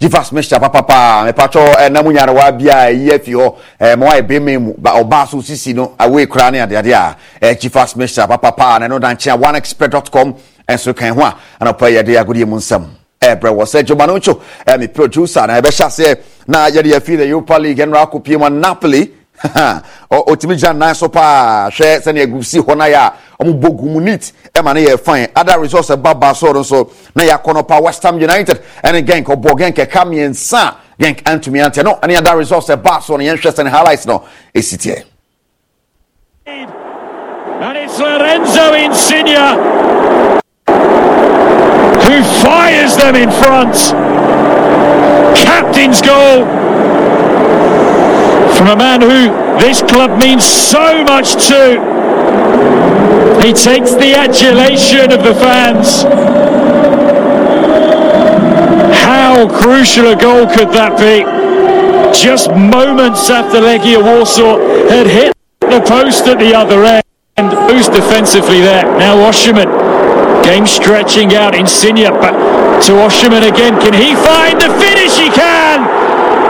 jifas mɛhyia papapa mɛpatwɔ ɛnam eh, nyarewa bi a ɛyi afi hɔ ɛmɛ wa ɛbɛn eh, eh, mɛ e mu ba ɔbaa so sisi no awoe kura ne adeade a ɛɛ jifas mɛhyia papapa na ɛno dankyɛn a onexpert.com ɛnso kan ho a anapa yɛde agodie mu nsɛm ɛbrɛ wɔ sɛ dwoma no nkyo ɛmi producer na ɛbɛhyɛ e aseɛ na yɛde yɛfi the europa league ɛnura akɔ pie mu napoli ɔtumi gyina nan so paa hwɛ sɛnea egusi hɔ na yɛ a ɔmo bɔ gumu neat ɛma ne yɛ fine ada resource ɛba baasɔɔ nso na yɛ akɔnɔpa west ham united ɛne genk ɔbɔ genk ɛka mmiɛnsa genk antumi ante no ɛne ada resource ɛba so no yɛnhwɛ sɛ ne no ɛsi teɛ And it's Lorenzo Insigne who fires them in front. Captain's goal from a man who this club means so much to. He takes the adulation of the fans. How crucial a goal could that be? Just moments after Legia Warsaw had hit the post at the other end. Who's defensively there? Now Osherman. Game stretching out. Insignia but to Osherman again. Can he find the finish? He can!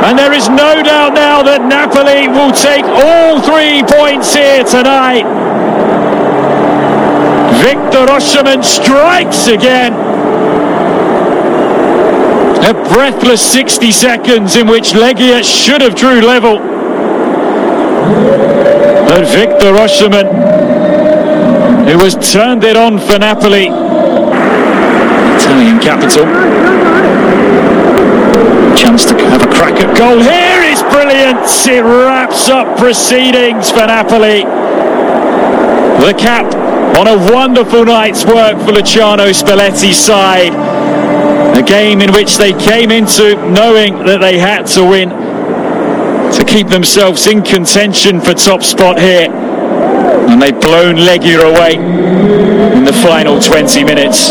And there is no doubt now that Napoli will take all three points here tonight. Victor Osherman strikes again. A breathless 60 seconds in which Legia should have drew level. But Victor Osherman, who has turned it on for Napoli, Italian capital. Chance to have a crack at goal. Here is brilliant. It wraps up proceedings for Napoli. The cap on a wonderful night's work for Luciano Spalletti's side. A game in which they came into knowing that they had to win to keep themselves in contention for top spot here. And they've blown Legia away in the final 20 minutes.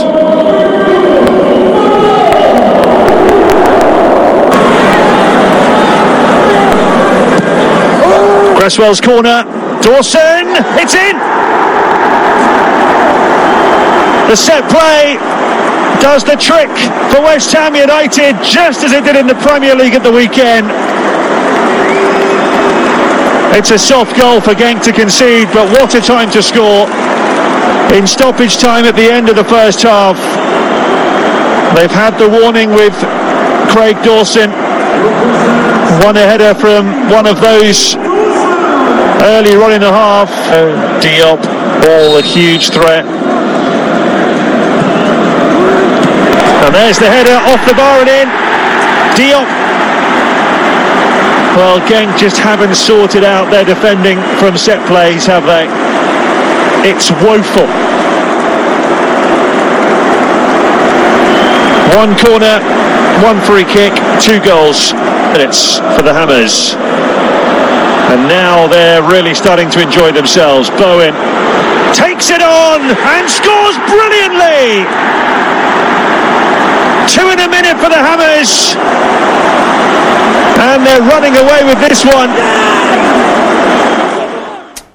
Cresswell's corner, Dawson, it's in! The set play does the trick for West Ham United, just as it did in the Premier League at the weekend. It's a soft goal for Genk to concede, but what a time to score in stoppage time at the end of the first half. They've had the warning with Craig Dawson. One header from one of those early on in the half. Oh, Diop, all a huge threat. And there's the header off the bar and in. Diop. Well, Genk just haven't sorted out their defending from set plays, have they? It's woeful. One corner, one free kick, two goals. it's for the Hammers. And now they're really starting to enjoy themselves. Bowen takes it on and scores brilliantly. Two in a minute for the Hammers. And they're running away with this one.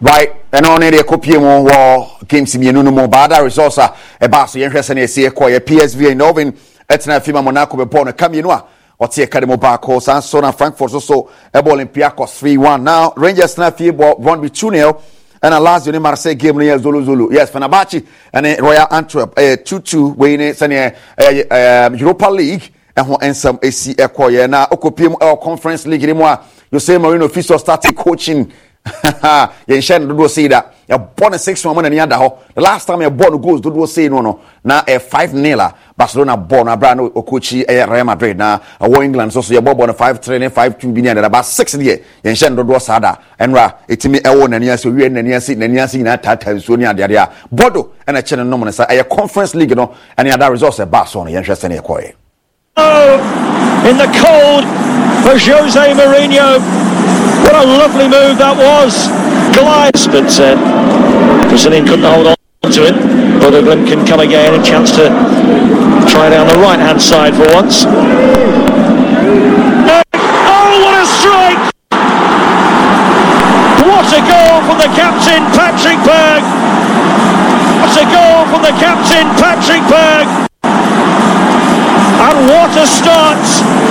Right, ɛno ne deɛ kɔpie mu wɔ games mmienu no mu baada resource a ɛbaa so yɛnhwɛ sɛne ɛsi ɛkɔ yɛ psv noven ɛtena afi ma monaco bɛbɔɔ no ka mmienu a ɔte ɛka de mu baako saa nso na frankfort so so uh, ɛbɔ olympiacos 3-1 now rangers na afie bɔ brɔnby 2-0 ɛna last year ne marseille game no yɛ zolo zolo yes fenerbahce ɛne royal antwerp ɛyɛ two two wei ne sɛneɛ ɛyɛ ɛɛ um, europa league ɛho nsɛm esi ɛkɔyɛ na okopie mu ɛwɔ conference league ne mu a jose marino fiso started coaching. yɛnhyɛ no dodoɔ sei da yɛbɔ no six one n'ani ada hɔ the last time yɛbɔ no goals dodoɔ sei no no na ɛ eh, five nil a barcelona bɔ no abira no okokyi ɛyɛ eh, real madrid na ɛwɔ eh, england nso so yɛbɔ bɔ no five three ne five two bi ne adada ba six deɛ yɛnhyɛ no dodoɔ saa da ɛnura etimi ɛwɔ n'ani ase owie n'ani ase n'ani ase nyinaa taataa nsuo ne adeade a bɔdo ɛna kyɛn no nom ne sa ɛyɛ conference league no ɛne ada results ɛbaa so no yɛnhwɛ sɛ ne yɛkɔɛ. Oh, in the cold for Jose Mourinho. What a lovely move that was. Glides, but uh, Brazilian couldn't hold on to it. but Butterglen can come again, a chance to try down the right hand side for once. Oh, what a strike! What a goal from the captain, Patrick Berg! What a goal from the captain, Patrick Berg! And what a start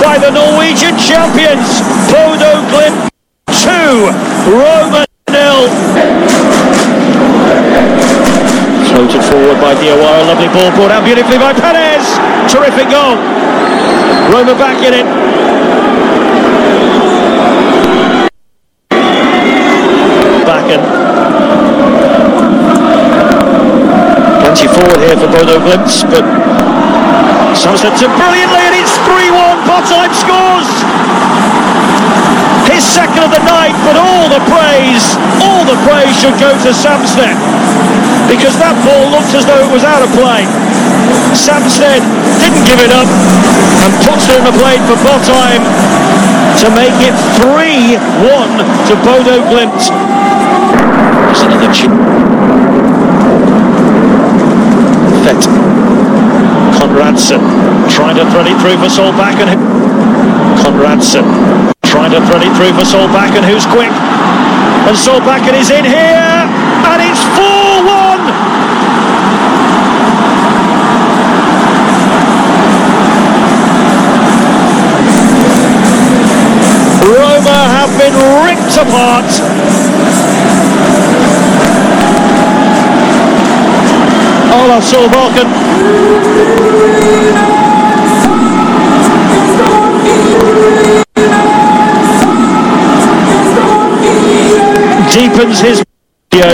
by the Norwegian champions. Bodo Glimt 2, Roma 0. Floated forward by Diawara, lovely ball brought out beautifully by Perez. Terrific goal. Roma back in it. forward here for Bodo Glimps, but Substitutes to brilliantly and it's 3-1. Potheim scores. His second of the night, but all the praise, all the praise should go to Samstead. Because that ball looked as though it was out of play. Samstead didn't give it up and puts it in the plate for Botheim to make it 3-1 to Bodo Glimt. another chip. Fett. Conradson trying to thread it through for Solback and Conradson trying to thread it through for Solback and who's quick and Solback and is in here and it's 4-1 Roma have been ripped apart Ola Solbakken. Deepens his video.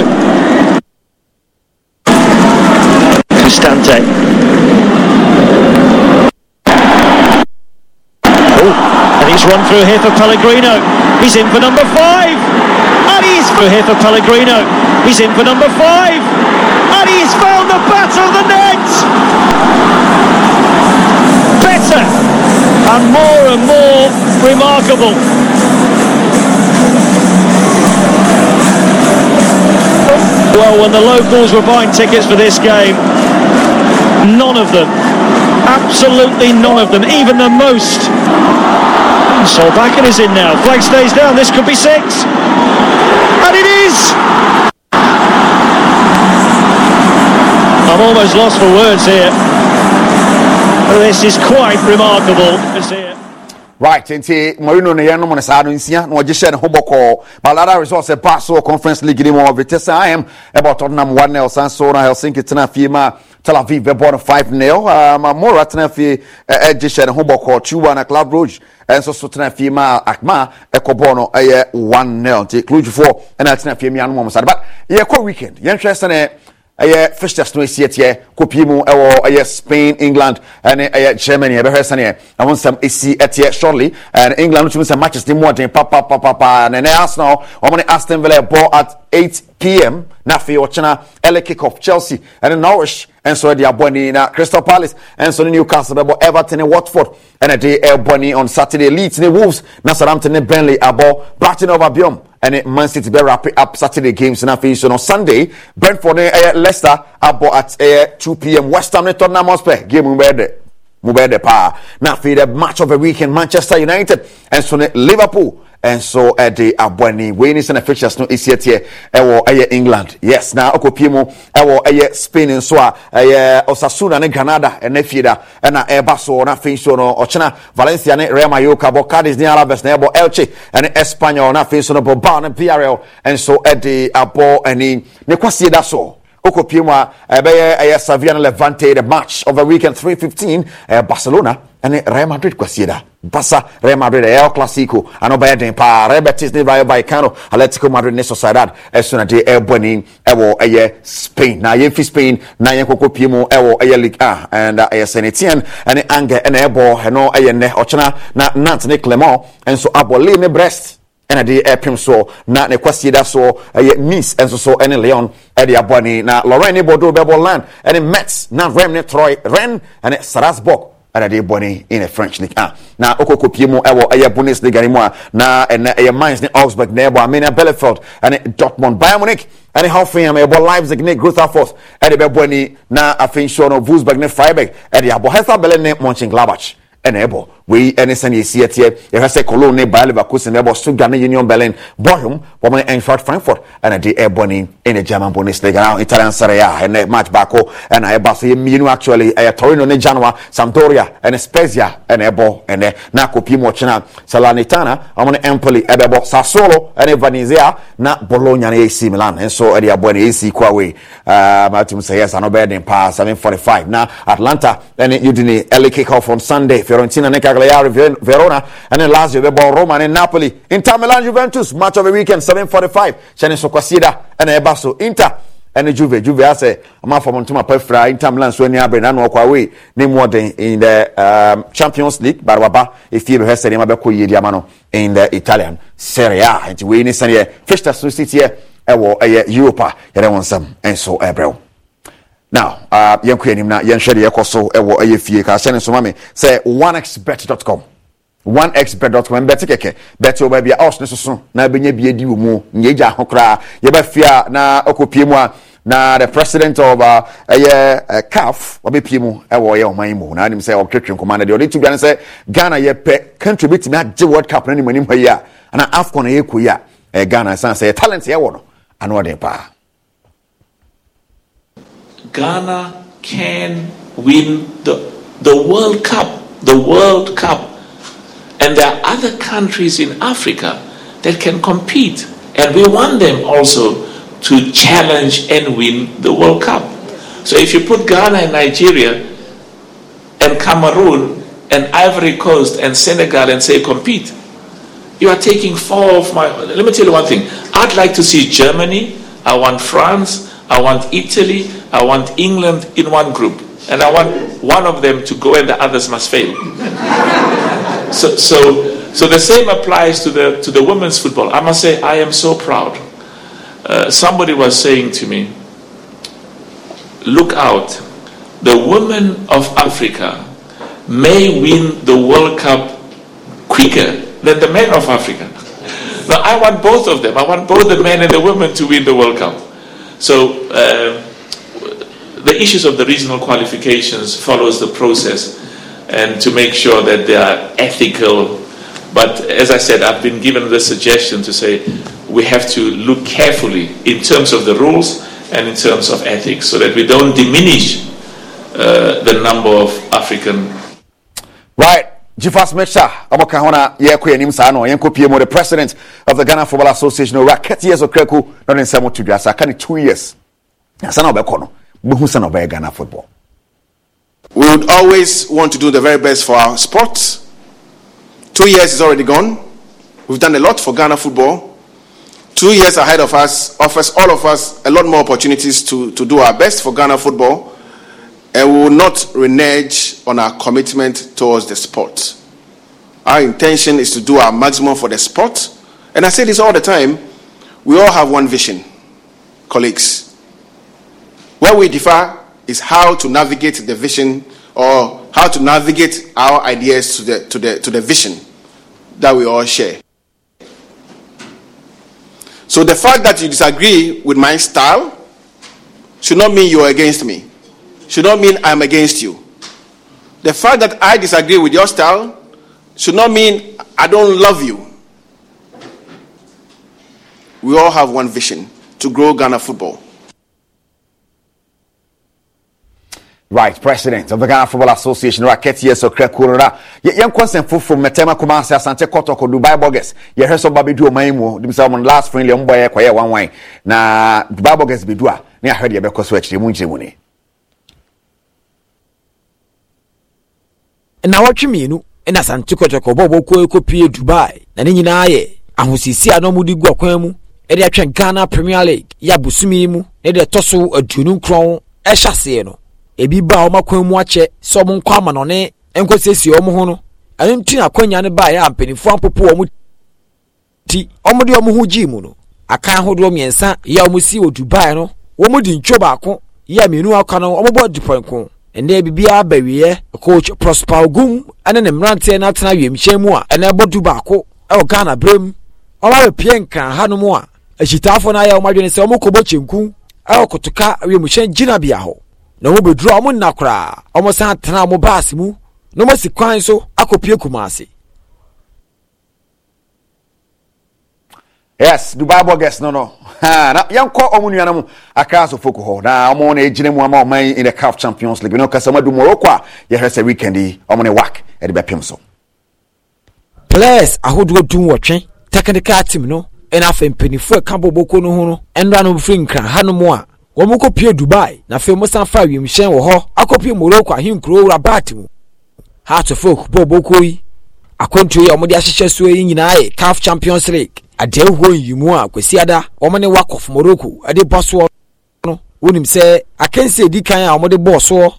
Constante. Oh, and he's run through here for Pellegrino. He's in for number five. And he's through here for Pellegrino. He's in for number five and he's found the bat of the net. Better and more and more remarkable. Well, when the locals were buying tickets for this game, none of them, absolutely none of them, even the most. Solbakken is in now. Flag stays down. This could be six. And it is! I've almost lost for words here. This is quite remarkable right nti morino ne yɛnom ne saa no nsia na ɔgye hyɛ ne ho bɔkɔɔ balada resource ɛba so conference league ne mu ɔvitesa am ɛbɛ tottenham 1 nil san so na helsinki tena fie ma tel aviv bɛbɔ no 5 nil ma um, mora tena fie ɛgye eh, eh, hyɛ ne ho bɔkɔɔ 2 na club roge ɛnso eh, so tena fie ma akma ɛkɔ bɔɔ no ɛyɛ 1 nil nti klugefoɔ ɛna tena fie mu yanom ɔmo sade but yɛkɔ weekend yɛnhwɛ sɛnɛ ɛyɛ fishers no esi ɛteɛ kopie mu ɛwɔ ɛyɛ spain england ɛne ɛyɛ germany ɛbɛhwɛ sɛneɛ ɛho nsɛm esi ɛteɛ shortly ɛn england no tumi sɛ matches ne mu ɔden papapapapa na ɛnɛ arsenal wɔn ne aston villa ɛbɔ at eight pm na afei ɔkyena ɛlɛ kick off chelsea ɛne norwich nso they are ni na uh, crystal palace nso ne newcastle bɛbɔ everton and watford ɛna de ɛbɔ ni on saturday leeds ne wolves na southampton ne burnley abɔ brighton over biom ɛne man city bɛ wrap up saturday games na finish so on sunday brentford and uh, uh, leicester abɔ at 2 pm west ham ne tottenham hotspur game mu bɛyɛ dɛ mu Now for the match of the weekend manchester united and ne liverpool nso ɛde aboani wei ne sɛna fixtures no ɛsi ɛteɛ ɛwɔ ɛyɛ england yes na ɔkɔpie mu ɛwɔ ɛyɛ spain nso a ɛyɛ osasuna ne granada ɛnɛ fie da ɛna ɛba so na afei nso no ɔkyena valencia ne real mayoka bɔ cardis ne alabes na ɛbɔ elche ɛne eh, espanyol na afei nso no bilbao eh, eh, ne brl nso ɛde abɔ ani ne kwasie da so okopie mu a ɛbɛyɛ ɛyɛ savia ne levante the match of the weekend fifteen ɛɛ barcelona ɛne real madrid kwasie da basa Real Madrid El Clasico ano bɛyɛ den paa Real Betis ne Rayo Vallecano Atletico Madrid ne Sociedad ɛso na de ɛbɔ ni ɛwɔ ɛyɛ Spain na yɛn fi Spain na yɛn koko pie mu ɛwɔ ɛyɛ Ligue A ɛnda uh, ɛyɛ Saint-Étienne ɛne Angers ɛna ɛbɔ ɛno ɛyɛ nnɛ ɔkyena na Nantes ne Clement nso abɔ Lille ne Brest ɛna de ɛpem soɔ na ne kwasie da soɔ ɛyɛ Nice nso so ɛne Lyon ɛde aboa ni na Lorraine ne Bordeaux bɛbɔ Lan ɛne Metz na Rennes ne Troyes Rennes ɛne Strasbourg ɛna de bɔne in a french league ah na okoko pie mu ɛwɔ ɛyɛ bundesliga ne mu a na ɛnɛ ɛyɛ mainz ne augsburg na ɛbɔ amenia bielefeld ɛne dortmund bayern munich ɛne hoffenheim ɛbɔ leipzig ne grota force ɛde bɛbɔ ni na afei nsuo no wolfsburg ne freiburg ɛde abɔ hesa berlin ne mönchengladbach ɛna ɛbɔ wei ɛne sɛne yɛsi ɛteɛ yɛhwɛ sɛ cologne ne bayer leverkusen ɛbɔ stuttgart ne union berlin bochum wɔn eintracht frankfurt ɛna de ɛbɔ ne ɛna german bundesliga na italian serie a ɛnɛ match baako ɛna ɛba so yɛ mmienu actually ɛyɛ torino ne genoa sampdoria ɛne spezia ɛna ɛbɔ ɛnɛ na akɔpie mu ɔkyena salernitana wɔn empoli ɛbɛbɔ sassuolo ɛne venezia na bologna ne ac milan nso ɛde abɔ ne ac kwawe ɛɛ matum sɛ yɛs ano bɛyɛ den paa seven forty five na atlanta ɛne udine ɛle kick off on sunday fiorentina ne kaka Cagliari, Verona, and then Lazio bought Roma ne Napoli. Inter Milan Juventus match of the weekend 7:45 kyɛne so kwasieda ɛna ɛba Inter ɛne Juve Juve asɛ ɔmo afɔm ntoma pɛ fira Inter Milan so ani abere nanu ɔkɔ away ne mu in the um, Champions League barawaba efie bɛhwɛ sɛ nneɛma bɛkɔ yie di ama no in the Italian Serie A nti wei ne sɛneɛ fixtures no si here. Ewo eh, ɛyɛ eh, Europa yɛrɛ wɔn nsam ɛnso ɛbrɛw now uh, yɛnkɔ anim na yɛnhwɛ deɛ yɛkɔ so wɔ ɛyɛ fie ka ahyɛ ne nso ma sɛ onexbet.com onexbet.com mbɛte kɛkɛ bɛte wɔ baabi a ɔs ne soso na bɛnya bi adi wɔ mu nyɛ gya ho koraa yɛbɛfie a na ɔkɔpie mu a na the president of uh, ɛyɛ uh, caf wabɛpie mu ɛwɔ ɔyɛ ɔman mu na anim sɛ ɔtwetwe nkɔma no deɛ ɔde tu dwa ne sɛ ghana yɛpɛ country bɛtumi agye world cup no anim anim ha yi a ana afcon a yɛkɔ yi a ghana san sɛ yɛ talent yɛwɔ no ano ɔden paa Ghana can win the, the World Cup. The World Cup. And there are other countries in Africa that can compete. And we want them also to challenge and win the World Cup. So if you put Ghana and Nigeria and Cameroon and Ivory Coast and Senegal and say compete, you are taking four of my. Let me tell you one thing. I'd like to see Germany. I want France. I want Italy, I want England in one group. And I want one of them to go and the others must fail. so, so, so the same applies to the, to the women's football. I must say, I am so proud. Uh, somebody was saying to me, look out, the women of Africa may win the World Cup quicker than the men of Africa. Now, I want both of them. I want both the men and the women to win the World Cup. So uh, the issues of the regional qualifications follows the process and to make sure that they are ethical. But as I said, I've been given the suggestion to say we have to look carefully in terms of the rules and in terms of ethics so that we don't diminish uh, the number of African. Right. Jifas Mecha, Aboka Hona, Yeko Yanim Sano, Yenko Piemo, the president of the Ghana Football Association, over 30 years of Kreku, not in Samu to Drasa, can two years. Sana Obekono, Buhusana Obe Ghana football. We would always want to do the very best for our sport. Two years is already gone. We've done a lot for Ghana football. Two years ahead of us offers all of us a lot more opportunities to, to do our best for Ghana football. and we will not renege on our commitment towards the sport. Our intention is to do our maximum for the sport. And I say this all the time we all have one vision, colleagues. Where we differ is how to navigate the vision or how to navigate our ideas to the, to the, to the vision that we all share. So the fact that you disagree with my style should not mean you're against me should not mean I'm against you. The fact that I disagree with your style should not mean I don't love you. We all have one vision to grow Ghana football. Right, President of the Ghana Football Association, Raketia Sokre Kurora. Young Consent Food from Metema Kumasi, Asante Kotoko, Dubai Boggers. You heard somebody do a maimu, themselves on last friendly, on boy, one wine. Now, Dubai Boggers Bidua, near her, because we're actually na wɔtwe mmienu na asante kɔtɔkɔ bɔ bɔ kɔpie dubai na ne nyinaa yɛ ahosiesie a na wɔde gu mu de atwɛn ghana premier league yɛ abosome yi mu na de ɛtɔ so aduonu nkorɔn ɛhyɛ aseɛ no ebi ba wɔn akwan mu akyɛ sɛ wɔn nkɔ ama wɔn ho na akɔnya no baa a mpanimfoɔ apopo wɔn ti wɔn de wɔn ho gyee mu no akan ahodoɔ mmiɛnsa yɛ wɔn si wɔ dubai no wɔn di ntwo ɛnna biribiara bɛwieɛ coach prosper ogum ne ne mmeranteɛ no atena wiemhyɛn mu a ɛna ɛbɔ du baako ɛwɔ ghana mu ɔba bɛpie nkran hanom a ahyitaafoɔ no ayɛ wɔn adwene sɛ wɔkɔbɔ kyenku ɛwɔ kotoka wiemhyɛn gyinabea hɔ na wɔn bɛduru a wɔn nna koraa wɔn san tena wɔn baase mu na wɔn si kwan so akɔpie kumase yes dubai burgers no no ha na yɛnkɔ ɔmo nua no mu akra asofoko hɔ na ɔmo na egyina mu ama in the caf champions league na ɔkasa ɔmo adu morocco a yɛhwɛ sɛ weekend yi ɔmo ne wak ɛde e bɛpem so. players ahodoɔ dum technical team no ɛna afɛ ɛka no ho no ɛnura no firi nkran a wɔn kɔ pie dubai na afei san fa wiemhyɛn wɔ hɔ akɔ pie morocco wura mu adeɛhoɔ nyimu a kwasi ada wɔn ne wakɔf morocco de bɔ soɔ no wɔnim sɛ akansi edi kan a wɔde bɔɔ soɔ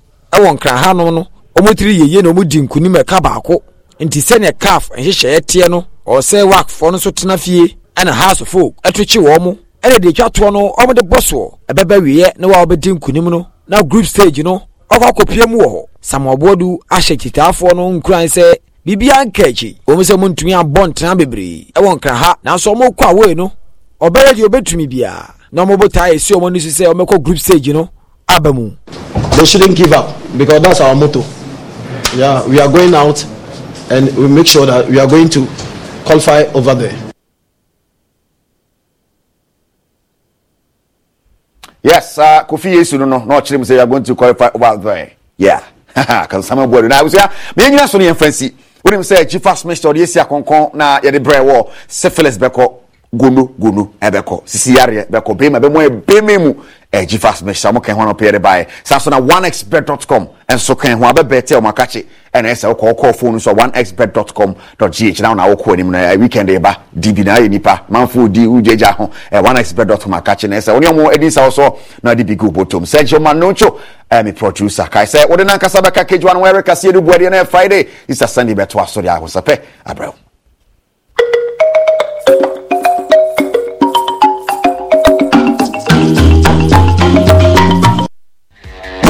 nkranha no no wɔn tiri yeye na wɔn di nkunim ɛka nti sɛnea caf nhyehyɛeɛ teɛ no ɔsɛ wakfoɔ nso tena fie ɛna folk wɔn mo ɛna de bɔ soɔ ɛbɛbɛ na wɔn nkunim na group stage no ɔkɔ mu wɔ hɔ ahyɛ kyitaafoɔ biribia nka akyi wɔn sɛ montumi abɔ ntena bebree ɛwɔ nkraha nanso wɔn kɔ awɔe no ɔbɛyɛ deɛ ɔbɛtumi biara na wɔn botaa esi wɔn no so sɛ wɔbɛkɔ group stage no aba mu. they shouldn't give up because that's our motto yeah we are going out and we make sure that we are going to qualify over there. yes kofi yesu no no na ɔkyerɛ mu sɛ you are going to qualify over there yeah kansama buwari na abusua mɛ nyina so no yɛmfa nsi wonim sɛ chief fast minister ɔde ɛsi akɔnkɔn na yɛde brɛ syphilis bɛkɔ gono gono ɛbɛkɔ sisi yareɛ bɛkɔ bɛrima bɛmɔ yɛ e bɛrima mu ɛgyi e, fast mɛhyɛ mo kɛn ho na ɔpɛ yɛ de baayɛ saa so na onexbet.com nso kɛn ho abɛbɛɛ tɛ ɔmo akakye ɛna ɛsɛ ɔkɔ ɔkɔ fone so onexbet.com gh na ɔna ɔkɔ anim na ɛ weekend yɛ ba dibi na ayɛ nipa manfo e di ugyagya ho ɛ onexbet.com akakye na ɛsɛ ɔne ɔmo ɛdi nsa so na ɔde bi gu bɔtɔm sɛnkyɛ ɔmo anonso ɛmi producer kae sɛ ɔde nankasa bɛka kejuwa no wɔyɛ rekasi edu buadeɛ na ɛ friday easter sunday bɛto aso ahosɛpɛ abrɛw.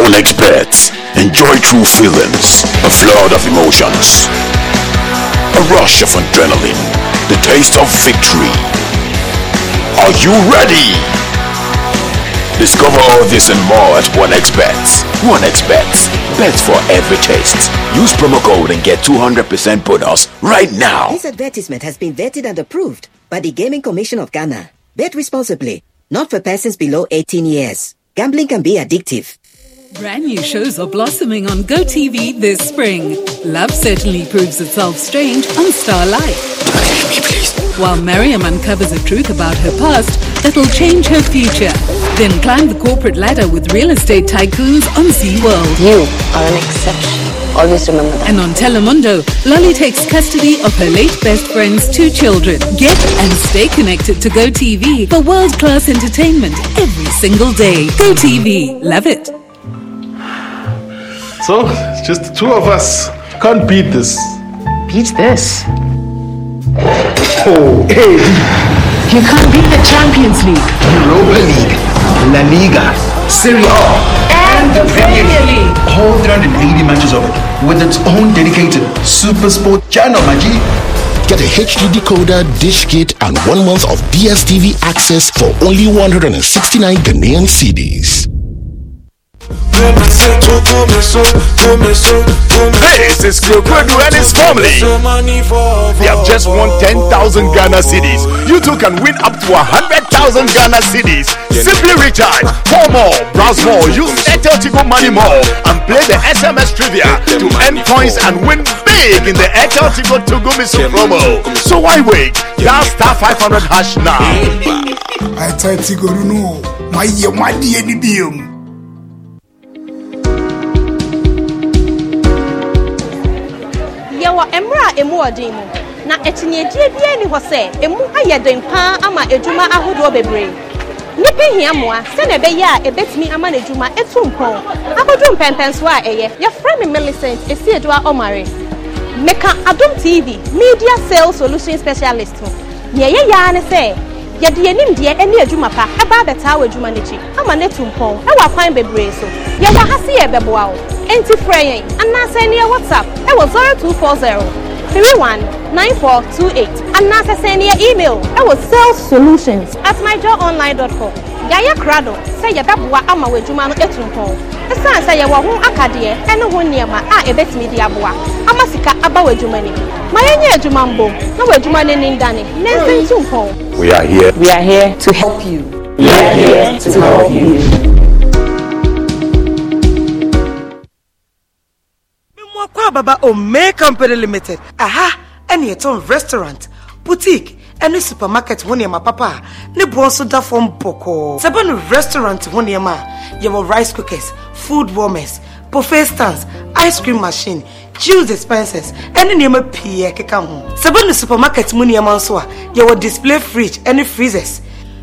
Emotional Experts. Enjoy true feelings, a flood of emotions, a rush of adrenaline, the taste of victory. Are you ready? Discover all this and more at One Experts. One Experts. Bets for every taste. Use promo code and get 200% bonus right now. This advertisement has been vetted and approved by the Gaming Commission of Ghana. Bet responsibly, not for persons below 18 years. Gambling can be addictive. Brand new shows are blossoming on GoTV this spring. Love certainly proves itself strange on Starlight. While Miriam uncovers a truth about her past that'll change her future. Then climb the corporate ladder with real estate tycoons on SeaWorld. You are an exception. Always remember that. And on Telemundo, Lolly takes custody of her late best friend's two children. Get and stay connected to GoTV for world-class entertainment every single day. GoTV. Love it. So, just the two of us. Can't beat this. Beat this? Oh, hey! You can't beat the Champions League, Europa League, La Liga, Serie A, and the Premier League. All 380 matches of it, with its own dedicated Super Sport channel, my G. Get a HD decoder, Dish Kit, and one month of DSTV access for only 169 Ghanaian CDs. Hey, this is Kyokwedu and his family. They have just won 10,000 Ghana cities. You too can win up to 100,000 Ghana cities. Simply recharge, call more, browse more, use Airtel Tigo Money more, and play the SMS trivia to earn points and win big in the Airtel Tigo Togo Miso promo. So why wait? Dial star 500 hash now. I tell Tigo, no, my dear, my dear, ɛwɔ mmerɛ a ɛmu wɔ den mu na akyinyedie biara ni hɔ sɛ ɛmu ayɛ den paa ama adwuma ahodoɔ bebree nnipa hia mmoa sɛnea ɛbɛyɛ a ɛbɛtumi ama n'adwuma etu mpɔn akɔdu mpɛmpɛnsoɔ a ɛyɛ yɛfrɛ me millicent ɛsiedua ɔmare meka adum tv media sales solution specialist ho neɛ ɛyɛ yaa ne sɛ yɛde yɛnim deɛ ɛne adwuma pa ɛba abɛtaa wɔ adwuma n'akyi ama ne to mpɔn ɛwɔ akwan bebree so yɛwɔ ha se yɛbɛboa wo enti frɛ yɛn anaasɛ ne yɛ whatsapp ɛwɔ 0240 319428 anaasɛ sɛ ne yɛ email ɛwɔ sales solutions at myjoyonline.com yɛayɛ krado sɛ yɛbɛboa ama wɔ adwuma no to mpɔn ɛsiane sɛ yɛwɔ ho akadeɛ ɛne ho nneɛma a ɛbɛtumi de aboa ama sika aba wɔ adwuma no ma yɛnyɛ adwuma mbɔ na wɔ adwuma no ne ndane ne nse nso mpɔn we are here we are here to help you we are here to help you mmɔkɔ ababa omee company limited aha ɛne yɛtɔn restaurant boutique ne supermarket ho nneɛma papa a ne boɔ nso da fam bɔkɔɔ sɛ bɛ no restaurant ho nneɛma a yɛwɔ rice cookers food warmers buffet stands ice cream machine juice dispensers ne nneɛma pii ɛkeka ho sɛ bɛ no supermarket mu nneɛma nso a yɛwɔ display fridge ne freezers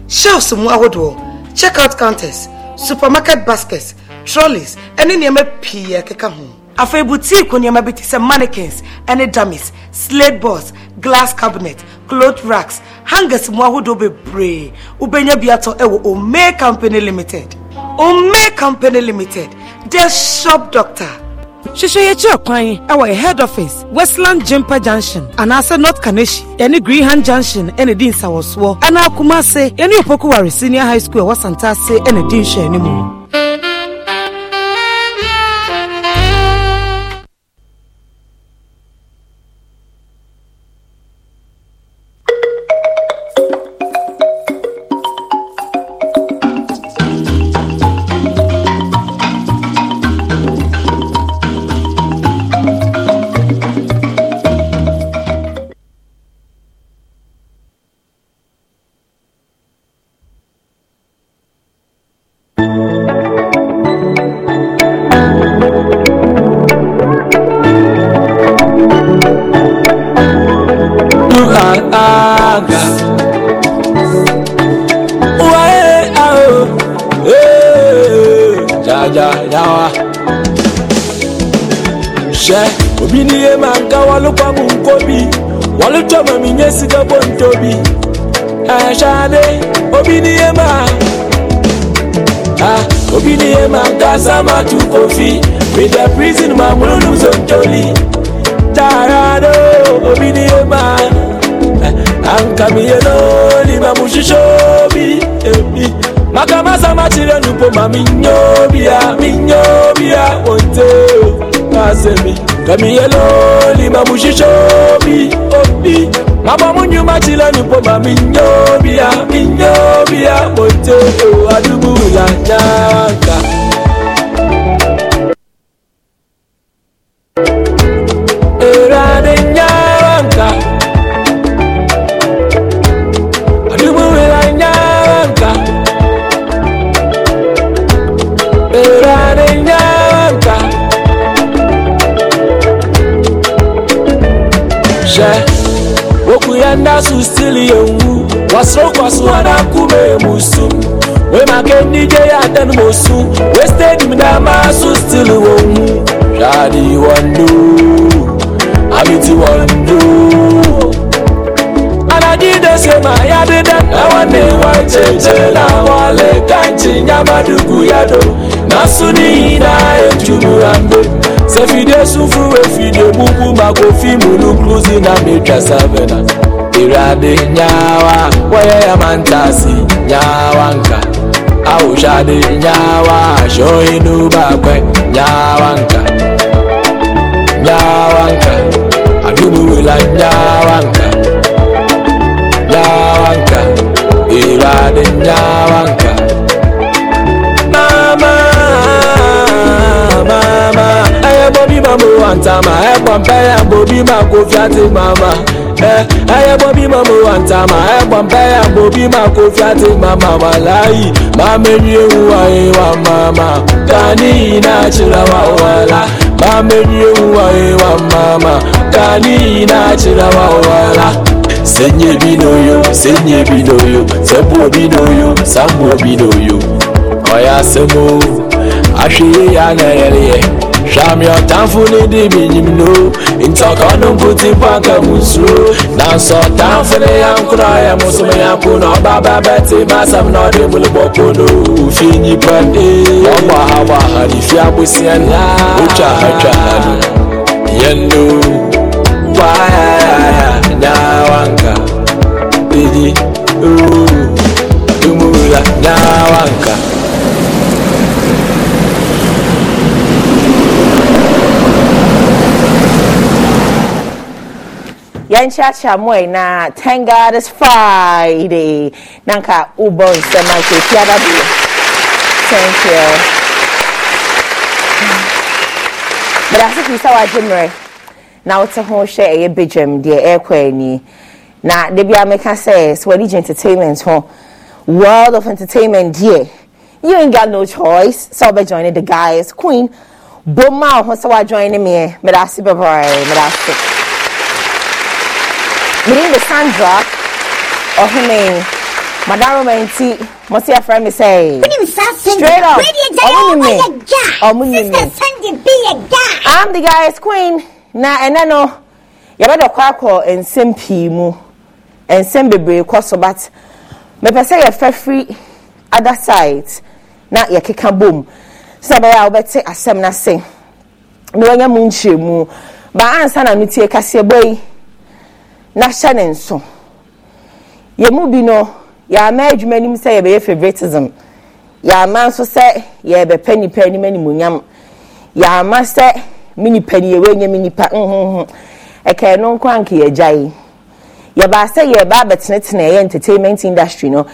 shelves mu ahodoɔ checkout counters supermarket baskets trolleys ne nneɛma pii ɛkeka ho afei boutique nneɛma bi te sɛ mannequins ne dummies slate boards glass cabinet cloth racks hangers mu ahodoɔ bebree wobɛnya bi atɔ ɛwɔ ome company limited ome company limited the shop doctor hwehwɛ yɛkyerɛ kwan ɛwɔ head office westland jimpa junction anaasɛ north kaneshi ɛne Greenhand junction ɛne di nsawɔsoɔ ɛna akoma ase ɛne opokuware senior high school ɛwɔ santase ɛne di nhwɛanimu Yelo lima yeloli mamushishobi obi oh, mama munyu mabamunyumatila nipoma minyobia minyobia bote oh, adubulanya then mo sùn wasted mi dá máa sùn still òun ṣáàdì wọ́ndó àmì tí wọ́ndó. alájídé ṣe máa yá dídá àwọn ní wọ́n jẹjẹ làwọn lè káńtì nyamadugu yàdó nasu níyì náà ètùmù àgbẹ̀ sẹ́fìdé sùn fún efìdé gbogbo màkò fíìmù lùkúlùsì náà mi tẹ̀ sẹ́fẹ̀ náà. Irade nyawa, waya ya mantasi, nyawa nka a ò ṣàdé jáwá aṣọ inú bàpẹ́ jáwá nǹkan jáwá nǹkan àdúgbò ìlà jáwá nǹkan jáwá nǹkan ìlàdé jáwá mama mama ẹ yẹ bọ́ bí màmú àǹtàmà ẹ pọ̀ ń pẹ́ yà bọ́ fi àti màmá ɛyɛ bɔ bi ma mo wa ntama ɛyɛ bɔ mpɛ ya bo bi ma ko fiate ma ma ma layi ma me nyi ewu wa ye wa ma ma kani yi na kyerɛ wa wala ma me nyi ewu wa ye wa ma ma kani yi na kyerɛ wa wala. Senye bidoyo, senye bidoyo, sepo bidoyo, sambo bidoyo. Oya semo, ashiye ya na yeleye. Try me out and for the baby, you know. In talk on them put it back and move slow. Dance all down for the young cry. I'm also my uncle, no baba, betty, bass. I'm not able to walk on the Fini Pandi. Wawa, Hawa, Hari, Fiabu, Sienna. Ucha, Hacha, Hari. Yendo. Why? Nyawanka. Didi. Ooh. Dumula. Nyawanka. Nyawanka. Then chacha moi na thank God it's Friday. Nanka ubo nsemake kiadabu. Thank you. But as if you saw a jimre, now it's a whole share a bijim, dear airquay ni. Na debi ameka says, Swedish entertainment ho. World of entertainment, dear. You ain't got no choice. So I joining the guys. Queen, Boma, so I joining me. Medasi Bebrai, Medasi. mene de sandra ɔhene madaroma nti mo si afra mi sɛ straight up ɔmo ni mi ɔmo ni mi i'm the guy's queen na ɛnɛ no yɛbɛdɔ kɔ akɔ nsɛm pii mu nsɛm bebree kɔ so but mepɛ sɛ yɛfɛ firi other side na yɛkeka bom sɛ bɛyɛ a wobɛte asɛm no ase na wanya mu nkyerɛ mu ba ansa na metie kaseɛbɔ yi na hyɛ ne nso yɛn mu bi no yɛama adwuma anim sɛ yɛbɛyɛ favoritism yɛama nso sɛ yɛbɛpɛ nipa anim animonyam yɛama sɛ me nipa ni yɛwɔ enyam nipa nhoho ɛkɛyɛ no nko anka yɛgya yi yɛbaa sɛ yɛba abɛtenetene ɛyɛ entertainment industry no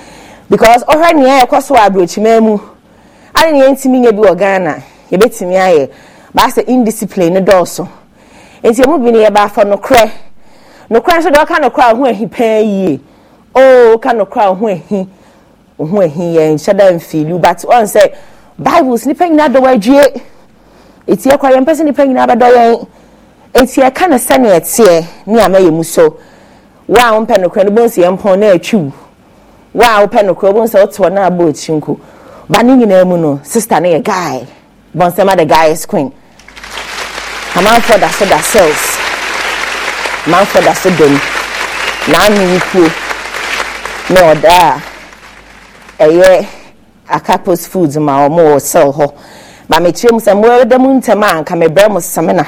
because ɔhwɛ nea yɛkɔ so wɔ aburokyimaa mu ade nea yɛntumi nyɛ bi wɔ ghana yɛbɛtumi ayɛ baasa indiscipline no dɔɔso nti emu bi no yɛbaa fɔ no korɛ nokorɛ nso deɛ ɔka nokorɛ a ɔho ahi paa yie oo ka nokorɛ a ɔho ahi ɔho ahi yɛn hyɛ dɛ mfiiliw but ɔn sɛ bibles nipa nyinaa dɔ wadue eti ɛkɔ yɛn mpɛ sɛ nipa nyinaa bɛdɔ yɛn eti ɛka no sɛnea ɛteɛ ne ama yɛ mu so wa a wɔmpɛ nokorɛ no bonsi yɛn pɔn na atwiw wa a wɔpɛ nokorɛ bonsi a wɔte hɔ na abɔ akyi nko ba ne nyinaa mu no sista no yɛ guy bɔnsɛm a the guy is queen amanfoɔ daso da cells. ma mfọda sodom na amị ikwuo na ọda a ɛyɛ akapos foods ma ɔmo wɔ sɛl hɔ ma mekyerɛ mu sɛ moɛda mu ntɛm a nka mebrɛ mo samina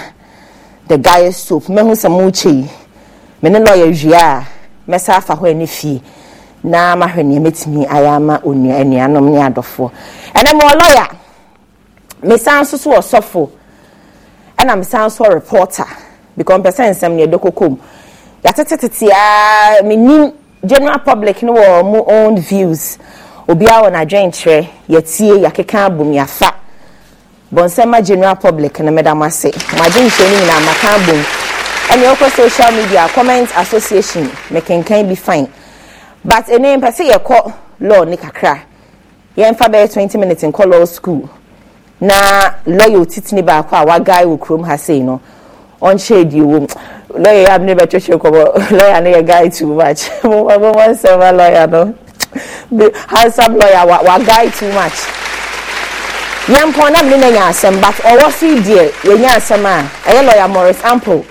the guy soap mɛhu sɛ mokyɛ yi me ne lɔya wie a mɛsa afa hɔ ani fie na mahwɛ nea mɛtumi ayɛ ama onua anuanom ne adɔfoɔ ɛnɛ mewɔ lɔya mesan nso so wɔ sɔfo ɛna mesan so wɔ reporter because mpɛ sɛ nsɛm na yɛde koko mu yɛatete tete aa menim general public no wɔ mo own views obiara wɔ n'adwenkyerɛ yɛtie yɛakeka abom yɛafa bɔnsɛma general public no meda mo ase mo adwenkyerɛ no nyinaa maka abom ɛne wokɔ social media comment association mekenkan bi fine but ɛne mpɛ sɛ yɛkɔ law ne kakra yɛmfa bɛyɛ 20 minutes nkɔ law school na lawyer otitini baako a wagae wɔ kurom ha sei no ɔnhyɛ you lawyer, mu never yɛ amene bɛtwetwe kɔbɔ lɔya no yɛ guy too much mo mo mo lawyer a no handsome lawyer, wa guy too much yɛn pɔn na mene na nya asɛm but ɔwɔ si deɛ yɛ nya asɛm a ah, ɛyɛ lɔya morris ample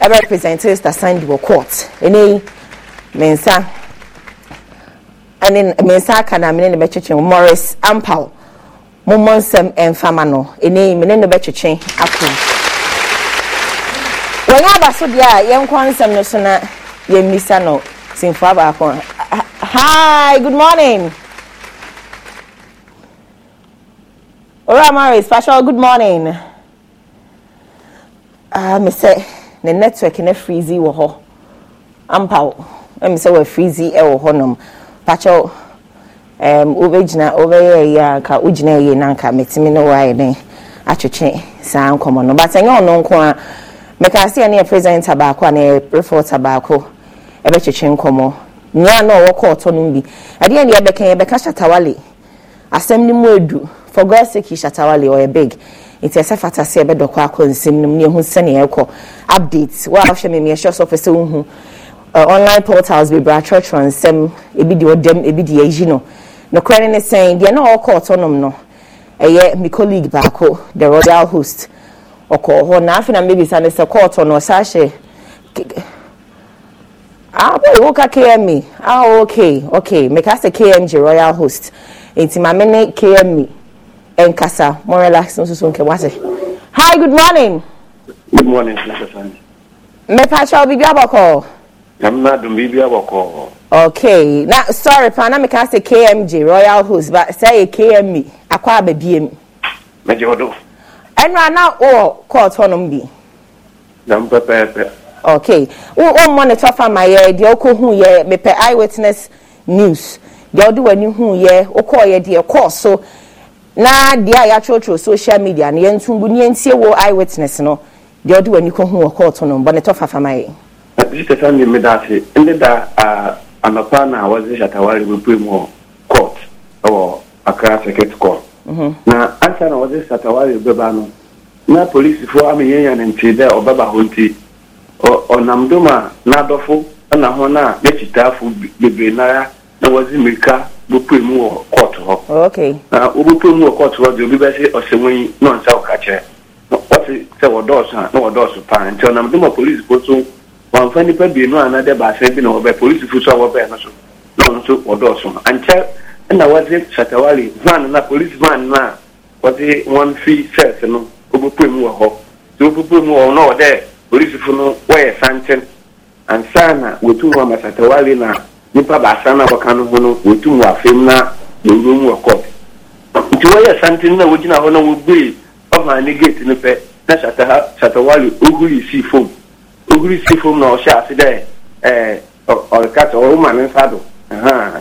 ɛbɛ represent sista sandy wɔ court ɛnɛ yi me nsa ɛne me nsa aka na mene na bɛtwetwe morris ample mo mo nsɛm ɛnfama eh, no ɛnɛ yi mene na bɛtwetwe akɔ ɛnyɛ aba so deɛ a yɛn nkɔ nsɛm no so na yɛn mmisa no sinfo abaako hi good morning Ora, mary special good morning ah me sɛ ne network ne freezy wɔ hɔ ampaw ɛmi sɛ wɔ freezy ɛwɔ hɔ nom pakyɛw ɛm wobɛgyina wobɛyɛ ɛyɛ a nka wogyina ɛyɛ na nka mɛtumi ne wɔ ayɛ dɛn atwetwe saa nkɔmɔ no but ɛnyɛ ɔno nko a. Mekasi sɛ yɛne yɛ presenter baako anaa reporter baako ɛbɛkyekye nkɔmmɔ nyia no ɔwɔ kɔɔtɔ no bi adeɛ ne yɛbɛka yɛbɛka shatawale asɛm no mu edu for god sake shatawale ɔyɛ big nti ɛsɛ fata sɛ ɛbɛdɔkɔ akɔ nsɛm no mu ne ehu sɛnea ɛkɔ update wa ahwɛ mɛmi ɛhyɛ sɔfɛ sɛ ohun online portals bebree atwerɛtwerɛ nsɛm ebi deɛ ɔdɛm ebi deɛ ɛyi no nokorɛ ne ne sɛn deɛ na ɔwɔ kɔɔtɔ no no ɛyɛ mi colleague baako the royal host ɔkɔɔ hɔ na afei na mebisa no sɛ kɔɔtɔ no ɔsa hyɛ abɔyi woka kme ah ok ok meka sɛ kmg royal host nti maame ne kme nkasa mo relax nso so nkɛ wase hi good morning. good morning sister sanni. mepatwa obi bi abɔkɔ. yamuna dum bi bi abɔkɔ. okay na sorry pa na meka sɛ kmg royal host but sɛ yɛ kme akɔ ababiem. E. mɛjɛ o do ɛnura oh, na wɔ court hɔnom bi. dam pɛpɛɛpɛ. okay wo wo monitor fama yɛ eh, deɛ okɔ hu yɛ mepɛ eye witness news deɛ ɔde w'ani hu yɛ okɔ yɛ deɛ kɔɔ so na deɛ a yɛatwerɛtwerɛ social media no yɛntum bu ne yɛntie wɔ eye witness no deɛ ɔde w'ani kɔ hu wɔ court no monitor fama yɛ. ɛbi sɛ sani mi da ase ndi da anapa na wɔdze shatawari wepue mu wɔ court ɛwɔ akra circuit court. na ansa na wɔde satawari bɛba no na polisifoɔ ameyɛ ya ne nti dɛ ɔbɛba hɔ nti ɔnam dom a n'adɔfo ɛna hɔ no a n'akyitaafo bebree nara na wɔdze mirika bopue mu wɔ kɔɔto hɔ na wɔbopue mu wɔ kɔɔto hɔ deɛ obi bɛse ɔsɛwɔnyi na ɔnsa wo ka kyerɛ wɔse sɛ wɔdɔɔso a na wɔdɔɔso paa nti ɔnam dom a polisifo so wɔamfa nnipa bienu a na dɛ baasa bi na wɔbɛ polisifo so a wɔbɛɛ no so na ɔno nso wɔdɔɔso ankyɛ ɛna wɔdze shatawari van na polisi van na wɔdze wɔn fi sɛs no wɔbɛpue mu wɔ hɔ tí wɔbɛpue mu wɔ hɔ na wɔ dɛ polisifo no wɔyɛ santen ansa na wotum wɔ ama shatawari na nipa baasa na wɔka no ho no wotum wɔ afɛm na wɔwura mu wɔ kɔt nti wɔyɛ santen na wogyina hɔ na wɔbue ɔmaa ne gate no pɛ na shatawari ohuri si fom ohuri si fom na ɔhyɛ ase dɛ eh, ɛɛ ɔrekasa ɔrema ne nsa do.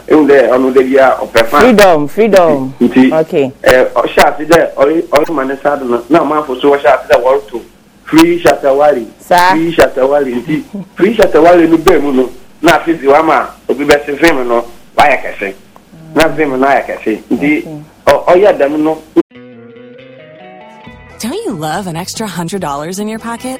ehu dɛ ɔno de bia ɔpɛ fan. freedom freedom nti okay. ɛ ɔhyɛ ase dɛ ɔrema ne sa do no na ɔmanfo so ɔhyɛ ase dɛ wɔreto free shatawari. free shatawari nti free shatawari no bɛn mu no na afi zi wa ma obi bɛ se fim no wayɛ kɛse na fim no ayɛ kɛse nti ɔyɛ dɛm no. Don't you love an extra hundred dollars in your pocket?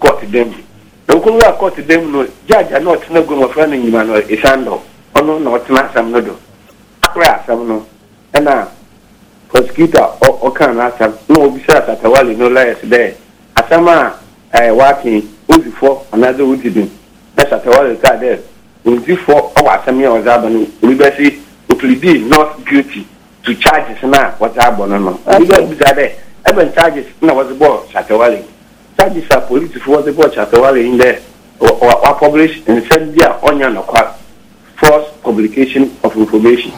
kɔɔte dem na nkɔwura kɔɔte dem no gyaagya na ɔtena gu mmɔfra no nyima no ɛsan dɔ ɔno na ɔtena asam no do akora asam no ɛna prosecutor ɔka no asɛm na no lawyers dɛ asam a ɛɛ waake ozifɔ anaadɛ wodidi na tatawale kaa dɛ onzifɔ ɔwɔ asam yɛ ɔdze aba no obi bɛsi not guilty to eh, charges na wɔdze abɔ no no obi bisa dɛ ɛbɛn charges na charges a polisifoɔ de bɔ kyatawale yi dɛ wapublish nsɛm bi a ɔnya nɔkwa false publication of information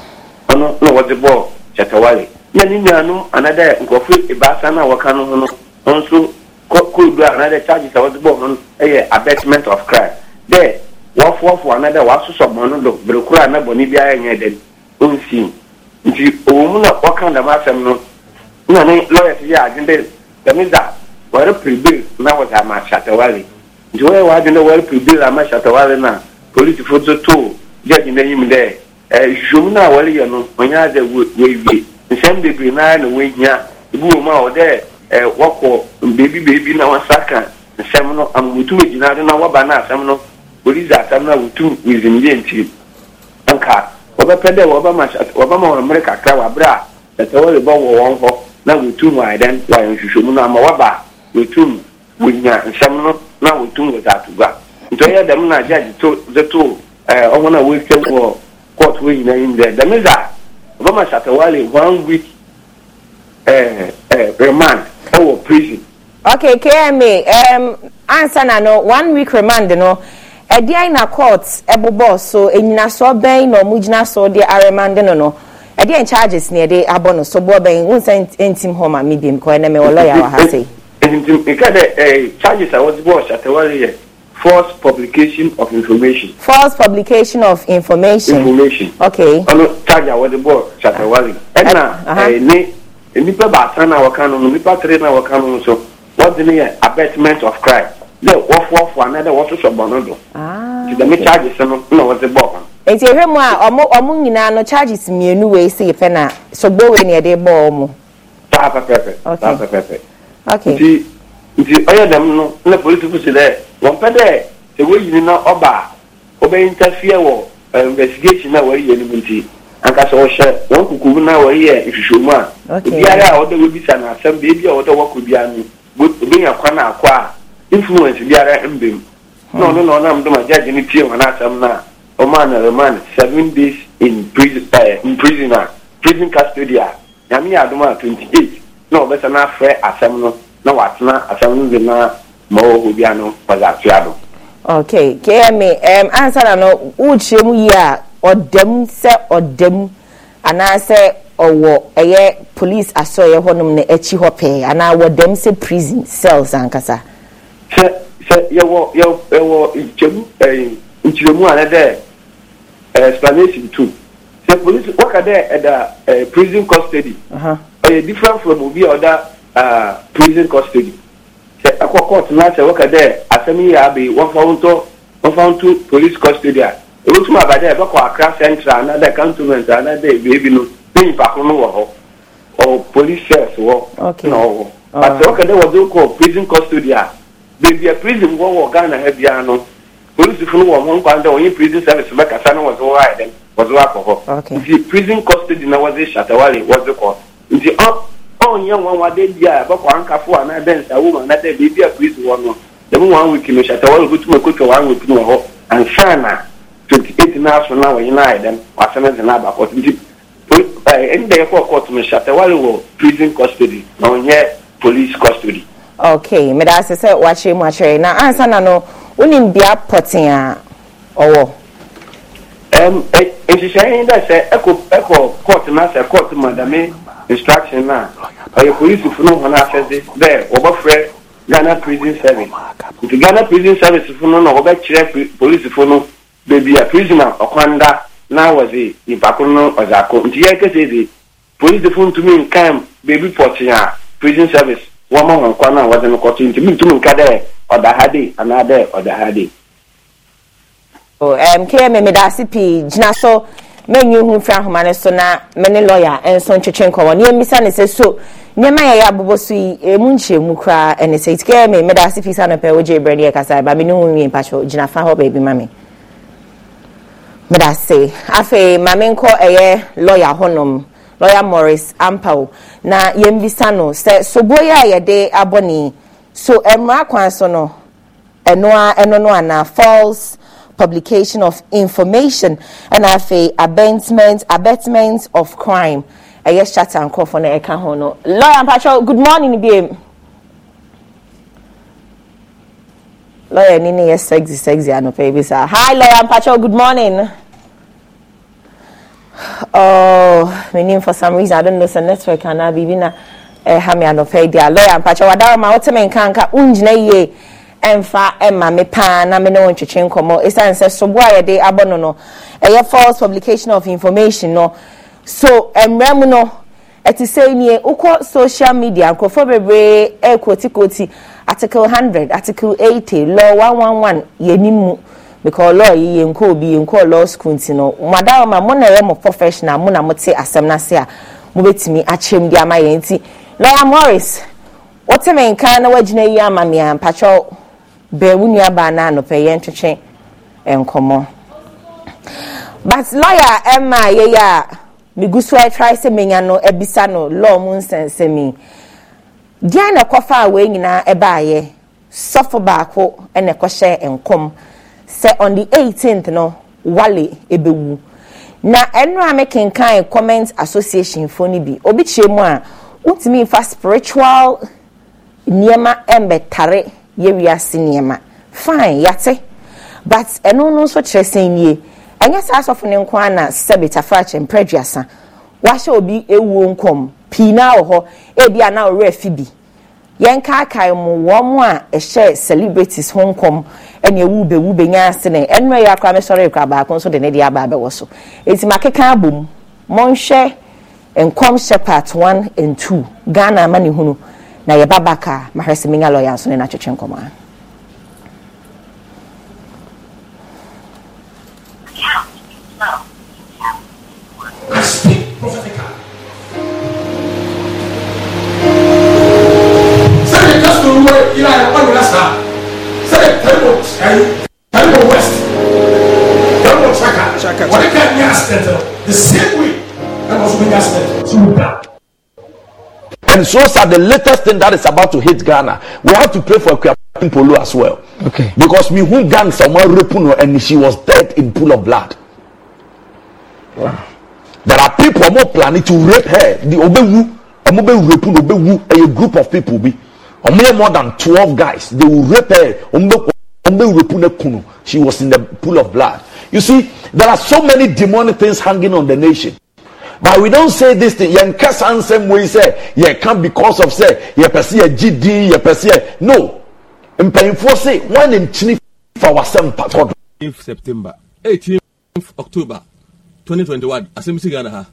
ɔno na wɔde bɔ kyatawale na ne nuanom anadɛ nkurɔfo ebaasa no wɔka no ho no nso anadɛ charges a wɔde bɔ ho no yɛ abetment of crime dɛ wɔfoɔfoɔ anadɛ wɔasosɔ do bere koro a wɔre prebil na wɔde ama shatawale nti wɔyɛ wɔadwe na wɔre prebil ama na polisifo to too jɛji n'anim dɛ ɛhwom eh, no a wɔreyɛ no wɔnyɛ adɛ wɔawie nsɛm bebree naa na wɔahia ebi wɔ mu a eh, beebi beebi na wɔsaka nsɛm no ama do na wɔba na asɛm no polisi asɛm no a nti nka wɔbɛpɛ dɛ wɔbɛma wɔbɛma wɔn na nhwehwɛmu no ama waba. wetum wonya nsɛm no na wotum wɔdze ato nti ɔyɛ dɛm na judge to dze to ɛɛ eh, ɔmo na wɔ court wɔ nyinaa yi dɛ dɛm dza ɔbɛma satawale one week eh, eh, remand ɛwɔ prison. okay kma um, ansa na no one week remand no ɛde ayi na court ɛbobɔ so enyinasoɔ bɛn na ɔmo gyina de aremande no no ɛde charges na ɛde abɔ no so boɔ bɛn n ntim hɔ ma mi bi mu kɔ ɛnɛ mɛ wɔ lɔya wɔ ha sɛ. nti nka dɛ ɛɛ charges a wɔde bɔ ɔsatɛwari yɛ false publication of information. false publication of information. information. okay. ɔno charge a wɔde bɔ ɔsatɛwari ɛna ɛɛ ne nipa baasa na wɔka no no nipa tiri na wɔka no nso wɔde ne yɛ abatement of crime dɛ wɔfoɔfoɔ anaa dɛ wɔsoso bɔnno do. Ah, ti dɛm charges no na wɔde bɔ ɔmo. nti ehwɛ mu a ɔmo ɔmo nyinaa no charges mmienu wei si yɛ fɛ na sɔgbɔ wei na yɛde bɔ ɔmo. taa pɛpɛpɛ taa pɛpɛpɛ. nti nti ɔyɛ dɛm no na polisifoɔ si dɛ wɔmpɛ dɛ sɛ wɔyini na ɔba a wɔbɛyɛ ntafia wɔ eh, investigation na wɔreyɛ no mu nti ankasa ɔhyɛ wɔn kukumu na wɔreyɛ nhwehwɛmu a obiara a ɔdɛ wɔbisa na asɛm beebi a ɔdɛ wɔkɔ biara no obɛnya kwan akɔ a influence biara mbem na hmm. ɔno na ɔnam dɔm a judge no tie wɔn asɛm na ɔmaa na remand seven days in prison uh, in prison a prison custody nyame yɛ adom a twenty eight na na no afrɛ asɛm no na watena asɛm na ma ɔwɔ hɔ bia no wɔdze atoa do okay kmi um, ansa na no wokyerɛ m yi a ɔdam sɛ ɔdam anaasɛ ɔwɔ ɛyɛ police asɔeɛ hɔnom no anaa prison cells ankasa ya a na dɛ explanation two sɛ prison custody. ɛyɛ eh, different from obi a ah, prison custody sɛ ɛkɔ court na sɛ wɔka dɛ asɛm yi abe wɔfa ntɔ wɔfa nto police custody a ebitumi abadɛ ɛbɛkɔ akra central another cantonment anadɛ beebi no bɛyi baako no wɔ hɔ ɔwɔ police cells wɔ na ɔwɔ pàtɛ wɔka dɛ wɔde kɔ prison custody a beebi a prison wɔ wɔ ghana ha biara no polisifo no wɔ ho nkwan dɛ wɔnye prison service bɛkasa na wɔde wɔ ayɛ dɛ wɔde wɔ akɔ hɔ nti prison custody na wɔde hyatawale wɔde kɔ. nti ɔnyɛ nwanwade yi a bɛkɔ ankafo anaa dɛ nsawo mu anaa beebi a polisi wɔ no dɛm one week no hyɛtɛ wɔn ebitumi ekotwa one week no wɔ na ah, twenty eight na na wɔnyi na ayɛ dɛm na aba nti ɛɛ eh, prison custody na nye police custody. okay mmeda ase sɛ wakyerɛ mu na ansa na no wonim bea a ɔwɔ. ɛm ɛ nhyehyɛ dɛ sɛ ɛkɔ ɛkɔ instruction na ɔyɛ polisifoɔ no wɔn ahyɛde dɛ wɔbɛfrɛ ghana prison service nti ghana prison service fo no na wɔbɛkyerɛ polisifoɔ no beebi a prisoner ɔkwanda na wɔdze nipa koro no ɔdze akɔ nti yɛ kese de polisifoɔ ntumi nkan beebi pɔtee a prison service wɔn ma wɔn kwan a wɔdze no kɔtoo ntumi ntumi nka dɛ ɔda ha ha oh, um, pii gyina so. menyi hu mfra ahoma ne so na me ne lawyer nso ntwetwe nkɔmɔ ne yɛmmisa ne sɛ so nneɛma yɛyɛ abobɔ so yi ɛmu nkyɛmu koraa ɛne sɛ itikɛ me meda ase fii no pɛ wogye berɛ ne kasa, ba me ne ho wie mpakyɛ gyina fa hɔ baabi ma me meda ase afei ma menkɔ ɛyɛ lawyer hɔnom lawyer morris ampao na yɛmbisa no sɛ sobo yi a yɛde abɔ ne so mmara kwan so no ɛnoa ɛno anaa false publication of information ɛna afei abetment abetment of crime ɛyɛ shata nkorɔfoɔ na ɛka ho no lawyer mpatsɔ good morning biem lawyer ni ne yɛ sexy sexy anɔpɛ bi sa hi lawyer mpatsɔ good morning. Oh, my name for some reason I don't know. It's network and I be in a hammy and dia lawyer. Pacha, what am I? What's unjne ye? mfa ɛma me paa na me ne wo ntwetwe nkɔmmɔ ɛsiane sɛ sobo a yɛde abɔ no no ɛyɛ false publication of information no so mmerɛ mu no ɛte sɛ nie wokɔ social media nkurɔfoɔ bebree ɛɛkotikoti article 100 article 80 law 111 yɛnim mu because law yi yɛn kɔɔ bi yɛn kɔɔ law school nti no madam a mo na yɛ mo professional mo na mo te asɛm n'ase a mo betumi akyɛm de ama yɛn ti lawyer morris wɔte me nkan na wagyina yi ama me a bɛɛ wo nuabaa no anɔpɛ yɛ ntwetwe nkɔmmɔ but lawyer ɛma yɛyɛ a megu so ɛtwae sɛ menya no abisa no law mu nsɛnsɛmi deɛ na ɛkɔfa a wei nyinaa ɛbaayɛ sɔfo baako ɛna ɛkɔhyɛ nkɔm sɛ on the 18th no wale ɛbɛwu na ɛno a mekenkan comment association fo no bi obi kyerɛ mu a wontumi nfa spiritual nneɛma ɛmbɛtare yɛ wiase nneɛma fine yate but ɛno no nso kyerɛ sɛn nie ɛnyɛ saa asɔfo ne nko ana sɛbi tafaakyɛ mpɛduasa wahyɛ obi ewuo nkɔm pii na wɔ hɔ ebi a na ɔwura fi bi yɛn kaakae mu wɔn a ɛhyɛ celebrities ho nkɔm ɛna ewu bewu benya asene ɛnura yɛ akora mesɔre ekura baako nso de ne de aba abɛwɔ so eti ma keka abom mɔnhwɛ nkɔm part one and two ghana amanihunu. na yɛba back a mahwɛ sɛ menya lɔya so ne no atwetwe nkɔmmɔ a Chaka, chaka. What can you ask them? The same way that was being asked them. So, And those are the latest thing that is about to hit Ghana. We have to pray for Kwame Polo as well. Okay. Because me who gang someone Repuno and she was dead in pool of blood. Wow. There are people more planning to rape her. The Obewu, Omobe Repuno, Obewu, a group of people be. Omobe more than 12 guys. They will rape her. Omobe Repune Kuno. She was in the pool of blood. You see, there are so many demonic things hanging on the nation but we don't say this thing yɛn kasa nsɛm wo yi sɛ yɛ ka because of sɛ yɛ pɛ sɛ yɛ gyi din yɛ pɛ sɛ no mpanyinfoɔ se wɔn ne nkyini fa wasɛm patɔ do. eighteenth september eighteenth october twenty twenty one asɛm ghana ha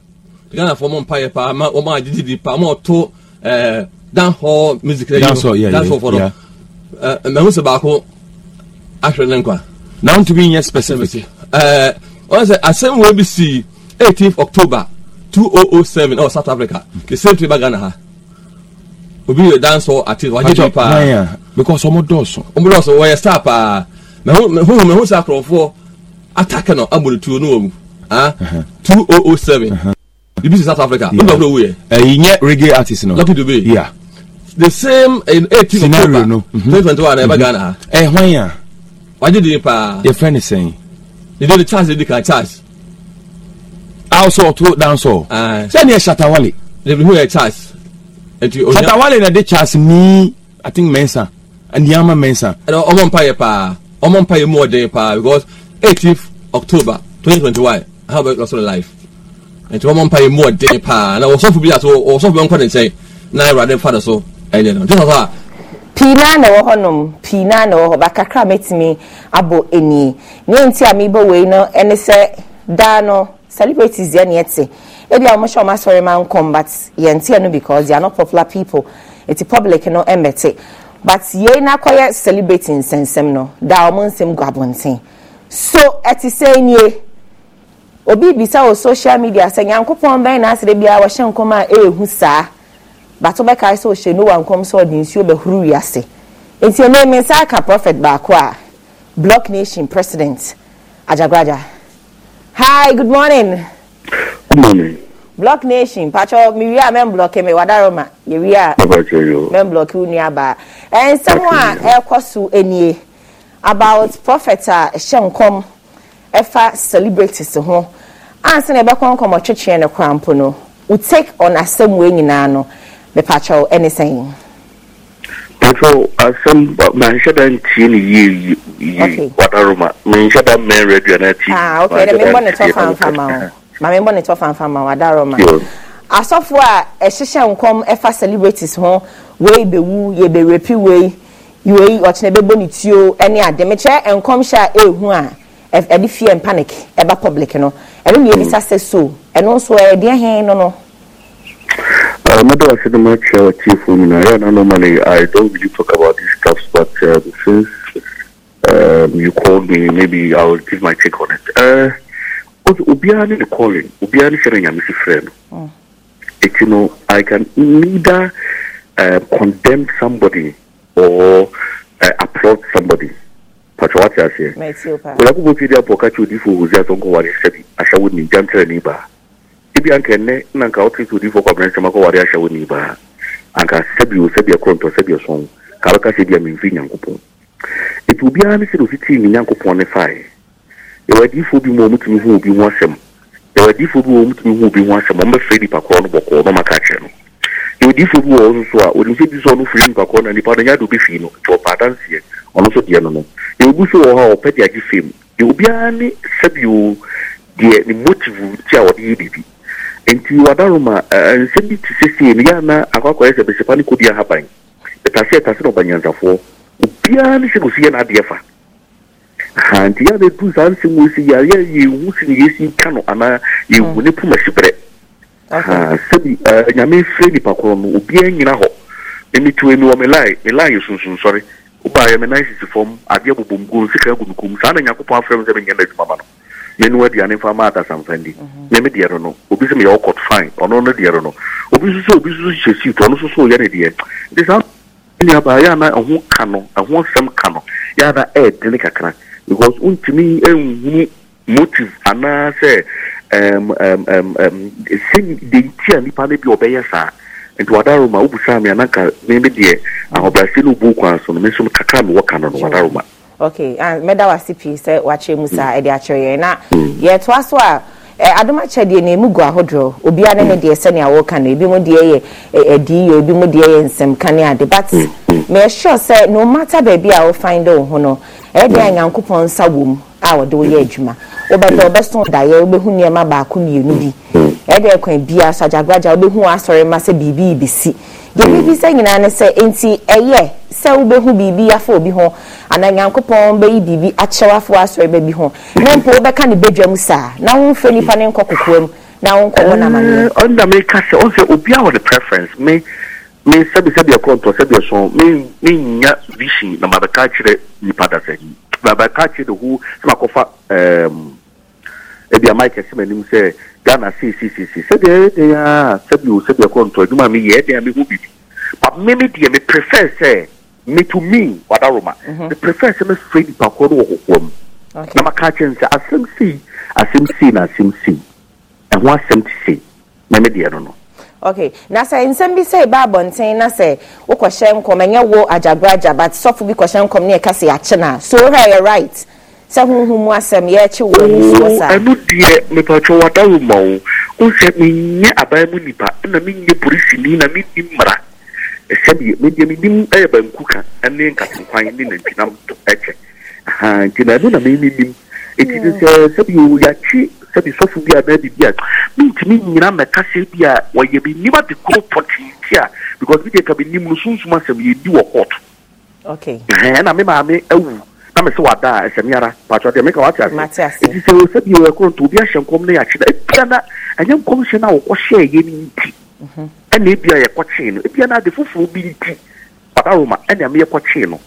ghana fɔ ɔmo mpa yɛ paa ɔmo ɔmo agyegye di paa ɔmo ɔto ɛɛ danhɔ music rɛ yi danhɔ danhɔ fɔlɔ ɛɛ mɛmu sɛ baako ahwɛ ne nkwa. now to be in yɛ specific ɛɛ wɔn sɛ asɛm wo bi si eighteenth october. Two oh oh seven, ɛwɔ oh, south africa the same thing ba ghana ha obi yɛ dansɔ ati wagye bi paa because ɔmo dɔɔso ɔmo dɔɔso wɔyɛ star paa mehu mehu mehu sa akorɔfoɔ ataka no abɔ ne tuo no wɔ mu ah 2007 bibi si south africa no bɛ wuro wuyɛ. ɛyi nye reggae artist no lɔpi dube yeah the same in eighteen october mm-hmm. twenty twenty one ɛbɛ ghana ha. ɛhwan ya. wagye di paa. yɛ fɛn ne sɛn. yɛ de ne charge de di kan charge awusu ọtọ danso sani ẹ shatawale. lebi hu yɛ charles. shatawale na de charles ni i think mensa nneɛma mensa. ɛnna ɔmɔ mpa yɛ paa ɔmɔ mpa yɛ mu ɔden paa because eighteenth october twenty twenty one aha bɛ lɔsɔrɔ life nti ɔmɔ mpa yɛ mu ɔden paa na wɔsɔfo bi ato wɔsɔfo bi nkɔ ne nkyɛn na awurade nfa ne so ɛnyɛ no nti sɔsɔ a. pii naa na ɛwɔ hɔnom pii naa na ɛwɔ hɔ bakakra mɛtumi abɔ eni ne nti a mi bɔ wei no ɛne sɛ daa no celebrities yẹn ni ẹ ti ebi àwọn ọmọọṣẹ́ ọmọ asọ̀rọ̀ máa ń kàn but yẹn ti ẹ because they are not popular people eti public no ẹ mẹ̀tẹ̀ but yẹn n'akọyẹ celebrity nsẹ̀nsẹ̀m no da ọmọ nsẹ̀m gu abọ̀ntẹ́n so ẹ ti sẹ́ ẹ nie obi bisa wọ social media sẹ nyankopɔn bɛn na asere bi a wɔhyɛ nkɔm a ɛyɛ saa bato bɛka sɛ ɔhyɛ no wa nkɔm sɛ ɔde nsuo bɛhuru wiase nti ɛnɛ mi nsa aka prophet baako a ah, block nation president ajagoraja. Hi, good morning. Good morning. Block Nation, Pacho, Miria, men block him, Wadaroma, Miria, men block you nearby. And someone else to any about Prophet Shankom, Efa celebrities ho. Answer a back on come a church and a cramp, no. We take on a same way in Nano, the Pacho, anything patro asɛm manhyɛ da ntie ne yie yie wadaroma menhyɛ da mmɛn radio na ti ah okay dɛ membɔ ne tɔ fanfama o ma membɔ ne tɔ fanfama o wadaroma asɔfo a ɛhyehyɛ nkɔm ɛfa celebrities ho wei bɛwu yɛ bɛrepi wei wei ɔkyerɛ bɛbɔ ne tuo ɛne ade mekyerɛ nkɔm hyɛ a ɛrehu a ɛde fie and panic ɛba public no ɛno ne yɛbisa mm. sɛ so ɛno nso ɛdeɛ hen no no Uh, I'm not sure very much, uh, Chief Uminaya. Normally, I don't really talk about these stuff, but uh, since um, you called me, maybe I'll give my take on it. Uh, Obiani calling, Obiani sharing a friend. It, you know, I can neither uh, condemn somebody or uh, applaud somebody. Pato wati ase. Meti opa. Kwa kubo chidi apo kachi bi an anka nnɛ na nka wotesoodiifoɔ kwabena nsɛm akɔ ware ahyɛ wo nii baa anka sɛbio sɛbia korɔntɔ sɛbia sɔn ka ka min bɛka sɛ bia bi an ɛti obiara ne sɛ de ɔfitii ne nyankopɔn ne faeɛ yɛwɔ adiifoɔ bi mu a ɔmutumi hu obi ho asɛm yɛwɔ adiifoɔ bi wɔ ɔmutumi hu obi ho asɛm ɔmbɛfrɛ nipa korɔ no bɔkɔɔ na ɔmaka akyerɛ no yɛwɔ adiifoɔ bi wɔ ɔno so a ɔnim sɛ bi sɛ ɔno firi nipa korɔ na nipa nya do bi fi no nti ɔpa adanseɛ ɔno so deɛ no no yɛwɔ bi so wɔ hɔ a ɔpɛ de agye fam yɛwɔ biara ne sɛbio deɛ ne motive nti a wɔde yɛ biribi nti wadaroma nsɛm bi te sesie no yɛana akɔakɔyɛ sɛ bɛsɛpa ne kɔdi ahaban ɛtase ɛtase na ɔbanyansafoɔ obiara ne sɛ kɔsi yɛ n'adeɛ fa ha nti yɛa bɛdu saa nsɛm wɔ si yɛayɛ yɛhu si ne yɛsi ka no anaa yɛhu ne poma hyebrɛ sɛbi nyame frɛ nipa korɔ no obiara nyina hɔ ɛmetiwe mi wɔ me lae uh, me lae yɛ sunsunsɔre wobaayɛ me nan sisi fam adeɛ bobɔ mu gu nsika gu no kum saa na nyankopɔn afrɛ m sɛ menyɛ no adwuma ma no yɛnu aduane fa ma atasamfa ndi na mhm. me deɛ no no obi sɛ meyɛ wɔkɔt fine ɔno no deɛ no no obi so sɛ obi so hyɛ siit ɔno so so ɔyɛ ne deɛ nti saa nuabaa yɛ e ana ɛho ka no ɛho e nsɛm ka no yɛ ana ɛɛdene kakra because wontumi e nhunu motive anaasɛ denti a nipa mhm. no bi ɔbɛyɛ saa nti wadaroma wobusaa me ananka me me deɛ ahobrɛase no wobu kwan so no me nso kakra mewɔ ka no no wadaroma okay and ah, meda wa cp sɛ wakyerɛ mu saa ɛde akyerɛ yɛn na yɛtoa so a adom akyɛdeɛ na emu gu ahodoɔ obia ne ne deɛ sɛnea wɔka no ebi mu deɛ yɛ ɛdi eh, eh, yɛ ebi mu deɛ yɛ nsɛmka ne ade but mɛ mm, mm. sure sɛ no matter baabi a wɔfain de wɔn ho no ɛyɛ eh, deɛ anyankopɔn mm. nsa wɔ mu a wɔde wɔyɛ adwuma wɔbɛdɛ wɔbɛso daeɛ wɔbɛhu nneɛma baako mmienu bi ɛyɛ deɛ kwan bia so agyagbaagya wɔbɛhu asɔre ma sɛ biribi bi si. deɛ mɛdi sɛ nyinaa ne sɛ nti ɛyɛ sɛ wobɛhu biribi afa obi ho anaa nyankopɔn bɛyi biribi akyɛw afoɔ asɔre baabi ho na mpo wobɛka ne badwa mu saa na womfrɛ nipa ne nkɔ kokoa mu na wonkɔ wɔ namanneɛ ɔnna meka sɛ ɔsɛ obia wɔ ne preference me me sɛbisɛbi ɛkɔntɔ sɛbi ɛso me menya vision na mabɛka kyerɛ nipa da sɛ mabɛka kyerɛ de ho sɛ makɔfa ebi a mike ɛsɛ m'anim sɛ ghana si sɛdeɛ ɛyɛ deɛ a ah, sɛbi o sɛbi ɛkɔ ntɔ adwuma mi yɛ ɛdeɛ mi ho bibi but mi deɛ mi prefer sɛ me to me wadaroma mhm. me prefer sɛ me fɛ nipa koro no wɔ kɔkɔɔ mu na ma ka kyɛn sɛ asɛm si asɛm si na asɛm si ɛho asɛm ti si na mi deɛ no okay na sɛ nsɛm bi sɛ ɛba abɔnten na sɛ wokɔhyɛ nkɔm ɛnyɛ wo agyagora agya but sɔfo bi kɔhyɛ nkɔm ne ɛka sɛ yɛakye no a so wohɛ yɛ right sɛ huhu mu asɛm yɛakyi wɔ mu soɔ saa ɛno deɛ mepatwɛ wadaro ma wo wo sɛ menyɛ aban mu nnipa na menyɛ polisini na menni mmara ɛsɛ deɛ medeɛ menim ɛyɛ banku ka ne nkatenkwan ne nantinam ɛkyɛ nti na ɛno na menenim ɛti ne sɛ sɛbi yɛakye sɛbi sɔfo bi anaa biribi a mentumi nyina mmɛka sɛ bi a wɔyɛ menim ade koro pɔtenti a because medeɛ ka menim no sunsum asɛm yɛdi wɔ court ɛna me maame awu ame sɛ wada asɛmi ara patro deɛ meka wate ase ɛti sɛ wo sɛ bia wɔɛkorɔ nto obi ahyɛ nkɔm no yɛakye no ɛbia na ɛnyɛ nkɔm hyɛ no a wɔkɔhyɛɛ yɛ no nti ɛna ebia yɛkɔkyee no ebia na ade foforɔ bi nti padaroma ɛna ɛme yɛkɔkyee no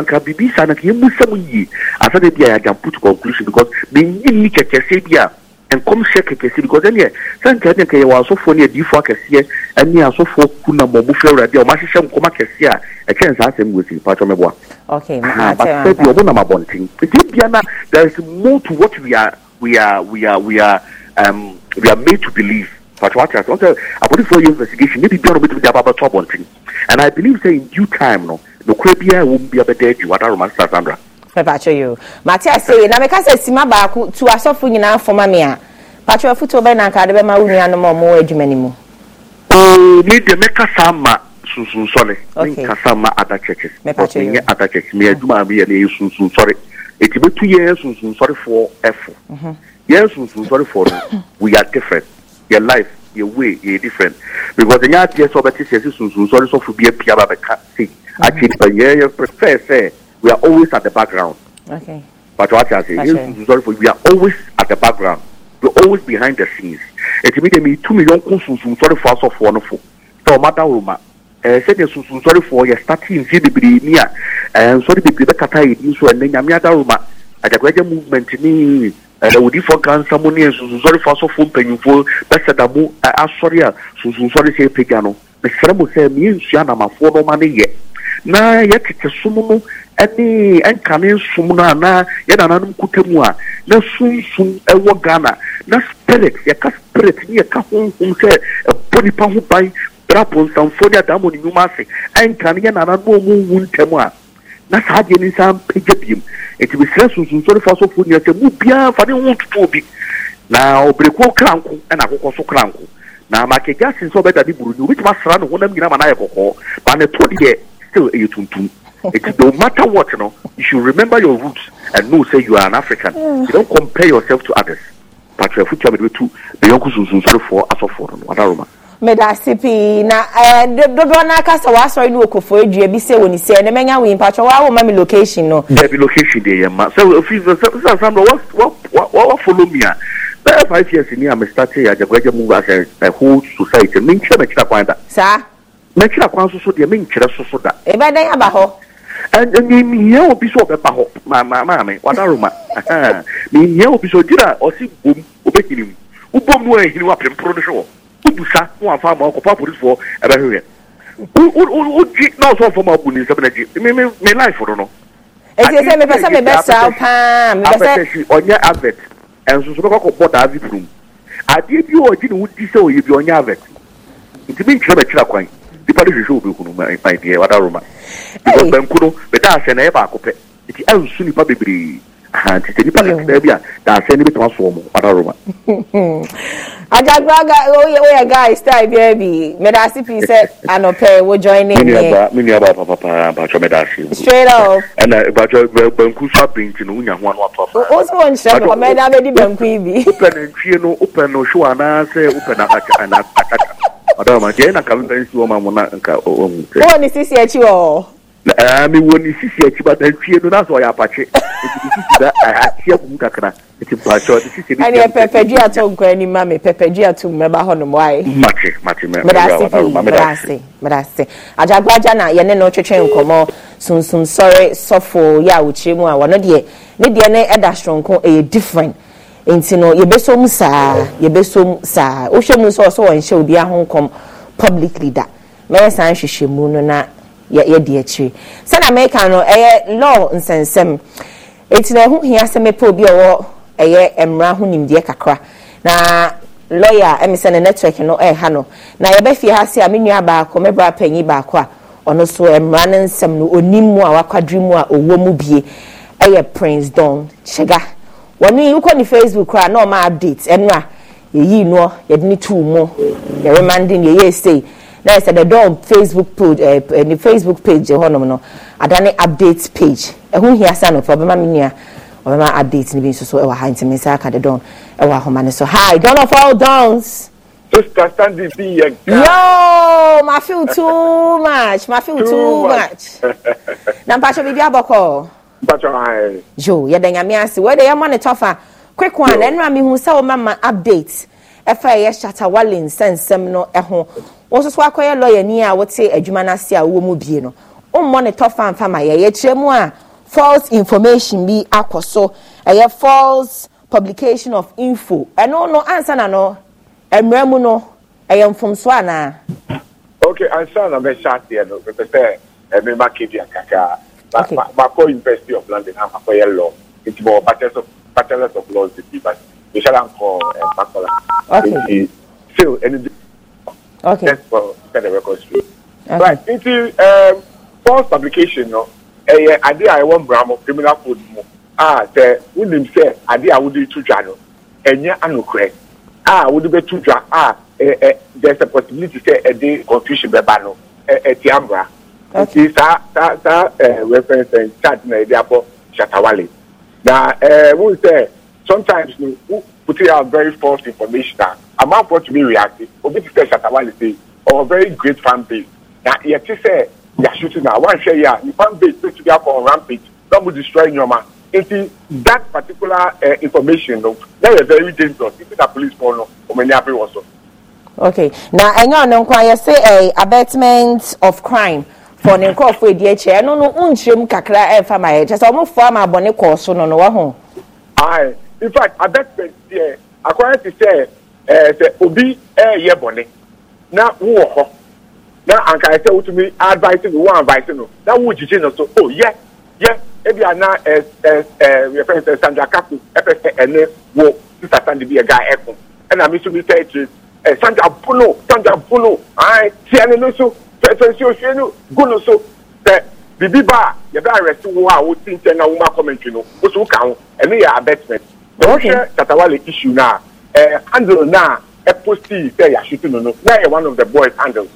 nka biribi saa no nka yɛmu sɛm yie asɛ de bia yɛagya conclusion because menyi nni kyɛkyɛ bi a nkɔmhyɛ kɛkɛsi because ɛneɛ sɛ nka ɛneɛ nkɛyɛ wɔ asɔfoɔ ne adiifoɔ akɛseɛ ɛne asɔfoɔ ku na ma ɔmofrɛ awurade a ɔmahyehyɛ nkɔm akɛseɛ a ɛkyɛn saa asɛm wɔ si patwɔ mɛboa basɛ bi ɔmo nam abɔnten nti bia na there is more to what we are we are we are we are um, we are made to believe patwɔ ate ase ɔsɛ abɔdefoɔ yɛ investigation ne biribiara ɔmɛtumi de ababɛtɔ abɔnten and i believe sɛ in due time no nokorɛ biara ɛwɔ mu bi abɛda adi wadaro ma sasandra pɛpatwo yo mate asɛwe na meka sɛ sima baako tu asɔfo nyinaa foma me a patro afotuo bɛn na nkaade bɛma wo nuanom a ɔmowɔ adwuma ni mu ne deɛ mɛka saa ma sunsunsɔre menka saa ma ada kyɛkyɛ menyɛ ada kyɛkyɛ me adwuma a meyɛ no ɛyɛ sunsunsɔre ɛti bɛtu yɛn sunsunsɔrefoɔ ɛfo yɛn sunsunsɔrefoɔ no we are different yɛ life yɛ way yɛ different because ɛnyɛ adeɛ sɛ ɔbɛte sɛ ɛsi sunsunsɔre sɔfo bi apia ba bɛka sei akyɛ nipa yɛyɛ prefer sɛ we are always at the background. Okay. But what I say, sorry for we are always at the background. We're always behind the scenes. It means me two million consumption sorry for us of one of So matter woman. Eh, sɛdeɛ sunsunsɔre foɔ yɛ stati nsi bebree ni a nsɔre eh, bebree bɛkata yɛ ni so ɛnɛ eh, nyame adaroma adakwagya movement ne awudifo kansa mu ne sunsunsɔre foɔ asɔfo mpanyinfoɔ bɛsɛda mu asɔre a sunsunsɔre sɛ apagya no mesrɛ mo sɛ meyɛ nsua anamafoɔ nɔma no yɛ na yɛtete som no ɛne ɛnkane nsum no anaa yɛ nananom kuta mu a na sunsum ɛwɔ ghana na spirit yɛka spirit ne yɛka honhom sɛ ɛbɔ nipa ho ban brapo nsamfoɔ ne adammɔ ne nnwuma ase ɛnkane yɛ nananom ɔmu wu ntɛm a na saa adeɛ ne nsa mpagya biom nti mesrɛ sunsumsɔre fa sɔfoɔ nyina sɛ mu biara fa ne ho ntoto bi na ɔberekuo kranko ɛna akokɔ so kranko na makagya sen sɛ ɔbɛda ne buruni obɛtumi asra ne honam nyina ma no ayɛ kɔkɔɔ ba ne to deɛ still ɛyɛ e tuntum it, no matter what, you know, you should remember your roots and know, say, you are an African. Mm. You don't compare yourself to others. Patrick, your future will be too. The young person is for us for another woman. medase pii na dodoɔ no aka sɛ waasɔre no wɔ kɔfoɔ adua bi sɛ wɔ ne sɛ ne mɛnya wei mpakyɛ woa woma me location no dabi location deɛ yɛma sɛ ɔfisasamdɛ wafolo me a ah? bɛɛ five years ni a mestarte agyagwagya mu as a whole society menkyerɛ makyira kwan da saa makyira kwan so so deɛ menkyerɛ so so da ɛbɛdɛn e aba hɔ mihia obi sɛ ɔbɛba hɔ maame wadaroma mihia obi sɛ ɔgyina ɔse bom obɛhini mu wobom no ahini e wapemporo no hwɛ wɔ wobusa na wafa ma ɔkɔpa apolisifoɔ ɛbɛhwehwɛ wogye na ɔsɛ ɔfam abu ne nsɛm no agye me life no no ɛti sɛ mepɛ sɛ mebɛsrɛw paa mepɛsɛ ɔnyɛ avet ɛnso so bɛkɔkɔbɔ daase punu mu adeɛ bi ɔgye ne wo di sɛ ɔyɛ bi ɔnyɛ avet nti menkyerɛ bɛkyerɛ nipa no hwehwɛ obi kunu ma ma deɛ wada roma because banku no bɛta ahyɛ na ɛyɛ baako pɛ nti ɛnsu nipa bebree aha nti sɛ nipa kakra bi a daasɛ no bɛtuma soɔ mu wada roma. ajagbara woyɛ guy style bia bi mɛdaase pii sɛ anɔpɛ wo join in yɛ. mi nua ba papapa batwa mɛdaase. straight up. ɛna batwa banku so abiri nti o wonya ho ano ato afa. o sọ wọn nkyɛn kɔ mɛ n'a bɛ di banku yi bi. o pɛ na ntwie no o pɛ na o hwɛ wa anaasɛ o pɛ na akaka. madam nke na ka nta ọma na nka ọwụwa eh, mụ. ni sisi echi ọ. na mi ni echi ba na ntie no na-asọ ya apache eti sisi egwu ọ sisi bi. ẹni na ju ato nkọ ẹni ma mi pẹpẹ ju ato mmẹba hɔ nom ayi. mmachi mmachi mmẹ mmẹ na yɛne no twetwe nkɔmɔ sunsunsɔre sɔfo yɛ a mu a wɔn deɛ ne deɛ ne ɛda soronko ɛyɛ different. nti no yɛbɛsom saa yɛbɛsom saa wohwɛ mu nso ɔsɛ wɔnhyɛ obi ahonkɔm public leader na yɛ saa nhwehwɛ mu no na yɛde akyire sɛna mɛka no ɛyɛ law nsɛnsɛm ɛti na ɛho hia sɛ mɛpɛ obi a ɔwɔ ɛyɛ mmara ho nimdeɛ kakra na lawyer ɛmi sɛ ne network no ɛɛha no na yɛbɛfie ha se a me nua baako me bra panyin baako a ɔno so mmara no nsɛm no onim mu a wakwadiri mu a ɔwɔ mu bie ɛyɛ prince don kyega wɔne wokɔ ne facebook koraa na ɔma update ɛno a yɛyii noɔ yɛde ne tuu mu yɛremande no yɛyɛ sei na yɛ sɛ dɛdɔɔ facebook page ɛɛ ne facebook page hɔnom no adane update page ɛho hia sa no fɛ ɔbɛma me nua ɔbɛma update no bi nso so ɛwɔ ha nti me nsa aka dɛdɔɔ ɛwɔ ahoma no so hi don of all dons. Sister Sandy fi yɛ nka. Yo, ma feel too much, ma feel too, too much. much. Na mpatso bibi abɔkɔ. jo yɛda nyame ase wɔde yɛma no tɔfa quick one ɛnora mehu sɛ woma ma update ɛfa ɛyɛ shata walin sɛnsɛm no ho wo nso so akɔyɛ lɔyani a wote adwuma no ase a wowɔ mu bie no wommɔ ne tɔfa mfa ma yɛ mu a false information bi akɔ so ɛyɛ eh, false publication of info ɛno eh, no ansa na no eh, mmerɛ mu no ɛyɛ mfomso anaa okay ansa na mɛhyɛ aseɛ no mepɛ sɛ ɛmema kebia kakraa okay. bakɔ university of london a makɔ yɛ law nti bɔ bachelors of bachelors of laws bi ba nhyɛn ankɔ ɛ bakɔla nti still ɛni di test for set the record straight right nti um, false publication no ɛyɛ eh, ade a ɛwɔ mbura mu criminal code mu a sɛ wonim sɛ ade a wode to dwa no ɛnyɛ anokorɛ a ah, wode bɛto dwa a ah, ɛ eh, ɛ eh, there's a possibility sɛ ɛde confusion bɛba no ɛ ɛti ambra nti saa saa saa eh, ɛɛ reference ɛn eh, chart na yɛde abɔ shatawale na ɛɛ wọ́n sɛ sometimes no wọ́n put out very false information a to be react obi ti sɛ shatawale say ɔwɔ very great fan base na yɛte sɛ yasutu na wanhwɛ yi a ne fan base bɛ tumi akɔ on rampage na mo destroy nneɛma nti that particular uh, information no na yɛ very dangerous if na police call no wɔn ani abiri wɔ so. okay na ɛnyɛ ɔno nkwa yɛ sɛ abatement of crime fɔ ne nkurɔfoɔ edi akyire ɛno no nkyerɛ mu kakra ɛfa ma yɛ kyɛ sɛ ɔmo fɔ ama abɔne kɔɔ so no no wɔ ho. ayi in fact abɛtɛ deɛ akɔyɛ ti sɛ ɛɛ eh, sɛ obi ɛɛyɛ bɔne na wowɔ hɔ na anka ɛsɛ wotumi advice no wɔn advice no na wo gyigyi no so Oh yɛ yɛ ebi ana ɛɛ eh, ɛɛ eh, ɛɛ yɛfɛ sɛ sandra kaku ɛfɛ sɛ ɛne wɔ sisa sandi bi yɛ ga ɛko ɛna mi nso mi sɛ ɛkyire ɛ sandra bono sandra bono ayi tiɛ ne no so fɛnsuohwɛ no gu no so sɛ biribi ba a yɛbɛ arɛsi wo a wosi nkyɛn na woma commentary no woso woka ho ɛno yɛ abetment na wohwɛ tatawale issue no a handle no a ɛposti sɛ yɛahwete no no na ɛyɛ one of the boys handle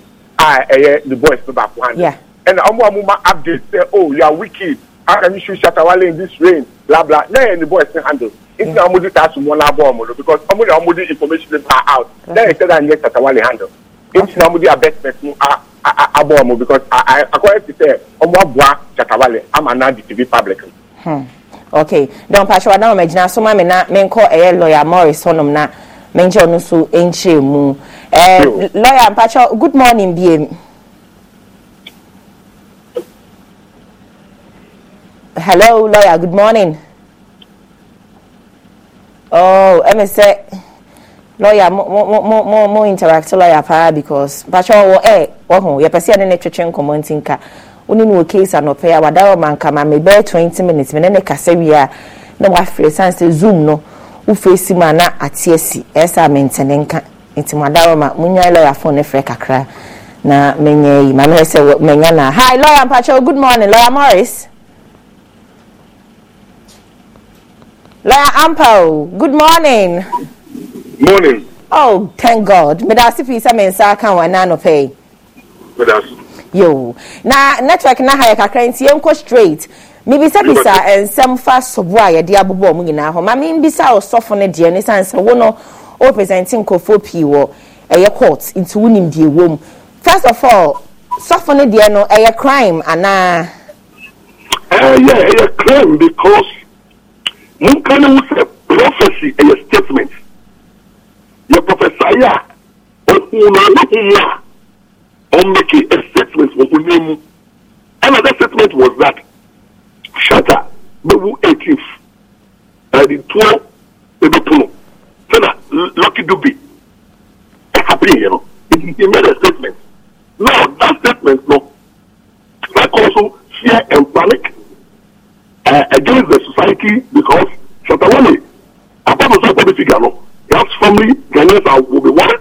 a ɛyɛ the boys no baako handle ɛna ɔmo a mo ma update sɛ oh you are wicked how can shoot tatawale in this rain bla bla na ɛyɛ the boys no handle nti na ɔmo di taasu mu ɔna abɔ ɔmo because ɔmo na ɔmo information ba out na ɛyɛ sɛ that n yɛ tatawale handle nti na ɔmo di abetment mu a abọ ọmụ because akọrọ ti sị ọmụ abụọ Chatabale ama na di tv public. Hmm. okay dɔn mpatsɛ wadan wɔn agyina so ma mi na mi nkɔ ɛyɛ lawyer morris hɔnom na mi nkyɛn ɔno nso nkyɛn mu ɛɛ lawyer good morning bie. hello lawyer good morning. oh ɛmi sɛ lawyer mo mo mo mo mo interact lawyer paa because bàtchɛ ɔwɔ ɛ ɔho yɛpɛ sɛ yɛde ne twetwe nkɔmɔ nti nka wone ne wɔ case anɔpɛ a wada wɔ ma nka ma mebɛyɛ twenty minutes me ne ne kasa wie a na wafrɛ san sɛ zoom no wofrɛ si mu a na ate asi ɛsɛ a mentene nka nti mada wɔ ma monyae lawyer phone ne frɛ kakra na menyɛ yi ma mehɛ sɛ manya na hi lawyer mpatchɛ good morning lawyer morris lawyer ampao good morning morning. oh thank god medase pii sɛ me nsa aka wɔn nan nɔpɛ yi. yo na network na ha yɛ kakra nti yɛnkɔ straight mebisabisa eh, nsɛm fa sobo a yɛde abobɔ mu nyinaa hɔ ma membisa ɔsɔfo no deɛ ne sane sɛ wo no wopresente nkurɔfoɔ pii wɔ ɛyɛ eh, court nti wonim deɛ wɔ mu first of all sɔfo no deɛ no ɛyɛ crime anaa ɛyɛ ɛyɛ crime because monka ne wo sɛ prophecy ɛyɛ eh, statement your prophesier ɔhunano ho a ɔmmake a statement wɔ ho name mu ɛna that statement was that shata bɛwu 18th adetuo ɛbɛpono sɛna lucky dubi ɛhappy you know He made a statement now that statement no like also fear and panic uh, against the society because shatawale apart from shatawale figure no. Perhaps family, Ghanaians are, will be worried.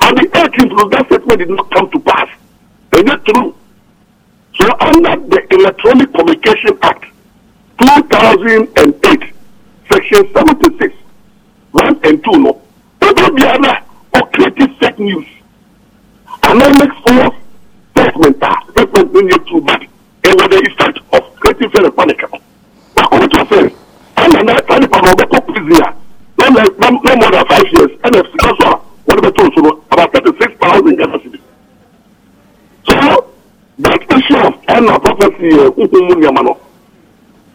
And the 18th, that statement did not come to pass. Is it true? So under the Electronic Communication Act, 2008, Section 76, 1 and 2, no? Every other or creative fake news. And then make false statement, statement when you're too bad. And with the effect of creating fear and panic. But come you say, I'm not a Taliban or a prisoner. ɛna no more than five years ɛna sika so a wɔde bɛ tɔn so no about thirty six thousand ghana cedis so that issue of ɛna property yɛ uh, huhumu nneɛma no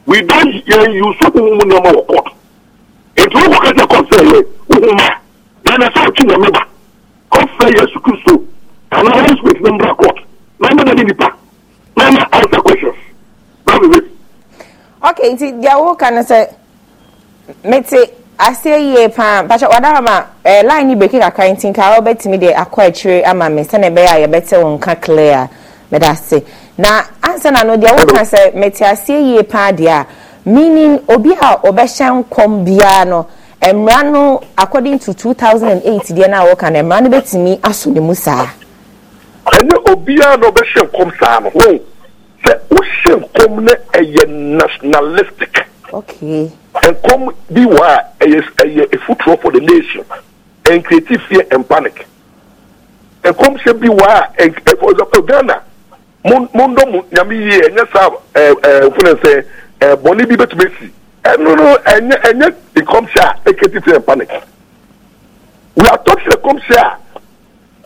we don yɛn use huhumu nneɛma wɔ court nti wɔn kɔkɛ kyɛ court sɛ yɛ huhuma ghana sɛ ɔtwi nyame ba court sɛ yɛ sukuu so ana wɔn nso bɛ ti court na ɛna na ne nipa na ɛna answer questions na ɔbɛ wait. okay nti deɛ kan sɛ mete. ase yie paa mpakyɛ ẹ eh, ɛɛ line ni breki kakra nti nka ɔbɛtumi de akọ akyire ama mi na ɛbɛyɛ a yɛbɛte wɔn nka clear mɛda ase na ansa na no deɛ wɔka sɛ mɛte ase yie paa deɛ a meaning obi a ɔbɛhyɛ nkɔm biara no mmara no according to two thousand and eight deɛ na wɔka no mmara no bɛtumi aso ne mu saa. ɛnyɛ obiara na ɔbɛhyɛ nkɔm saa no wɔn sɛ wohyɛ nkɔm no ɛyɛ nationalistic. okay nkɔm bi wɔ a ɛyɛ ɛyɛ efuturɔ for the nation and create fear and panic nkɔm hyɛ bi wɔ a and for example, ghana mo ndɔ mo nyame yie ɛnyɛ saa ɛɛ eh, ɛɛ eh, nfunɛ sɛ ɛɛ eh, bɔnne bi bɛtuma si ɛnu no ɛnyɛ ɛnyɛ nkɔm hyɛ a nkireti fear and panic we are talking nkɔm hyɛ a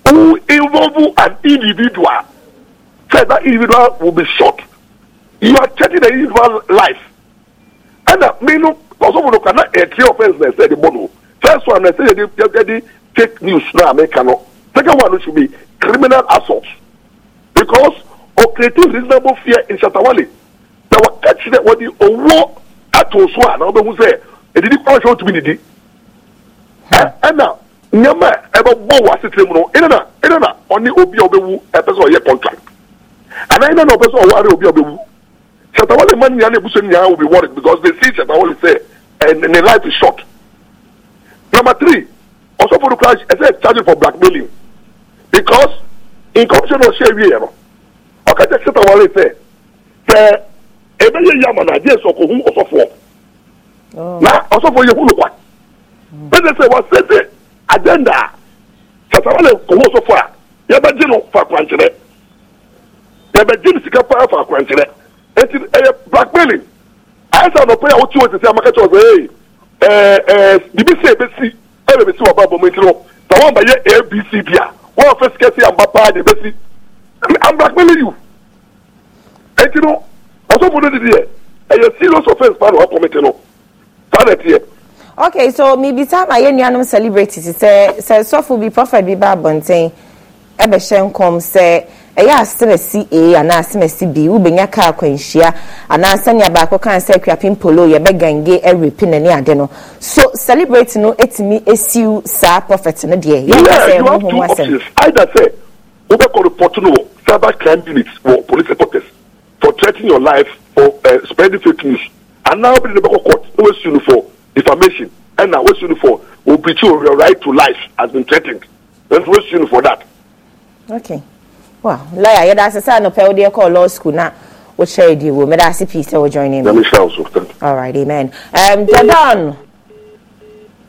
who involve an individual say that individual will be shot you are changing the individual life ɛna mi no ɔsɔfo no kana ɛtiri offence na ɛsɛ de bɔ no first one na ɛsɛ yɛ de yɛ de fake news na ameka no second one no should be criminal assault because ɔkirete reasonable fear in shatawale na wɔkɛkyerɛ wɔde owó ato so a na wɔbɛhu sɛ edidi kwan hyɛ otumi didi ɛna hmm. nneɛma ɛbɛbɔ wɔ asetire mu no ɛna na ɛna na ɔne obi a ɔbɛwu ɛpɛ sɛ ɔyɛ contract ana ɛna na ɔpɛ sɛ ɔware obi a ɔbɛwu. Shatawale man nyane busu nyane will be worried because they see Shatawale say and, and their life is short. Number three, also for the crash, I said charging for blackmailing because in corruption of share we are. Okay, just Shatawale say say ebe ye yama na die so ko hu osofo. Oh. Na osofo ye hu lokwa. Bese hmm. say was set agenda Shatawale ko hu osofo a ye ba gino fa kwankyere. Ye ba gino sika pa fa kwankyere eti ɛyɛ blackmailing ayɛ sɛ anɔpɛ a wotu wɔn sisi amakɛkyɛ ɔsɛ ee ɛɛ ɛɛ bibi sɛ ebesi ɛbɛ besi wɔn ba bɔ mu eti no sɛ wɔn ba yɛ abc bia wɔn afɛ sikɛsi amba paa de ebesi i'm blackmailing you eti no asɔfo no didi yɛ ɛyɛ serious offence paa na wɔn akɔmɛte no saa na ɛteɛ. okay so mibisa ma yɛ nuanom celebrate sɛ sɛ sɔfo bi prophet bi ba abɔnten ɛbɛhyɛ nkɔm sɛ ɛyɛ asɛm a anaa asɛm b wobɛnya kaa akwanhyia anaa sɛnea baako kan sɛ akuapem polo yɛbɛgange arepi n'ani ade no so celebrate no ɛtumi ɛsiw saa prophet no deɛ yɛka sɛ ɛho ho asɛm either sɛ wobɛkɔ report no wɔ cyber crime unit wɔ police headquarters for threatening your life for uh, spreading fake news anaa wobɛde no bɛkɔ court na wɔasiw no for defamation ɛna wɔasiw no for obichi your right to life has been threatened nso wɔasiw no for that okay Well, lawyer, yɛda ase sɛ anɔpɛ wode ɛkɔɔ law school na wokyerɛ adi wo meda ase pii sɛ wojoine mealright amen um, jadon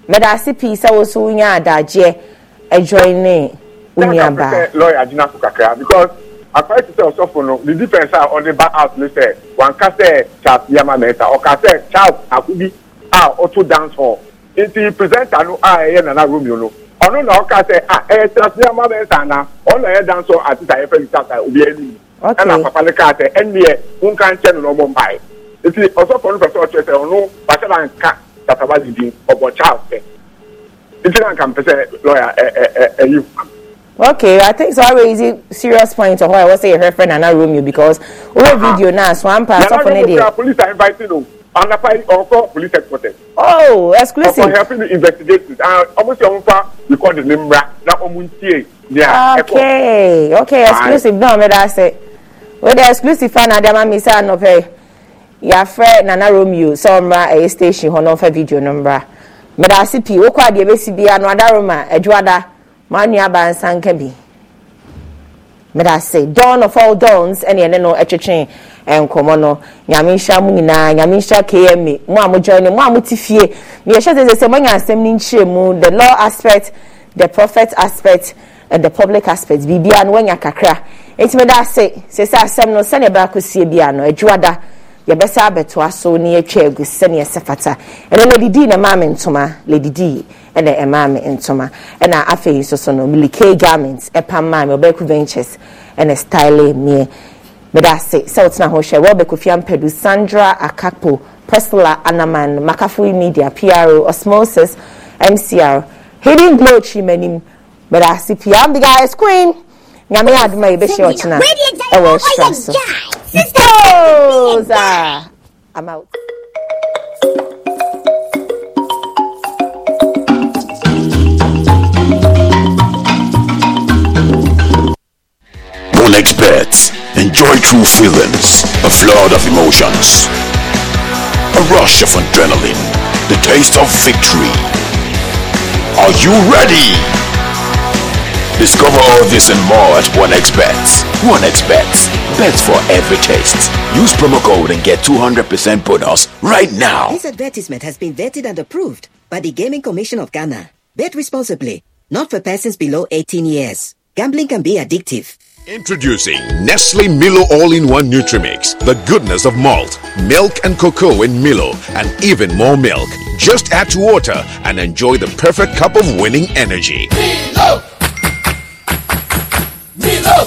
meda ase pii sɛ wo so wonya adagyeɛ ajoine wo nuabaa lawyer agyina so kakra because akwaye ti sɛ ɔsɔfo no The defense a ɔde ba out ne sɛ wanka sɛ charles yama mɛta ɔka sɛ charles akubi ah ɔto dance hall nti presenter no a ah, ɛyɛ nana romeo no ọnụ na ọka sị ah, e, e, a ẹ tẹsíà má bẹ na ọnà ẹ dán so àti sàyẹ fẹmi sàkà obi ẹni ẹna pàpàlẹ káàtẹ ẹni nka nkyẹn nínú ọmọ mba eti ọsọfọ nípa sọ ọkyẹ sẹ ọnụ pàṣẹlá nka tataba didi ọbọ charles sẹ eti na nka mpẹsẹ lọọyà e, I think so. I raise a serious point of why I was say your friend Nana Romeo because ah, ah. video now, so I'm part of the police are inviting you. anafa ọkọ police headquarters. oh exclusive. ọkọ helping ah, the investigators and ọmọ sí ọmọ fa record ní mra na ọmọ n tie ní à. okay okay exclusive náà mi da sẹ wey dey exclusive fan na adiama mi sá nọfẹ yàfẹ nana romeo sọ mra ẹyẹ station hàn náà fẹ fídíò náà mra mi da sí pii okọ adìẹ bẹ si bi anu adaroma ẹdùwàdà maa nua abansa nkẹbi mi da sẹ dawn of all dawns ẹni ẹni no ẹtwitwi nkɔmɔ no nyame nhyira mu nyinaa nyame nhyira kma mo a mo join mo a mo fie na yɛhyɛ sɛ moanya asɛm no nkyerɛ mu the law aspect the prophet aspect and the public aspect biribiara no woanya kakra nti meda ase sɛ sɛ asɛm no sɛneɛ ɛbɛakɔsie bia no adwuada yɛbɛsɛ abɛtoa so ne yɛatwa agu sɛneɛ sɛ fata ɛno lady na ɛmaa me ntoma lady dii ɛna ɛmaa me ntoma ɛna afei nso so no milike garment ɛpam maa me ɔbɛku ventures ɛna style meɛ medase sɛ wotena hɔ hwɛ wɔbɛ kofia mpɛdu sandra akapo presla anaman makafui media pro osmosis mcr hidden glow chimanim medase pia i'm the guy's queen nyame adoma yɛbɛhyɛ ɔkyena ɛwɔ ɛhyira so Rosa, I'm out. Experts Enjoy true feelings, a flood of emotions, a rush of adrenaline, the taste of victory. Are you ready? Discover all this and more at OneXBet. OneXBet. Bets for every taste. Use promo code and get 200% bonus right now. This advertisement has been vetted and approved by the Gaming Commission of Ghana. Bet responsibly, not for persons below 18 years. Gambling can be addictive. Introducing Nestle Milo All-in-One Nutrimix. The goodness of malt, milk and cocoa in Milo and even more milk. Just add to water and enjoy the perfect cup of winning energy. Milo!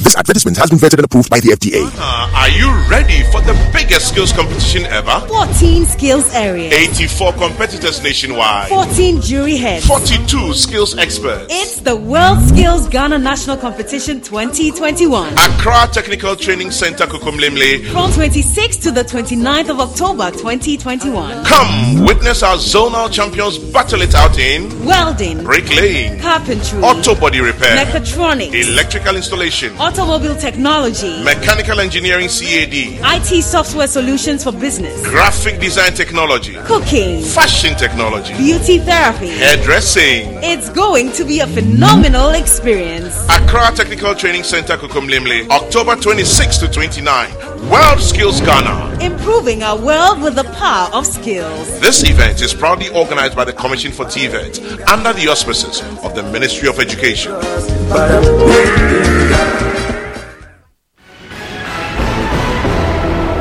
This advertisement has been vetted and approved by the FDA. Uh, are you ready for the biggest skills competition ever? 14 skills areas. 84 competitors nationwide. 14 jury heads. 42 skills experts. It's the World Skills Ghana National Competition 2021. Accra Technical Training Center, Kukumlimle. From 26th to the 29th of October 2021. Come witness our zonal champions battle it out in welding, bricklaying, carpentry, auto body repair, mechatronics, electrical installation automobile technology, mechanical engineering CAD, IT software solutions for business, graphic design technology, cooking, fashion technology, beauty therapy, hairdressing. It's going to be a phenomenal experience. Accra Technical Training Center, Kukumlimli, October 26 to 29, World Skills Ghana. Improving our world with the power of skills. This event is proudly organized by the Commission for TVET under the auspices of the Ministry of Education.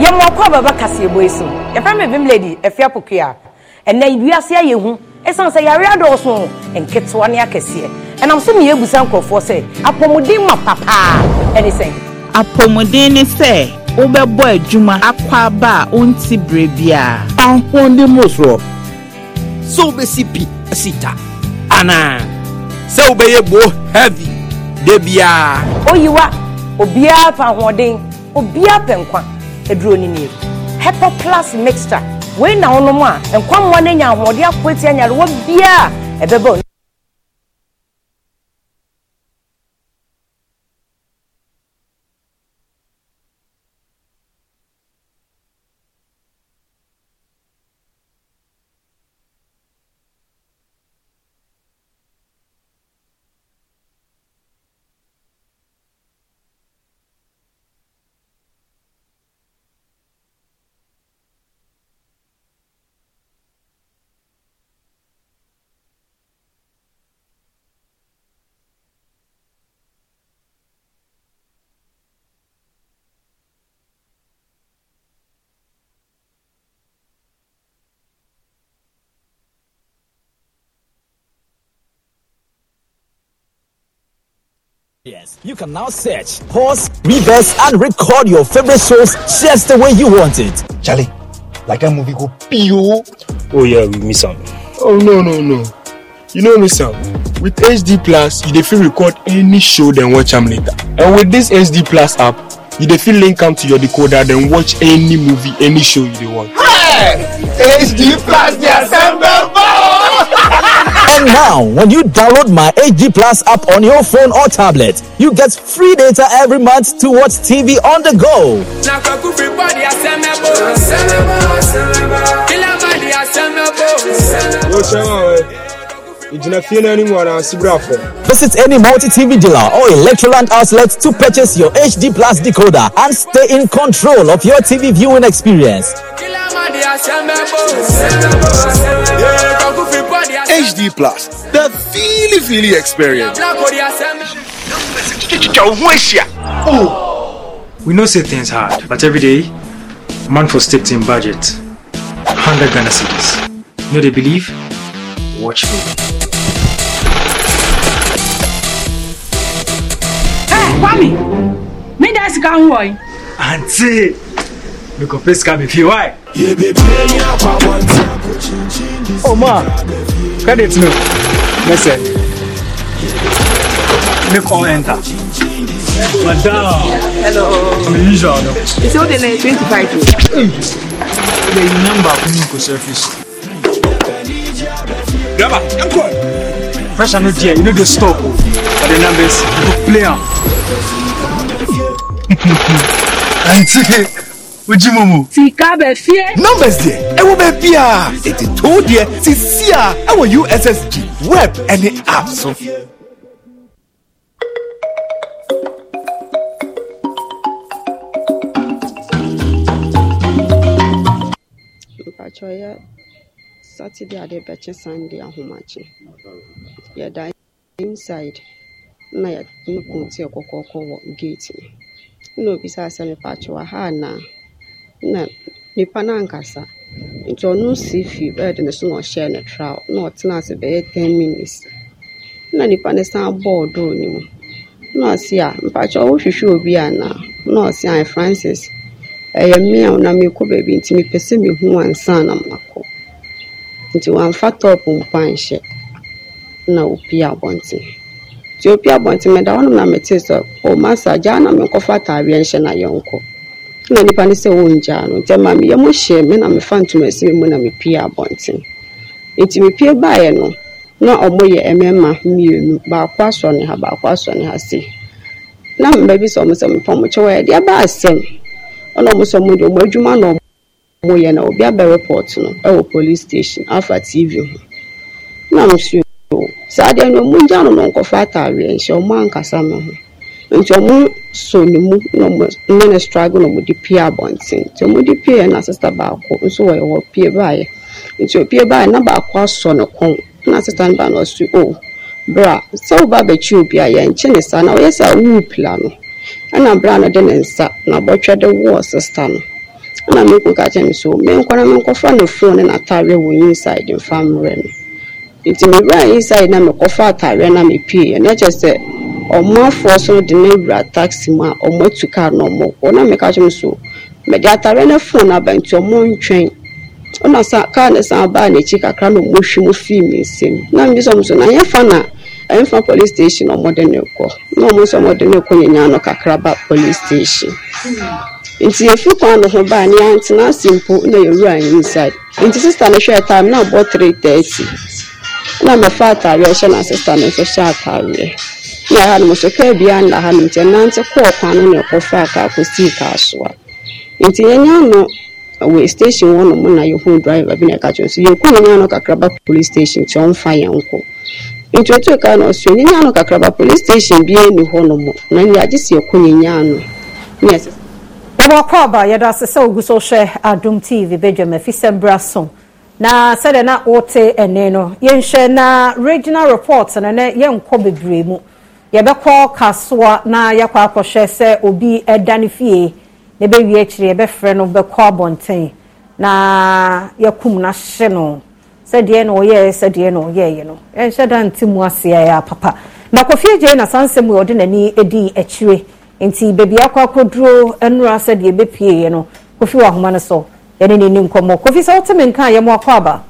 yɛmmɔ kɔ baba kaseɛ bɔ yi so yɛfrɛ me vim lady afi apokua ɛnɛ wiase ayɛ hu ɛsiane sɛ yare adɔɔso nketewa ne akɛseɛ ɛnam so meyɛ busa nkurɔfoɔ sɛ apɔmuden ma papaa ɛne sɛn apɔmuden ne sɛ wobɛbɔ adwuma akɔ aba a wonti berɛ biaa ahoɔden mu soɔ sɛ wobɛsi pi asita anaa sɛ wobɛyɛ buo heavy da biaa oyiwa obiaa fa ahoɔden obiaa pɛ nkwa aduro ne nie hepa plus mixture wei na wonom a nkwa mmoa no anya ahoɔden akoatia nyarewa biaa ɛbɛbɛ Yes, you can now search, pause, reverse, and record your favorite shows just the way you want it. Charlie, like that movie go pio? Oh yeah, we miss out. Oh no no no, you know me Sam. With HD Plus, you dey record any show then watch them later. And with this HD Plus app, you dey link them to your decoder then watch any movie, any show you want. Hey, HD Plus, they are and now, when you download my HD Plus app on your phone or tablet, you get free data every month to watch TV on the go. Visit any multi-TV dealer or Electroland outlet to purchase your HD Plus decoder and stay in control of your TV viewing experience. HD Plus, the feely feely experience. Oh, we know say things hard, but every day, man for state in budget, hundred Ghana cities. You know they believe. Watch me. Hey, Kwame! Me da sika ho wɔ Auntie, me kɔ pɛ sika if you wai. Oh ma, credit me. Me sɛ, me kɔ enter. Madam. Hello. I'm usual. It's only 25. Hey. The number of clinical service. Grabber, encore. Pressure no there, you know they stop. But the numbers, you go play am. Auntie, ojú momo. Sika bẹ̀ Numbers there, Ewo wo bẹ́ẹ̀ bí a, ètè tó there, ti sí a, ẹ USSG, web ẹni app so. Àjọyọ̀. Saturday adịbechi Sunday ahụmachi yɛda inside na y'a nnukwu nti kɔkɔɔkɔ wɔ gate no na obisa sɛ mepakyewa ha na na nipa no ankasa nti ọnu si firi bɛɛd no so na ɔhyɛɛ ne traw na ọtena ase bɛyɛ ten minutes na nipa no san bɔɔ doo no ah, mu eh, na ɔsi a mpakyɛ wohwehwɛ obi anaa na ɔsi a Francis ɛyɛ mmea a na mekɔ baabi nti mepɛ sɛ mehu ansa na makɔ nti wɔamfa tɔɔpo mpo anhyɛ na opie abɔnten nti abɔnten na metee sɛ o masa gyaa na menkɔfa ataareɛ nhyɛ na yɛnkɔ na nipa ne sɛ wɔngyaa no nti mo hyɛ na mefa ntoma asi mu na mepie abɔnten nti mepie baeɛ no na ɔmo yɛ mmienu baako asɔ ne ha baako asɔ ne ha na mmaa bi sɛ ɔmo sɛ mo asɛm na ɔmo mụyɛ na obi aba report no wɔ police afa tv ho na si saa deɛ no ɔmo anụ no no nkɔfa ataareɛ nhyɛ ɔmo ankasa no nti na na ɔmo pie abọntị. nti ɔmo pie na sista baako nso wɔyɛ wɔ pie ya. nti opie ya na baako asọ na sista no na ɔso o bra sɛ ɔba abɛkyi obi a yɛnkye ne saa na ɔyɛ sɛ awu pila nọ. ɛna bra no de ne nsa na abɔtwɛ de sista na m ekwu ka chem so menkwara m nkọfa na na ataria wɔ inside mfa mmerɛ no nti mewura inside na mekɔfa ataria na mepie ɛno kyerɛ sɛ ɔmoafoɔ so de no wura taxi mu a ɔmo atu kaa na ɔmɔkɔ na meka chem so mede ataria na fon aba ɔmo ntwɛn ɔna sa kaa ne san baa n'akyi kakra na ɔmo hwi mu fii mi nsam na mbi sɔm so na yɛ na ɛmfa police station ɔmo de ne kɔ na ɔmo nso ɔmo de ne kɔ nyinaa no kakra ba police station. Mm -hmm. nti efi kwan no ho baa ne antena ase mpo na yɛwura inside nti sista no hwɛɛ time na abɔ three thirty na mɛfa ataareɛ hyɛ na sista no nso hyɛ ataareɛ na ɛha nom so kaa biara ha nom nti ɛnante kɔɔ kwan no na ɛkɔfa kaa kɔsii kaa soa nti yɛnya no wɔ station hɔ nom na yɛhu driver bi na ɛka kyerɛ so yɛku yɛnya no kakraba police station nti ɔmfa yɛn nkɔ nti otu ka na ɔso yɛnya no kakraba police station bi ani hɔ nom na yɛagye si yɛkɔ yɛnya no ne ɛsɛ wɔakɔ aba yɛda ase sɛ ogu so hwɛ adom tv badwam afisɛm bra so na sɛdeɛ na wote ɛne no yɛnhyɛ na regional report no ne yɛnkɔ bebree mu yɛbɛkɔ kasoa na yɛakɔ akɔhwɛ sɛ obi ɛda e ne fie na bɛwie akyiri yɛbɛfrɛ no bɛkɔ abɔnten na yɛkum no ahye no sɛdeɛ na ɔyɛɛ sɛdeɛ na ɔyɛɛ no yɛnhyɛ da nte mu aseɛ papa na kɔfie gye na saa nsɛm yɛ ɔde n'ani nti baabi akɔ akɔduro nnura sɛdeɛ ɛbɛpie yɛ no kofi wɔ ahoma no so yɛne ne ni nkɔmmɔ kofi sɛ wote me nka a yɛmo akɔ aba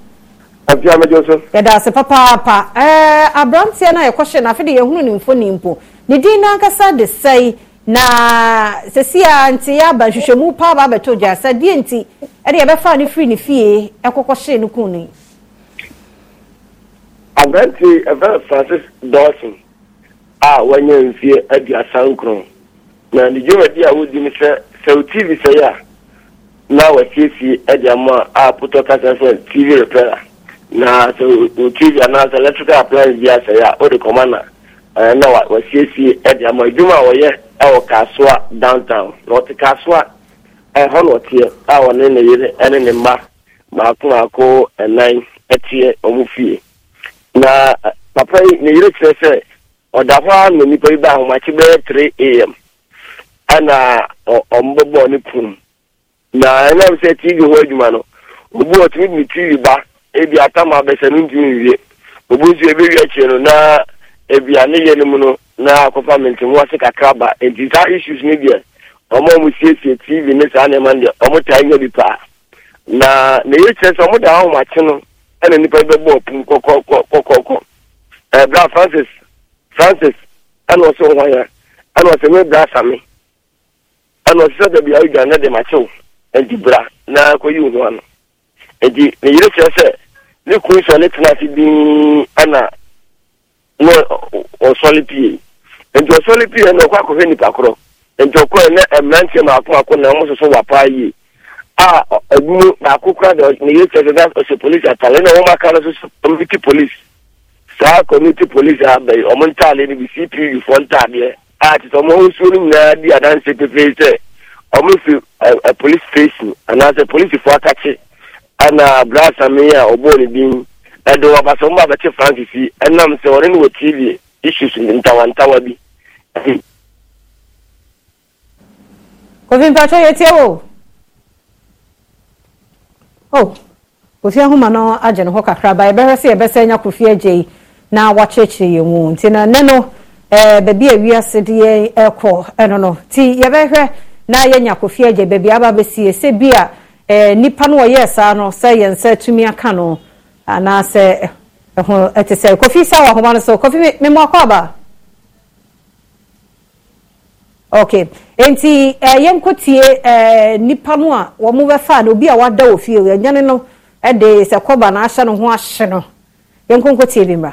ɔpia mɛgyo so yɛda ase papaapa ɛɛ aberanteɛ no a yɛkɔhyɛ no afei de yɛhunu ne mfoni mpo ne din no de sɛe na sɛsi a nti yɛaba nhwehwɛmu paa ba abɛto gya sɛ deɛ nti ɛde yɛbɛfa no firi ne fie ɛkɔkɔhyee no kuu no yi aberante ɛfɛ francis dawson a wanyɛ mfie aduasa nkron na ne dwumadi ah, a wodi mu sɛ sɛ wo tv na wasiesie de ama a apotɔ kasa sɛ tv repair na sɛ wo tv anaasɛ electrical appliance bi asɛe uh, a wode kɔma na na wasiesie de ama adwuma a wɔyɛ kasoa downtown na ɔte kasoa ɛhɔ na ɔteɛ a ne yere ne mma ɛnan ɔmo na papa yi ne yere kyerɛ sɛ ɔda hɔ a na nnipa yi ba ahomakye bɛyɛ 3 am ana ọmbọbọ ne pum na ɛnam sɛ tv hɔ adwuma no obi ɔtumi de ne tv ba ebi atam abɛsɛ no ntumi nwie obi nso ebewie akyire no na ebi yɛ no na akɔfa mɛnten ho ase kakra ba a wɔsiesie tv ne saa nneɛma no taa paa na na yɛ kyerɛ si ɔmo da ahoma akye no ɛna nipa ɔpum kɔkɔkɔkɔkɔ francis francis ɛna ɔsɛ ya ɛna ɛna ɔsesa da bia odwan na de makyew bra na kɔyi wo ho ano nti ne yere kyerɛ sɛ ne kun sɔ ne tena ase bii ana na ɔsɔre pie nti ɔsɔre pie na ɔkɔ akɔhwɛ nipa korɔ nti ɔkɔ na mmeranteɛ maako maako na ɔmo soso wɔ yie a ɛdunu baako kura de ne yere kyerɛ sɛ na ɔsɛ polisi atale na wɔn aka no community police saa community police abɛyi ɔmo ntaade no bi cpu foɔ ntaadeɛ a te sɛ ɔmo ahosuo no nyinaa di adanse pefee sɛ ɔmo fi police station anaasɛ polisifoɔ akakye ana brasame a ɔbɔɔ ne din ɛde wɔba sɛ ɔmo abɛkye francis yi ɛnam sɛ ɔne ne wɔ tv issues ntawantawa bi kofi mpatro yɛ tie o o oh, kofi ahoma no agye ne hɔ kakraba yɛbɛhwɛ sɛ yɛbɛsɛ nya kofi agye yi na wakyerɛkyerɛ yɛ mu nti na ne no ɛɛ eh, baabi a wiase deɛ ɛkɔ ɛno no ti yɛbɛhwɛ na yɛnya kofi agye baabi aba bɛsie sɛ bi a ɛɛ eh, nipa no ɔyɛ saa no sɛ yɛn nsa tumi aka no anaasɛ ah, ɛho eh, ɛte sɛ kofi sa wɔ ahoma no so kofi mmemmɔ akɔ aba ok nti ɛɛ yɛnkotie ɛɛ nipa no a wɔn bɛfa no obi a wada wɔ fie yɛn nyane no ɛde sɛ kɔba na ahyɛ no ho ahye no yɛnkonkotie bi mra.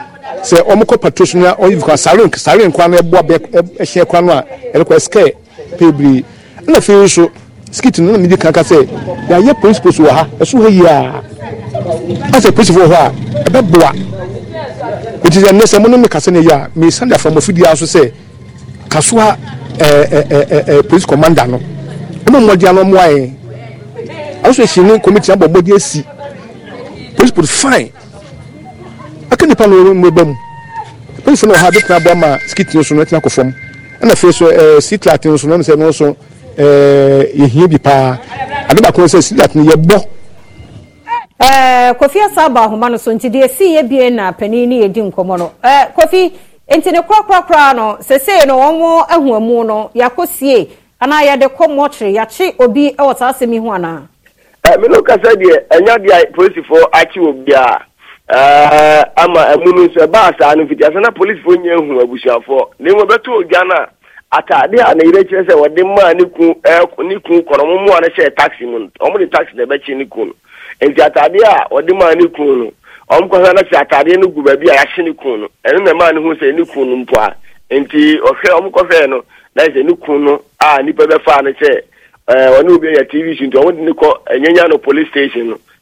sɛ wɔn kɔ pato so na ɔyi kɔ sare sare nkwa no ɛboa bɛ ɛhyɛ kwan no a ɛrekɔ ɛsikɛ bebree ɛna afei nso skit no na mi di kanka sɛ yɛayɛ polisi polisi wɔ ha ɛso hɔ yie a asɛ polisifoɔ hɔ a ɛbɛboa eti sɛ nnɛ sɛ mo ne mi kasa ne yie a mi san de afa mo fidie aso sɛ kasoa ɛɛ ɛɛ ɛɛ polisi kɔmanda no ɛna mo di ano mo ayɛ aso ehyia ne komiti abɔ bɔdi esi polisi polisi fine aka nipa no mu ba mu polisi na ɔha de tena aboa ma skit no so no ɛtena kɔ fam ɛna afei so ɛɛ eh, sit light no so no sɛ no so ɛɛ eh, yɛhia bi paa ade baako sɛ sit light no yɛbɔ. ɛɛ eh, kofi asa aba ahoma no so nti deɛ si yɛ bie na panin ne yɛdi nkɔmɔ no ɛɛ kofi nti ne korakorakora no sese no wɔn ahuamu no yako sie ana yɛde kɔ mɔtiri yɛakye obi ɛwɔ saa asɛm yi ho anaa. ɛɛ mi n'o kasa deɛ ɛnya deɛ polisifoɔ akyi obiara. Eh, ama munu nso baa saa no mfiti asɛ na policefoɔ nyɛ hu abusuafoɔ na mmom ogya no a a sɛ wɔde maa ne eh, ne kɔnɔ no taxi mu no de taxi na ɛbɛkye ne ku no nti atade a wɔde maa ne ku no ɔmo kɔsa ni sɛ atadeɛ no gu baabi a na ne ho sɛ ne no mpo a nti ɔhwɛ ɔmo kɔhwɛɛ no na sɛ ne kun no a nnipa bɛfaa no sɛ eh, ɔne obi yɛ tv so nti de ne kɔ no police station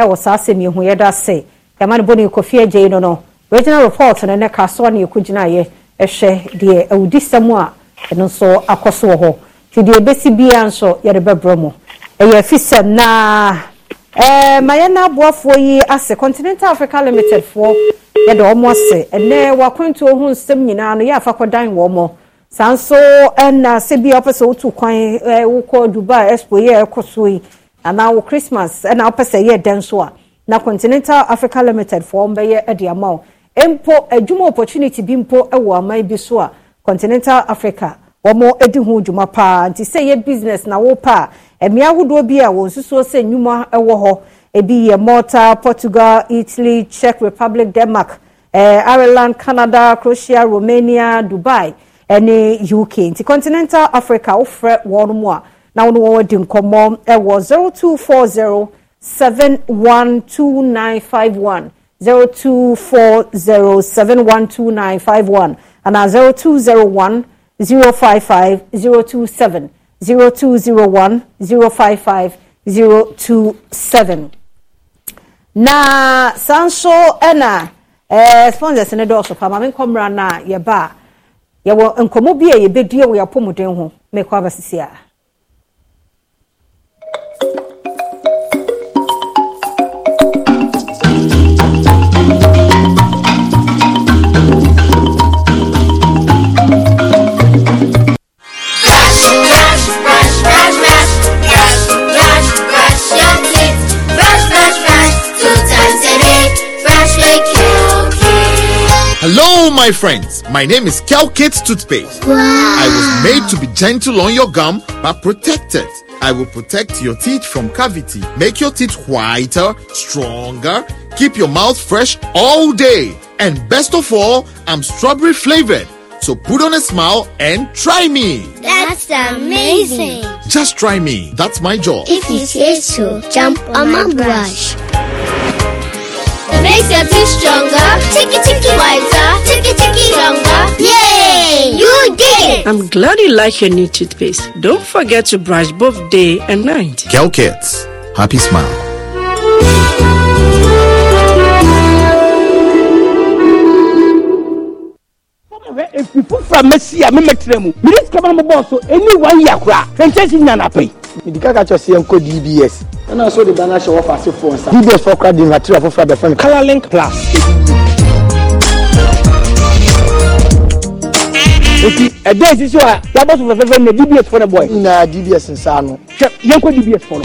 ɛwɔ saa asɛm yɛ hu yɛ da se yɛma no bɔne kofi agye yi no no regional report no ne ka soɔ ne yɛko gyinaeɛ ɛhwɛ deɛ awudi sɛm a ɛno nso akɔ so wɔ hɔ nti deɛ ɛbɛsi biara nso yɛde bɛbrɛ mu ɛyɛ afisɛm naa ɛɛ eh, ma yɛn n'aboafoɔ yi ase continental africa limited foɔ yɛde wɔn ase ɛnɛ wakwantuo ho nsɛm nyinaa no yɛafa kɔdan wɔn mo saa nso ɛna sɛ bi sɛ wotu kwan ɛɛ eh, wokɔ dubai expo yi a ɛkɔ so yi anaa wo christmas ɛna wopɛ sɛ ɛyɛ dɛn so a na continental africa limited foɔ bɛyɛ de ama wo mpo adwuma opportunity bi mpo wɔ aman bi so a continental africa wɔn edi ho dwuma paa nti sɛ yɛ business na wɔpɛ a mmea ahodoɔ bi a wɔn nsusuo sɛ nnwuma wɔ hɔ ebi yɛ malta portugal italy czech republic denmark eh, ireland canada croatia romania dubai ne eh, uk nti continental africa wofrɛ wɔn mu a na wɔn wɔn di nkɔmɔ ɛwɔ zero two four zero seven one two nine five one zero two four zero seven one two nine five one ana zero two zero one zero five five zero two seven zero two zero one zero five five zero two seven na saa nso ɛna ɛɛ sponsors ne dɔɔso pa maame nkɔmra na yɛba yɛwɔ nkɔmɔ bi a yɛbɛdua wɔ yɛapɔmuden ho mɛkɔ abasisi a. Hello, my friends. My name is Kelkit Toothpaste. Wow. I was made to be gentle on your gum but protected. I will protect your teeth from cavity, make your teeth whiter, stronger, keep your mouth fresh all day. And best of all, I'm strawberry flavored. So put on a smile and try me. That's amazing. Just try me. That's my job. If you say so, jump on my brush makes them feel stronger. Chicky chicky wiser, chicky chicky stronger. Yay! You did it! I'm glad you like your new toothpaste. Don't forget to brush both day and night. Kel Kids, happy smile. If from efifu fra mesi a memetrɛ mu come on ma boss. so anyone wan yɛ koraa in nya no mede ka ka kyerɛ sɛ dbs ɛna so de da no ahyɛ wɔ faase nsa dbs fɔ kora de material foforɔ abɛfrɛ no color link plus nti ɛda ɛsi so a yɛabɔ so fɛfɛfɛ na dbs fɔ no bɔe nyinaa dbs nsaa no hwɛ yɛnkɔ dbs fɔ no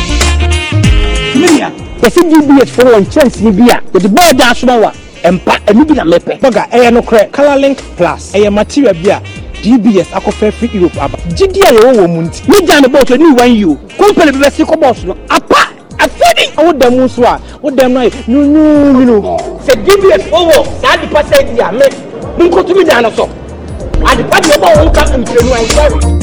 media yɛsɛ dbs fɔ no wɔ nkyɛnsee bi a yɛde bɔɔ da asoma wa ɛmpa ɛno bi na mepɛ bɔga ɛyɛ nokorɛ color link plus ɛyɛ material bi a dbs akɔfɛ fi europe aba gidi a yɛwɔ wɔ mu nti ne gya ne bɔɔso ne wan yi o kɔmpani bɛbɛ si kɔ bɔɔso no apa afɛdi awo dɛm nso a wo dɛm no ayɛ sɛ dbs ɔwɔ saa adipa sɛ di a mɛ nkotumi dan no so adipa deɛ ɔbɔ wɔn ka mpiremu ansɛre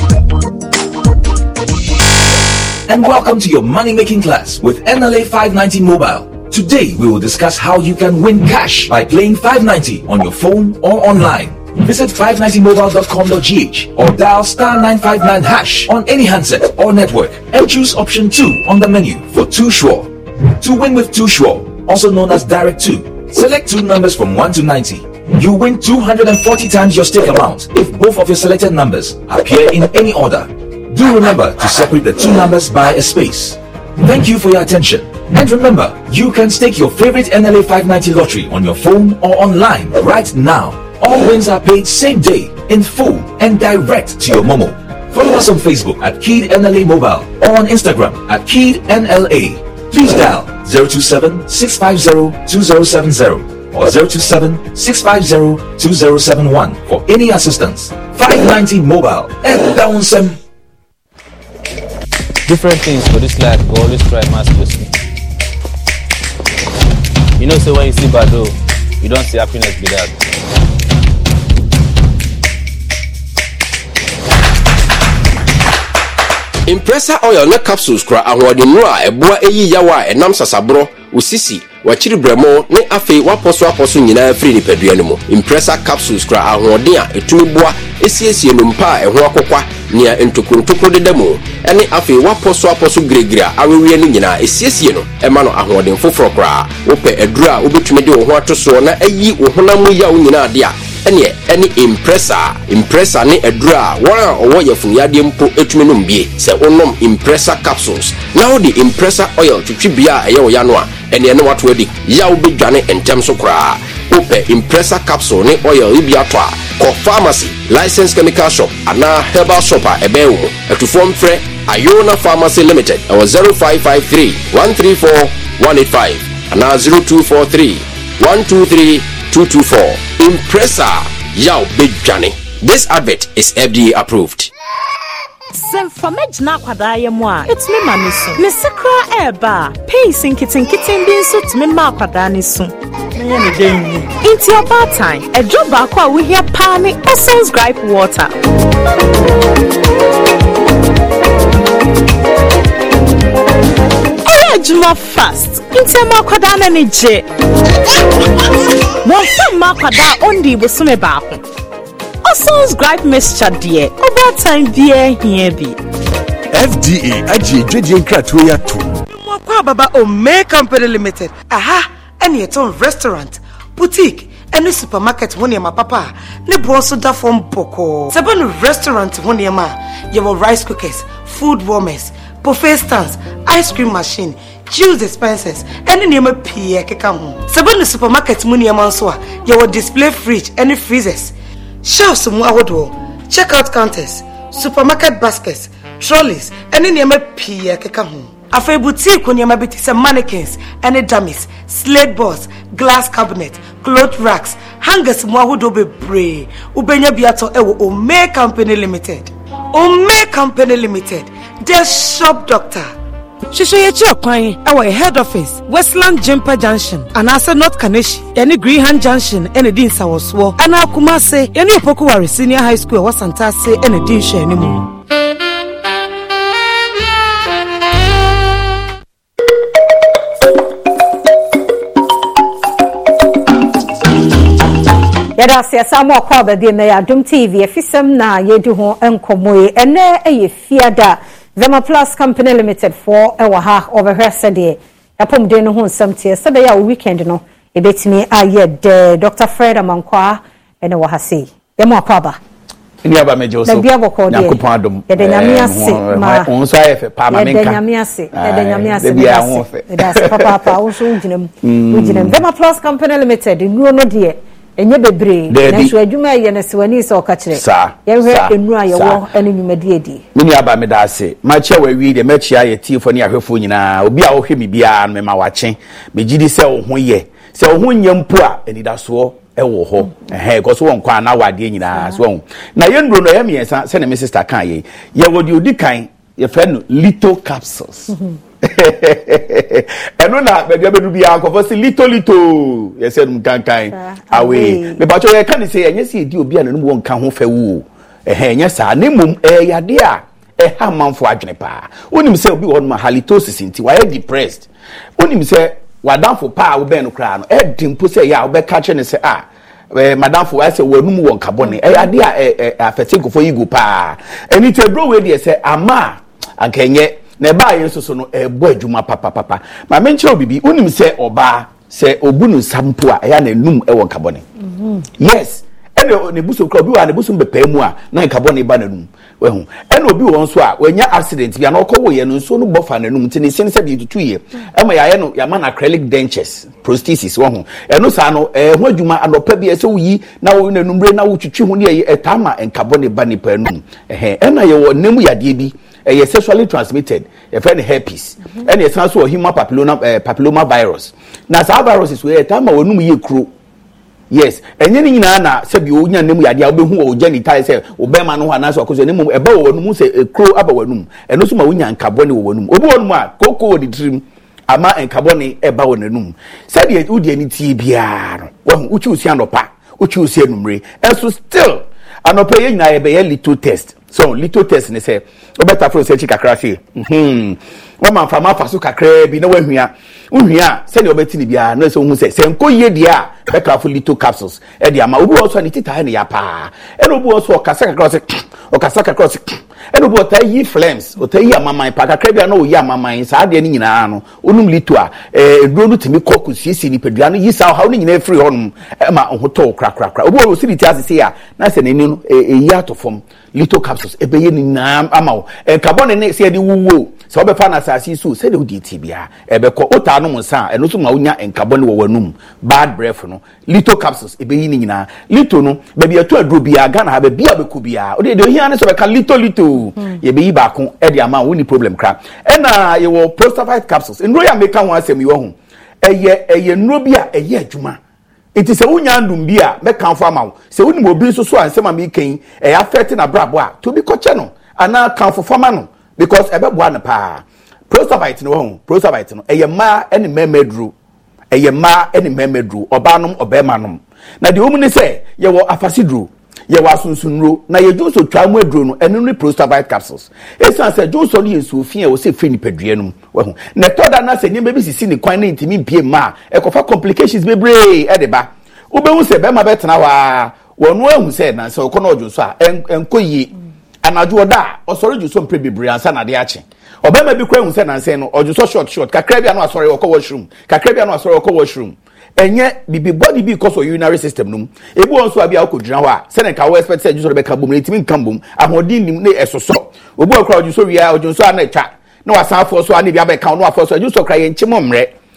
And welcome to your money making class with NLA 590 Mobile. Today, we will discuss how you can win cash by playing 590 on your phone or online. Visit 590mobile.com.gh or dial star 959 hash on any handset or network and choose option 2 on the menu for 2 Sure. To win with 2 Sure, also known as Direct 2, select two numbers from 1 to 90. You win 240 times your stake amount if both of your selected numbers appear in any order. Do remember to separate the two numbers by a space. Thank you for your attention. And remember, you can stake your favorite NLA 590 lottery on your phone or online right now. All wins are paid same day, in full, and direct to your Momo. Follow us on Facebook at NLA Mobile or on Instagram at NLA. Please dial 027 650 2070 or 027-650-2071 for any assistance. 590 Mobile F Downsem. Different things for this life always try my best. You know, so when you see Bado, you don't see happiness without. that. impressor oil ne capsules kura ahoɔden nnuro a ɛboa ɛyi yawa a ɛnam sasaborɔ osisi wakyiri brɛmo ne afei wapɔ so apɔ so nyinaa firi nipadua no mu impressor capsules kura ahoɔden a ɛtumi boa ɛsiesie no mpa a ɛho akɔkwa nea ntokontoko deda mu ɛne afei wapɔ so apɔ so giregire a awewie no nyinaa ɛsiesie no ɛma no ahoɔden foforɔ koraa wopɛ aduro a wobɛtumi de wo ho ato soɔ na ayi wo honam mu yaw nyinaa de a ɛneɛ ɛne impressa impressa ne aduro a wɔn a ɔwɔ yɛfunuyadeɛ mpo atumi nom bie sɛ wonom impressa capsules na wode impressa oil twitwi bea a ɛyɛ wo ya no a ɛneɛ ne wato adi yaw bɛdwane ntɛm so koraa wopɛ impressa capsule ne oil yi bi atɔ a kɔ pharmacy license chemical shop anaa herbal shop a ɛbɛn wo mu atufoɔ mfrɛ ayona pharmacy limited ɛwɔ 0553 134 185 anaa two three. 224. Impressor, yao big journey. This advert is FDA approved. sɛ mframa gyina akwadaa yɛ mu a ɛtumi ma ne so ne se koraa ɛɛba a peis nketenketen bi nso tumi ma akwadaa ne so nti ɔbaatan ɛdwo baako a wohia paa ne essence gripe water adwuma fast ntɛm akwadaa na ne gye wɔmfa mma akwadaa a ɔndi baako ɔsons gripe mixture deɛ ɔbaatan biara hia bi fda agye dwadie nkratoɔ yi ato mmɔkɔ ababa omee company limited aha ɛne yɛtɔn restaurant boutique ɛne supermarket ho nneɛma papa a ne boɔ nso da fam bɔkɔɔ sɛ bɛ no restaurant ho nneɛma a yɛwɔ rice cookers food warmers buffet stands ice cream machine juice dispensers ɛne nneɛma pii ɛkeka ho sɛ bɛne supermarket mu nneɛma nso a yɛwɔ display fridge ɛne freezers shelves mu ahodoɔ checkout counters supermarket baskets trolleys ɛne nneɛma pii ɛkeka ho afei boutique nneɛma bi te sɛ mannequins ɛne dummies slate boards glass cabinet cloth racks hangers mu ahodoɔ bebree wobɛnya bi atɔ ɛwɔ ome company limited ome company limited Dear shop doctor. Shishayetchi Okwan, our head office, Westland Jumper Junction, and North Kaneshi, any Greenham Junction, any Dean Sawaswo, and Akumase, any Opokuwari Senior High School, was Santase, any Dean Shenimu. yɛda aseɛ saa mo ɔkɔ abɛdeɛ na adom tv ɛfisɛm na yɛdi ho nkɔmmɔ yi ɛnɛ ɛyɛ fiada Vema Plus Company Limited for ɛwɔ ha ɔbɛhwɛ sɛdeɛ apɔmuden no ho nsɛm teɛ sɛdeɛ a weekend no ebetumi ayɛ dɛɛ Dr. Fred Amankwaa ɛna wɔ ha sei yɛmu akɔ aba. ni aba mɛ jɛ o so nyankopɔn adom yɛdɛ nyame ase maa ɔn so ayɛ fɛ paama mi nka yɛdɛ nyame ase yɛdɛ nyame ase ɛdɛ ase ɛdɛ ase papaapa ɔn so gyina mu mm. gyina mu Vema Plus Company Limited nnuro no deɛ ɛnyɛ bebree nanso adwuma yɛ no sewani sɛ ɔka kyerɛ saa yɛhwɛ nnura yɛwɔ ne nnwumadie die me nuaba meda ase makyi a wawie deɛ mɛkyia yɛtiefoɔ ne ahwɛfoɔ nyinaa obi a wohwɛ me biara no mema wakye megye di sɛ e wo ho yɛ sɛ wo ho nyɛ mpo a anidasoɔ ɛwɔ hɔ ɛhɛn ɛkɔ so wɔn kwan na awadeɛ nyinaa so wɔn na yɛn duro no yɛ mmiɛnsa sɛnɛ me sista kan yɛ yɛwɔ deɛ odi kan yɛfrɛ no lito capsules. Mm -hmm ɛno na baabi abɛdu bi akɔfɔ si litolito yɛsɛ num kankan awe mipatso yɛka ne sɛ ɛnyɛ si edi obi a nanum wɔ nka ho fɛ wo ɛhɛn ɛnyɛ saa ne mom ɛyɛ adeɛ a ɛha amanfo adwene paa wonim sɛ obi wɔ hɔ nom a halitosis nti wayɛ depressed wonim sɛ wadanfo paa wobɛn no koraa no ɛdi mpo sɛ yɛ a wobɛka kyerɛ ne sɛ a ɛɛ madamfo ayɛ sɛ wɔnum wɔ nkabɔne ɛyɛ adeɛ a ɛɛ afɛte nkɔfɔ yi go paa ɛni tɛ duro wei deɛ sɛ ama ankɛnyɛ na ɛbaa yɛ soso no ɛɛbɔ adwuma papapapa maame nkyerɛ obibi wonim sɛ ɔbaa sɛ obu no nsampo a ɛyɛ n'anum ɛwɔ nkabɔne mhm. yes ɛna ne busom kura obi wɔ ne busom bɛpɛɛ mu a na nkabɔne ba n'anum ɛho ɛna obi wɔ nso a wɔanya accident bi a na ɔkɔ wɔ yɛ no nsuo no bɔ fa n'anum nti ne sin sɛ deɛ tutu yɛ ɛma yɛayɛ no yɛama no acrylic dentures prosthesis wɔ ho ɛno saa no ɛho adwuma anɔpa bi ɛsɛ woyi na wo n'anum bere na wotwitwi ho ne ɛyɛ ɛtaa ma nkabɔne ba nipa anum ɛhɛn ɛna yɛwɔ nnamu yadeɛ bi ɛyɛ eh, sexually transmitted yɛfrɛ no herpes ɛna yɛsan so wɔ human papilloma ɛɛ eh, papilloma virus na saa viruses wɔ yɛ time a wɔnum yɛ kuro yes ɛnyɛ ne nyinaa na sɛbi o nya ne mu yadeɛ a wobɛhu wɔ o genital sɛ o bɛrima no ho anaasɛ ɔkoso ne mu ɛbɛ wɔ wɔn mu sɛ ekuro aba wɔn mu ɛno so ma o nya nkabɔ ne wɔ wɔn mu obi wɔn mu a koko wɔ ne tirim ama nkabɔ ne ɛba wɔn anum sɛdeɛ o deɛ ne tie biara no wɔn wotwi osi anɔpa wotwi osi anumere ɛso still anɔpa yɛ nyinaa yɛ bɛyɛ little test so little test ni sɛ wobɛta foro sɛ akyi kakra se wama mframa afa so kakraa bi na woahua wohua a sɛdeɛ wobɛte ne biara na sɛ wohu sɛ sɛ nkɔ yie deɛ a bɛkra fo little capsules ɛde ama obi wɔ so a ne titaeɛ ne yɛ paa ɛna obi wɔ so ɔkasa kakra ɔse ɔkasa kakra ɔse ɛna obi ɔtaa yi flames ɔtaa yi amaman pa kakra bi a na ɔyi amaman saa adeɛ no nyinaa no onum lito a ɛɛ eduro no tumi kɔ kò siesie nipadua no yi saa ɔhaw no nyinaa efiri hɔnom ɛma ɔho tɔw korakorakora obi wɔ osi ti asese a na sɛ n'ani no ɛɛ eyi ato fam lito capsules ɛbɛyɛ ne nyinaa ama wo ɛɛ carbon ne sɛ ɛde wuwo sɛ ɔbɛfa na asase so sɛ de o de ti bia ɛbɛkɔ ɔtaa no nsa ɛno so ma onya nkabɔne wɔ wɔnum bad breath no lito capsules ɛbɛyi ne nyinaa lito no baabi ɛto aduro bia ghana ha baabi a ɔbɛkɔ bia ɔde deɛ ohia ne sɛ ɔbɛka lito lito nso hmm. yɛbɛyi baako de ama wo ni problem kra ɛna yɛwɔ prostafite capsules nnuro yɛ meka ho asɛm yiwɔ ho ɛyɛ ɛyɛ nnuro bi a ɛyɛ adwuma nti sɛ wonya ndum bi a mɛkanfo ama wo sɛ wonim obi nso so a nsɛm a meka yi ɛyɛ afɛte a tobi kɔkyɛ anaa kanfo fama no because ɛbɛboa no paa no wɔ ho no ɛyɛ ɛyɛ mmaa ne mmarima duro ɔbaa yɛwɔ asunsumro na yɛ dwonso twa mu aduro no ɛno ne prostabite capsules ɛsiane sɛ dwonso no yɛ nsuofi a wɔsɛ firi nipadua no mu na ɛtɔ da no sɛ nneɛma bi sisi ne kwan ne ntumi mpie mu a ɛkɔfa complications bebree ɛde ba wobɛhu sɛ bɛrima bɛtena hɔ a wɔn ahu sɛ nansɛ ɔkɔ na ɔdwo so a ɛnkɔ yie anadwo ɔda a ɔsɔre dwo so mpere bebree ansa na adeɛ akye ɔbɛrima bi kora ahu sɛ nansɛ no ɔdwo so short short kakra bi a no asɔre ɔkɔ washroom kakra bi a no asɔre ɔkɔ washroom ɛnyɛ bibi bɔdi bi kɔsɔ urinary system no mu ebi wɔn nso abi a okɔgyina hɔ a sɛnɛ nka wɔn expect sɛ ɛdwesɔ de bɛka bom na etimi nka bom ahoɔden nim ne ɛsosɔ obi wɔ kora ɔdwesɔ wia ɔdwesɔ ana ɛtwa wasan afɔ so a ne bi abɛka ɔno afɔ so ɛdwesɔ kora yɛn nkyɛn mɔ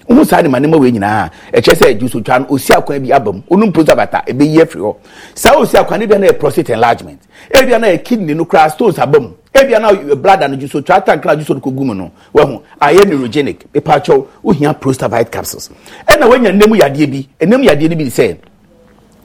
wọn saa nima nima wei nyinaa ɛkyɛ sɛ ɛdi so twa no osi akwan bi aba mu onum prosabata ebeyi afiri hɔ saa osi akwan ne bi anayɛ prostate enlargement ebi anayɛ kidney no koraa stones aba mu ebi anayɛ bladder no juso twa tank na juso no ko gu mu no wɔho ayɛ neurogenic epakyɛw ohia prostavite capsules ɛna wɔnya nemu yadeɛ bi nemu yadeɛ no bi sɛ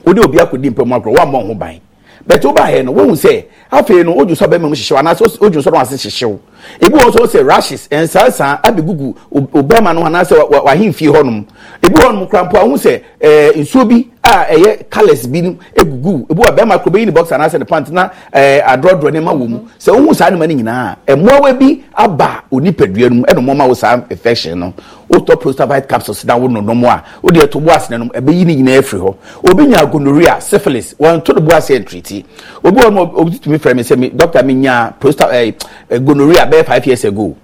wɔde obi akɔdi mpɛmu agorɔ wɔn a wɔn ho ban bɛtɛ wɔn baayɛ no wɔn ho sɛ afei no oju sɔ bɛrima mu hyehyew anaasɛ oju sɔ bɛrima ase hyehyew ebi wɔ nso sɛ rashes nsansan abegugu obama no anaasɛ wahemfie hɔnom ebi hɔnom kora mpo ahu sɛ ɛɛ eh, nsuo bi a ɛyɛ colours bi egugu ebi wɔ bɛrima koro bɛyi ne box anaasɛ ne pant na ɛɛ eh, adrɔdrɔ ne ma wɔ mu sɛ ohun saa nneɛma ne nyinaa ɛmoawa bi aba onipadua no mu ɛna ɔmo ma wo saa infection no wotɔ prostavite capsules na wo nonom a wode ɛto bo ase nanom ɛbɛyi ne nyinaa afiri hɔ obi nya gonorrhea syphilis wɔnto ne bo ase ntiriti obi wɔ no obi tumi fɛ mi sɛ mi doctor mi nya prosta ɛɛ eh, gonorrhea bɛyɛ five years ago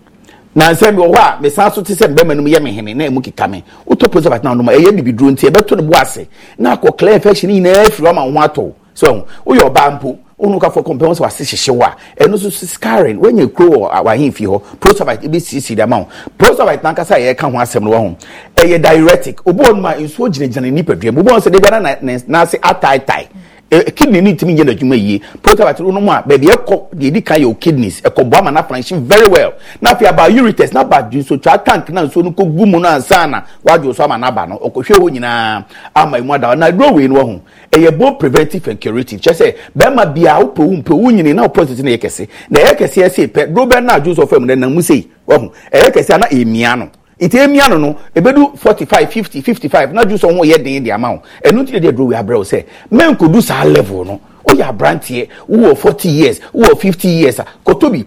na nsɛm bi wɔ hɔ a mesan so te sɛ mbɛrima no mu yɛ me hene na emu keka me wotɔ posa bata na ɔnoma ɛyɛ bibi duro nti ɛbɛto ne bo ase na akɔ clear infection nyinaa afiri ɔma ho atɔ so woyɛ ɔbaa mpo wọn kafo kɔmpɛn wọn sɛ wase hyehyɛ wa ɛno nso scarring wɔnyɛ kuro wɔ wahin fi hɔ prosavite ebi siesie dama ho prosavite nankasa yɛ ka ho asɛm no wɔ ho ɛyɛ diuretic obi wɔn mu a nsuo gyinagyina ne nipadua mu obi wɔn sɛ debi ara na n'ase ataataa Eh, eh, kidney ni ntumi nyɛ n'adwuma yie protabacteria no mu a baabi ɛkɔ deɛ edi kan yɛ o kidneys ɛkɔ bɔ ama na function very well n'afɛ aba ureters n'aba nso twa tank na nsuo no kɔ gu mu no ansana w'adwo so ama n'aba no ɔkɔhwɛ hɔ nyinaa ama emu ada na aduro wei no wɔ ho ɛyɛ both preventive and curative kyɛ sɛ bɛrima bia o pewu mpewu nyini na o process na yɛ kɛse na ɛyɛ kɛse ɛsɛ pɛ duro bɛ na adwo so fɛ mu na nam mu ho ɛyɛ kɛse ana emia no nti emia no no ebedu forty five fifty fifty five na ju sọ wọn yɛ den de ama wo ɛnu ti de duro wi abrɛ wo sɛ mɛ nkodu saa level no woyɛ abranteɛ wowɔ forty years wowɔ fifty years a koto bi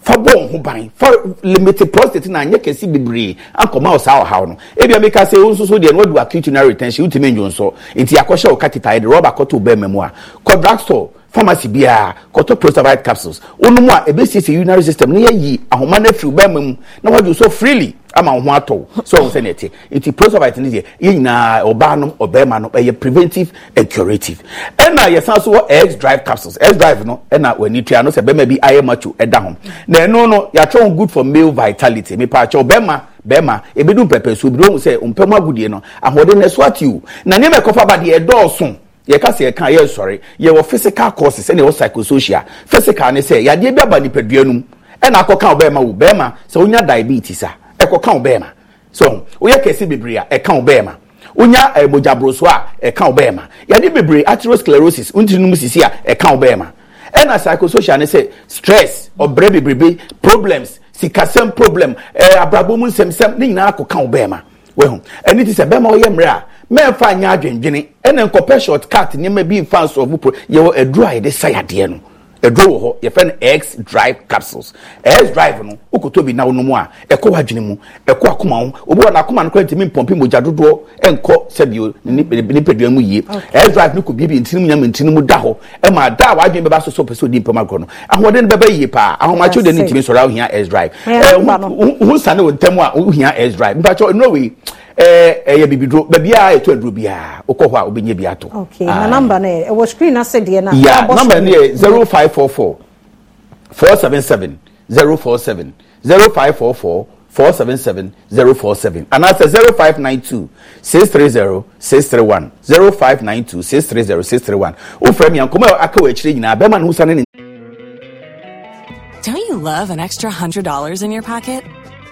fa bɔ ɔho ban fa limited prostate na anyɛ kɛse bebree akɔma ɔsaa ɔhaw no ebi amika sɛ wɔn nsoso deɛ no wɔde urinary retention wotumi nyo nsɔ nti akɔhyɛ wɔ katita yɛ de rɔba kɔtɔ ɔbɛrima mu a kɔ drugstore pharmacy biara kɔtɔ prostate capsules wɔn mu a ebesiesie urinary system ne yɛ yi ahoma no afiri ɔbɛrima mu na wɔde so freely ama ho atɔ so ɔn sɛ ne ɛte nti prosovite ne deɛ yɛn nyinaa ɔbaa no ɔbɛrima no ɛyɛ preventive and curative ɛna yɛsan so wɔ x drive capsules x drive no ɛna w'ani tua no sɛ bɛrima bi ayɛ macho ɛda ho na ɛno no yɛatwɛ ho good for male vitality mipa akyɛw bɛrima bɛrima ebinom pɛpɛso bi wɔn sɛ mpɛm agudie no ahoɔden na ɛso ati o na nneɛma ɛkɔfa ba deɛ ɛdɔɔso yɛka sɛ yɛka yɛ nsɔre yɛwɔ physical courses ɛna yɛwɔ psychosocial physical ne sɛ yadeɛ bi aba nipadua no mu ɛna akɔka ɔbɛrima wo bɛrima sɛ wonya diabetes a ɛkɔka wo bɛɛma so woyɛ kɛse bebree a ɛka wo bɛɛma wonya eh, mogyaboroso a ɛka wo bɛɛma yɛde bebree aterosclerosis wontiri no mu sisi a ɛka wo bɛɛma ɛna psychosocial ne sɛ stress ɔbrɛ bebrebe problems sikasɛm problem ɛɛ eh, abrabɔ mu nsɛmsɛm ne nyinaa akɔka wo bɛɛma wehu ɛni ti sɛ bɛrɛ ma ɔyɛ mmerɛ a mɛɛfa anya adwendwene ɛna nkɔpɛ short cut nneɛma bi nfa nsɔfo pro yɛwɔ aduro a yɛde sa yadeɛ no ɛduro wɔ hɔ yɛfɛ no x drive capsules x drive no wokɔtɔ bi na wonom a ɛkɔ w'adwene mu ɛkɔ akoma ho obi wɔ n'akoma no kora ntumi mpɔmpi mogya dodoɔ ɛnkɔ sɛbio ne nipadua mu yie x drive no kɔ bie bi ntinim nyama ntinim da hɔ ɛma da a w'adwene bɛba soso pɛ sɛ odi mpɛm agorɔ no ahoɔden no bɛbɛ yie paa ahomakyew de no ntumi sɔrɔ a wohia x drive ɛɛ ho nsane wɔ ntɛm a wohia x drive mpakyɛw nnuro wei ɛyɛ eh, eh, bibiduro baabi a ɛtɔ aduro biara wokɔ hɔ a wobɛnya bi ato okay na ah. number no yɛ ɛwɔ screen ase deɛ na ya number no yɛ zero five four four four seven seven zero four seven zero five four four four seven seven zero four seven anaasɛ zero five nine two six three zero six three one zero five nine two six three zero six three one wofrɛ mi a aka wɔ akyire nyinaa bɛrima ne ho ne ne. Don't you love an extra hundred dollars in your pocket?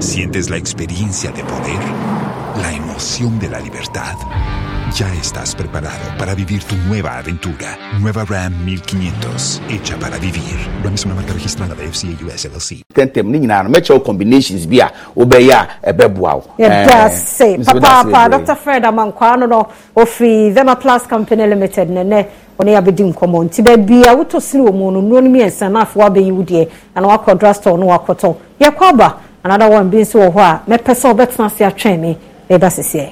Sientes la experiencia de poder, la emoción de la libertad. Ya estás preparado para vivir tu nueva aventura. Nueva Ram 1500, hecha para vivir. Ram es una marca registrada de FCA US LLC. Tentem ni nyina eh, eh, eh. no mecho combinations bia obeya ebeboa. Ya say papá, papá, Dr. Fred Amankwano no ofi Zema Plus Company Limited nene ɔne abɛdi komo nti baabi a wotɔ sini wɔ mu no nnuro no mmiɛnsa na afei wabɛyi wo deɛ no wakɔtɔ yɛkɔ aba another one being so wɔ hɔ a mɛpɛ sɛ ɔbɛtena ase me ɛba sisiɛ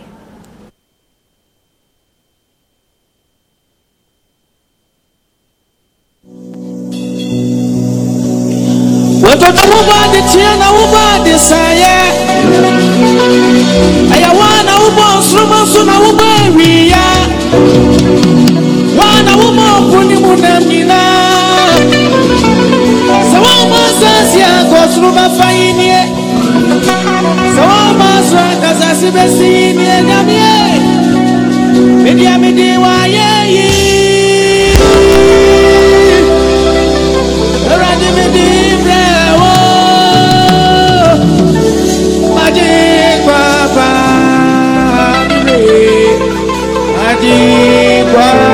wɔtɔtɔ wo baa de teɛ na wo baa de saeɛ ɛyɛ woa na wobɔ nsoroma so na wobɔ na suruma fayinie sɛ wɔma so akasase bɛsiinie nyameɛ media mede waayɛ yi awurade mede brɛ wo magye kwakwa mre agye kwaa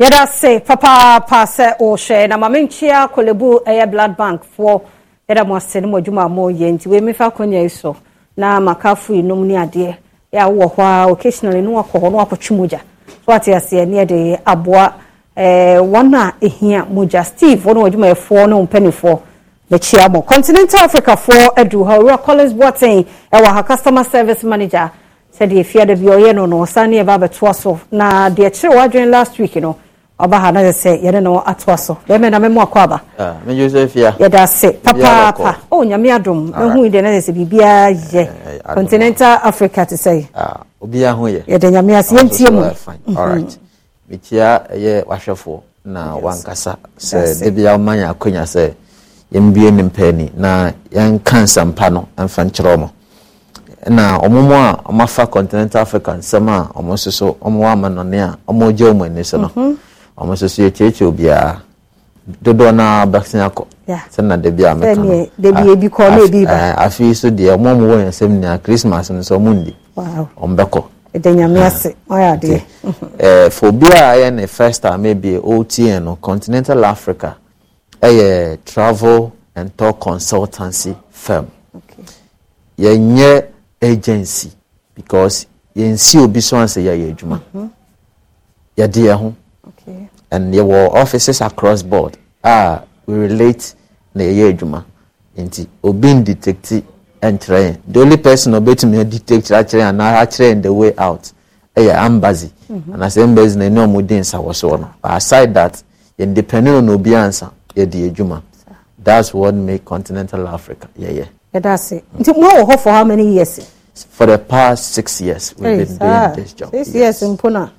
yɛda se papaapa sɛ wɔrehwɛ na maame nkyia kolebu ɛyɛ blood bank foɔ yɛda mo ase ne mo adwuma a mo yɛ nti wei mefa yi so na maka afiri nom ne adeɛ yɛ awowɔ hɔ a occasionally ne wakɔ hɔ ne wakɔtwe mogya so wate aseɛ ne yɛde aboa wɔn a ehia e mogya steve wɔn wɔn adwumayɛfoɔ e ne wɔn mpanimfoɔ n'akyia mo continental africa foɔ aduru e ha owura collins boateng ɛwɔ ha customer service manager sɛdeɛ efia de bi ɔyɛ no no ɔsan ne abɛtoa so na deɛ kyerɛ wadwene last week you no. Know, ɔbaha na sɛ yɛne ne atoa so bɛmɛ na akɔ aba yɛda ase papaapa o nyame adom deɛ na sɛ biribiaa yɛ continental africa te ah, sɛ nyame ase yɛntie ah, mu ɛyɛ mm-hmm. wahwɛfoɔ na wankasa sɛ de woma yɛ akonya sɛ yɛmbie ne mpa na yɛnka nsɛmpa no mfa nkyerɛ mu na ɔmo mu a ɔmafa continental africa nsɛm a ɔmo nso ɔmo wɔ a ɔmo gye ɔmo ani so no mm-hmm. wɔn nso so yɛkyerɛkyerɛ obiara dodoɔ naa bɛsen akɔ sɛna dabi a mɛka no dabi ebi kɔ na ebi ba afei so deɛ ɔmo a wɔwɔ yɛn nsam nyinaa christmas no so ɔmo ndi ɔmo bɛkɔ ɛdɛ nyame ase ɔyɛ adeɛ ɛɛ eh, for obi a ɛyɛ ne first time ebi otn no continental africa ɛyɛ travel and tour consultancy firm yɛnyɛ agency because yɛnsi obi so ansa yɛayɛ adwuma mhm. yɛde yɛn ho. and there were offices across board Ah, we relate the ɛyɛ adwuma nti obin detective and train. the only person me a detective yɛn and I train the way out ɛyɛ ambazi anaasɛ ambazi I ɛni ɔmo di nsa wɔ was no but aside that yɛn depending on obi ansa yɛdi that's what make continental Africa Yeah, yeah. Yeah, that's it. wɔ for how many years. for the past six years we hey, been sir. doing this job. six yes. years mpona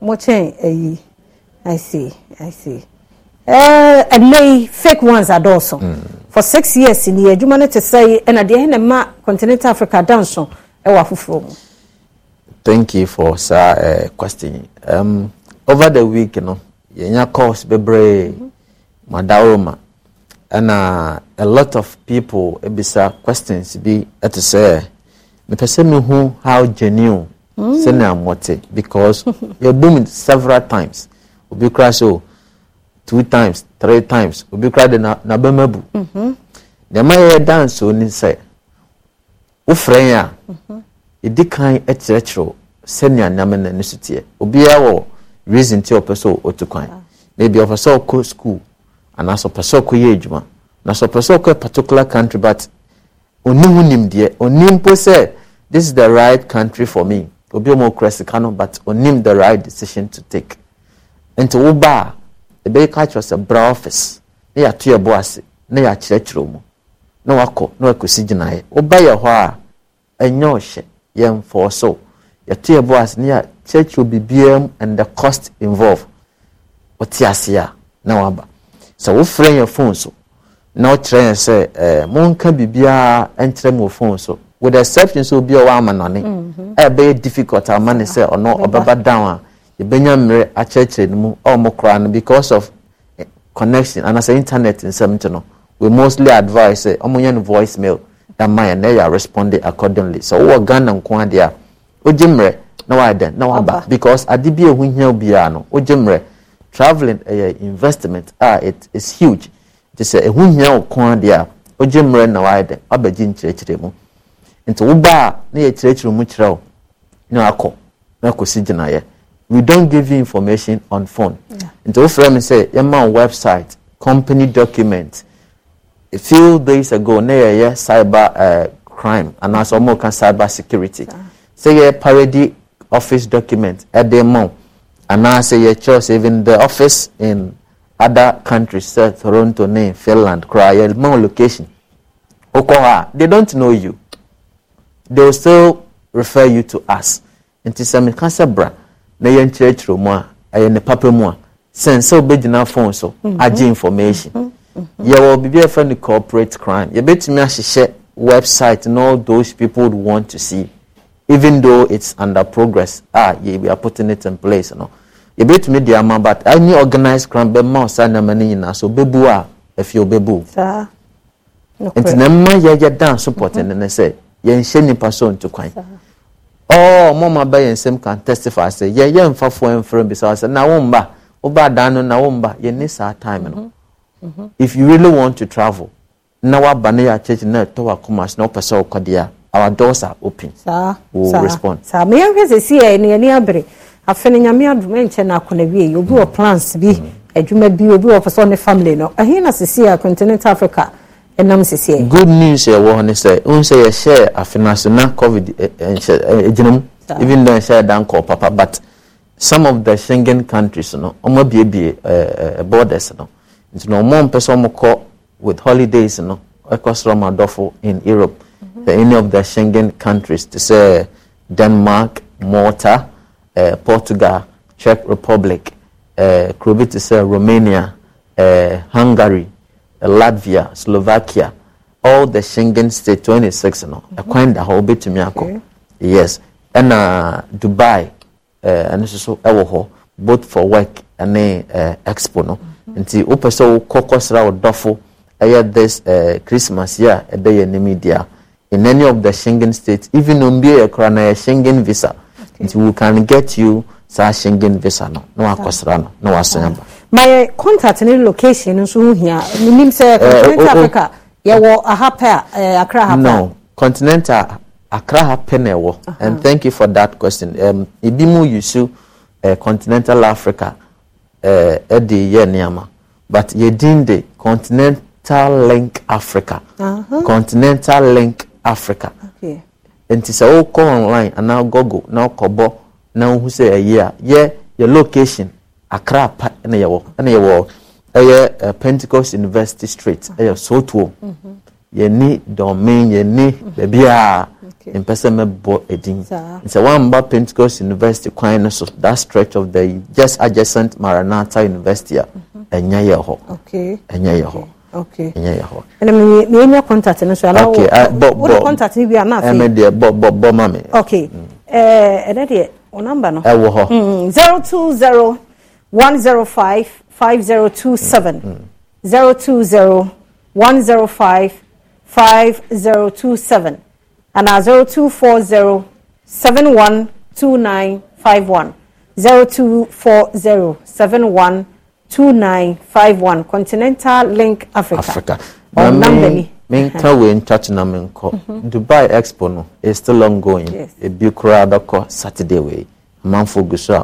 mo change? I see. I see. Eh, and many fake ones are also. Mm. for six years ni adwuma you te to say, deɛ ɛna ma continental africa dance so." thank you for saa uh, eh, question um, over the week you know, in your calls bebre, madaroma and uh, a lot of people ebisa questions bi ɛte sɛ the person who how genuine mm. sɛnea mmɔte because yɛ it several times. obi kora sɛ o two times three times obi kora de n'abɛma bu deɛ mhm. ma yɛ da nsuo ne sɛ wofrɛ yɛn a mhm. ɛdi kan kyerɛkyerɛw sɛnea nam na ne so teɛ obiara wɔ reason ti a ɔpɛ sɛ ɔtu kwan ebi ɔpɛ sɛ ɔkɔ school anaasɛ ɔpɛ sɛ ɔkɔ yɛ adwuma anaasɛ ɔpɛ sɛ ɔkɔ a particular country but onim ho nimdeɛ Onim mpo sɛ this is the right country for me obi a ɔmo kura sika no but onim the right decision to take nti woba a ɛbɛyɛ ka kyerɛ sɛ bra office na yɛato yɛ bo ase na yɛakyerɛkyerɛ mu na wakɔ na wakɔsi gyinaeɛ woba yɛ hɔ a ɛnyɛ ɔhyɛ yɛmfɔɔ so yɛto yɛ bo ase na yɛakyerɛkyerɛ biribiara mu and the cost involved wɔte ase a na waba sɛ wofrɛ yɛ phone so na ɔkyerɛ yɛn sɛ ɛɛ eh, monka biribiara nkyerɛ mu wɔ phone so with the exception sɛ obi a ɔwɔ amanɔne mhm. ɛbɛyɛ difficult ama ne sɛ ah, ɔno ɔbɛba down a yɛbɛnya mmerɛ akyerɛkyerɛ no mu a wɔn no because of eh, connection anasɛ internet nsɛm nti no we mostly advise sɛ eh, wɔn no voice mail that man na yɛ respond accordingly so wɔwɔ ghana nko adeɛ a ogye mmerɛ na wayɛ na waba because ade bi a ehu hia obiara no ogye mmerɛ travelling ɛyɛ investment a it is huge nti sɛ ehu hia nko adeɛ a ogye mmerɛ na wayɛ dɛn wabɛgye nkyerɛkyerɛ mu nti wo ba a na yɛ kyerɛkyerɛ mu kyerɛw na akɔ na akɔsi gyinaeɛ. we don't give you information on phone. Yeah. And to frame say, your website, company document. A few days ago, near yeah, cyber uh, crime and also more can cyber security. Say yeah, parody office document at the moment, And now say your choice even the office in other countries, say Toronto, name, Finland, Korea, more location. Okoha, they don't know you. They will still refer you to us. And to some cancer brand. na yɛn kyerɛkyerɛ mu a ɛyɛ ne papa mu a sɛn sɛ wobɛgyina phone so mhm. agye information mhm. Mhm. yɛwɔ biribi a yɛfɛ no corporate crime yɛbɛtumi ahyehyɛ website na all those people would want to see even though it's under progress ah yeah, we are it in place you know yɛbɛtumi de ama but any organized crime bɛma ɔsa nneɛma no nyinaa so bɛbu a afei ɔbɛbu nti na mma yɛyɛ dan support no ne sɛ yɛnhyɛ nnipa so nto ɔɔ oh, mo ma bɛ yɛn nsɛm kan testify sɛ yɛ yɛ nfa foɔ nfrɛ bi sɛ ɔsɛ na wo mba wo dan no na mba yɛ ne saa time no mm-hmm. if you really want to travel na waba ne yɛ akyɛkyɛ na ɛtɔ wa kɔma na wopɛ sɛ wokɔ deɛ our doors are open saa we'll respond. saa mɛ yɛn hwɛ sɛ si yɛ ɛni ɛni abere afɛnɛ nyame adum ɛnkyɛn na akɔnɔ wie obi wɔ plans bi mm. adwuma bi obi wɔ fɛ ɔne family no ɛhin na sisi yɛ continental africa. ɛnam sisi yɛ. good news yɛ wɔ hɔ ne sɛ n sɛ yɛhyɛ afinaso na covid ɛnhyɛ eh, eh, eh, even though ɛhyɛ ɛdan kɔ papa but some of the Schengen countries no wɔn abiebie ɛɛ borders no nti na wɔn mpɛ sɛ kɔ with holidays no ɛkɔ soro ma dɔfo in Europe mm-hmm. any of the Schengen countries To say Denmark Malta uh, Portugal Czech Republic Croatia, uh, Romania uh, Hungary. Latvia, Slovakia, all the Schengen state 26 no. Ɛkwan mm-hmm. da hɔ to me. Yes. and uh, Dubai ɛno uh, nso so ɛwɔ hɔ both for work and ɛɛ uh, expo no. Mm-hmm. Nti so, sɛ wokɔ Duffo, I had this Christmas year. a day in the media in any of the Schengen states even on bi yɛ kora na Schengen visa. we can get you saa Schengen visa no na wakɔsra no na wasan my contact ne location nso ho hia menim sɛ continental africa yɛwɔ aha pɛ eh, a accra ha no continental accra ha pɛ na ɛwɔ and thank you for that question um, ebi mu yusu eh, continental africa ɛde yɛ nneɛma but yɛdin de continental link africa uh -huh. continental link africa okay. nti sɛ wokɔ online anaa google na wokɔbɔ na wohu sɛ ɛyɛ a yɛ yɛ location Accra pa na yɛwɔ na yɛwɔ ɛyɛ eh, Pentecost University Street mm-hmm. ɛyɛ Sotuo mm-hmm. yɛni dɔmin yɛni mm-hmm. baabi a mpɛ sɛ mɛbɔ edin sɛ wamba Pentecost University kwan no so that stretch of the just adjacent Maranatha University a ɛnyɛ yɛ hɔ ɛnyɛ yɛ hɔ. Okay. Ɛnyɛ yɛ hɔ. Ɛna mi mi enya contact ne so Okay ɛ ah, bɔ bɔ wo contact ni wi a na eh, afei. Ɛmɛ deɛ bɔ bɔ bɔ ma mi. Okay ɛɛ mm. eh, ɛnɛ deɛ o number no. Ɛwɔ hɔ. Mm, zero two zero. 105 5027. 020 105 5027 and our 0240 712951. 0240 712951. Continental Link Africa. Africa. Nambeli. menka wei ntwa kyena me uh-huh. nkɔ mm-hmm. dubai expo no is still ongoing Yes. ebi koraa bɛkɔ saturday wei amanfoɔ gu so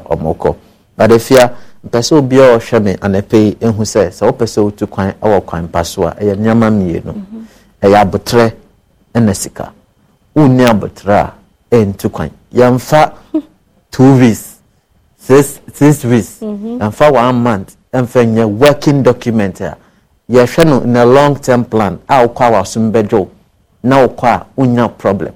But if badafia Peso biyo obi a ɔhwɛ me anapɛ yi ehu sɛ sɛ wopɛ sɛ wotu kwan ɛwɔ kwan pa so a ɛyɛ nneɛma mmienu mhm. ɛyɛ abotire ɛna sika wunni abotire a ɛntu kwan yɛnfa two weeks six six weeks mhm. yɛnfa one month ɛnfa nyɛ working document a yɛhwɛ no long term plan a wokɔ a wasom bɛdwo na wokɔ a wonya problem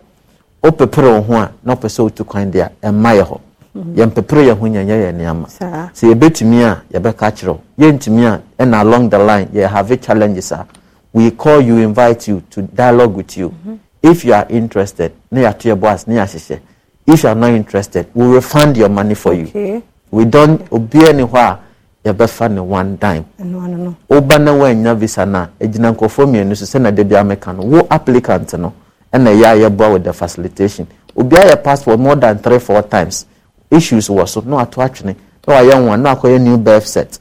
wopepere wo ho a na wopɛ sɛ wotu kwan deɛ ɛmma yɛ hɔ Mm-hmm. yɛmpepere yɛn ho yɛnyɛ yɛn nneɛma sɛ yɛbɛtumi a yɛbɛka kyerɛw yɛntumi a ɛna along the line yɛ have challenges a we call you invite you to dialogue with you mm -hmm. if you are interested ne yɛato yɛ boas ne yɛahyehyɛ if you are not interested we will refund your money for okay. you we don obiara ni hɔ a yɛbɛfa ne one dime woba na woannya visa no a ɛgyina nkurɔfoɔ mmienu so sɛna da bia meka no wo applicant no ɛna ɛyɛ a yɛboa with the facilitation obiara yɛ passport more than three four times issues wɔ so na wato atwene na wayɛ nwa na akɔyɛ new birth set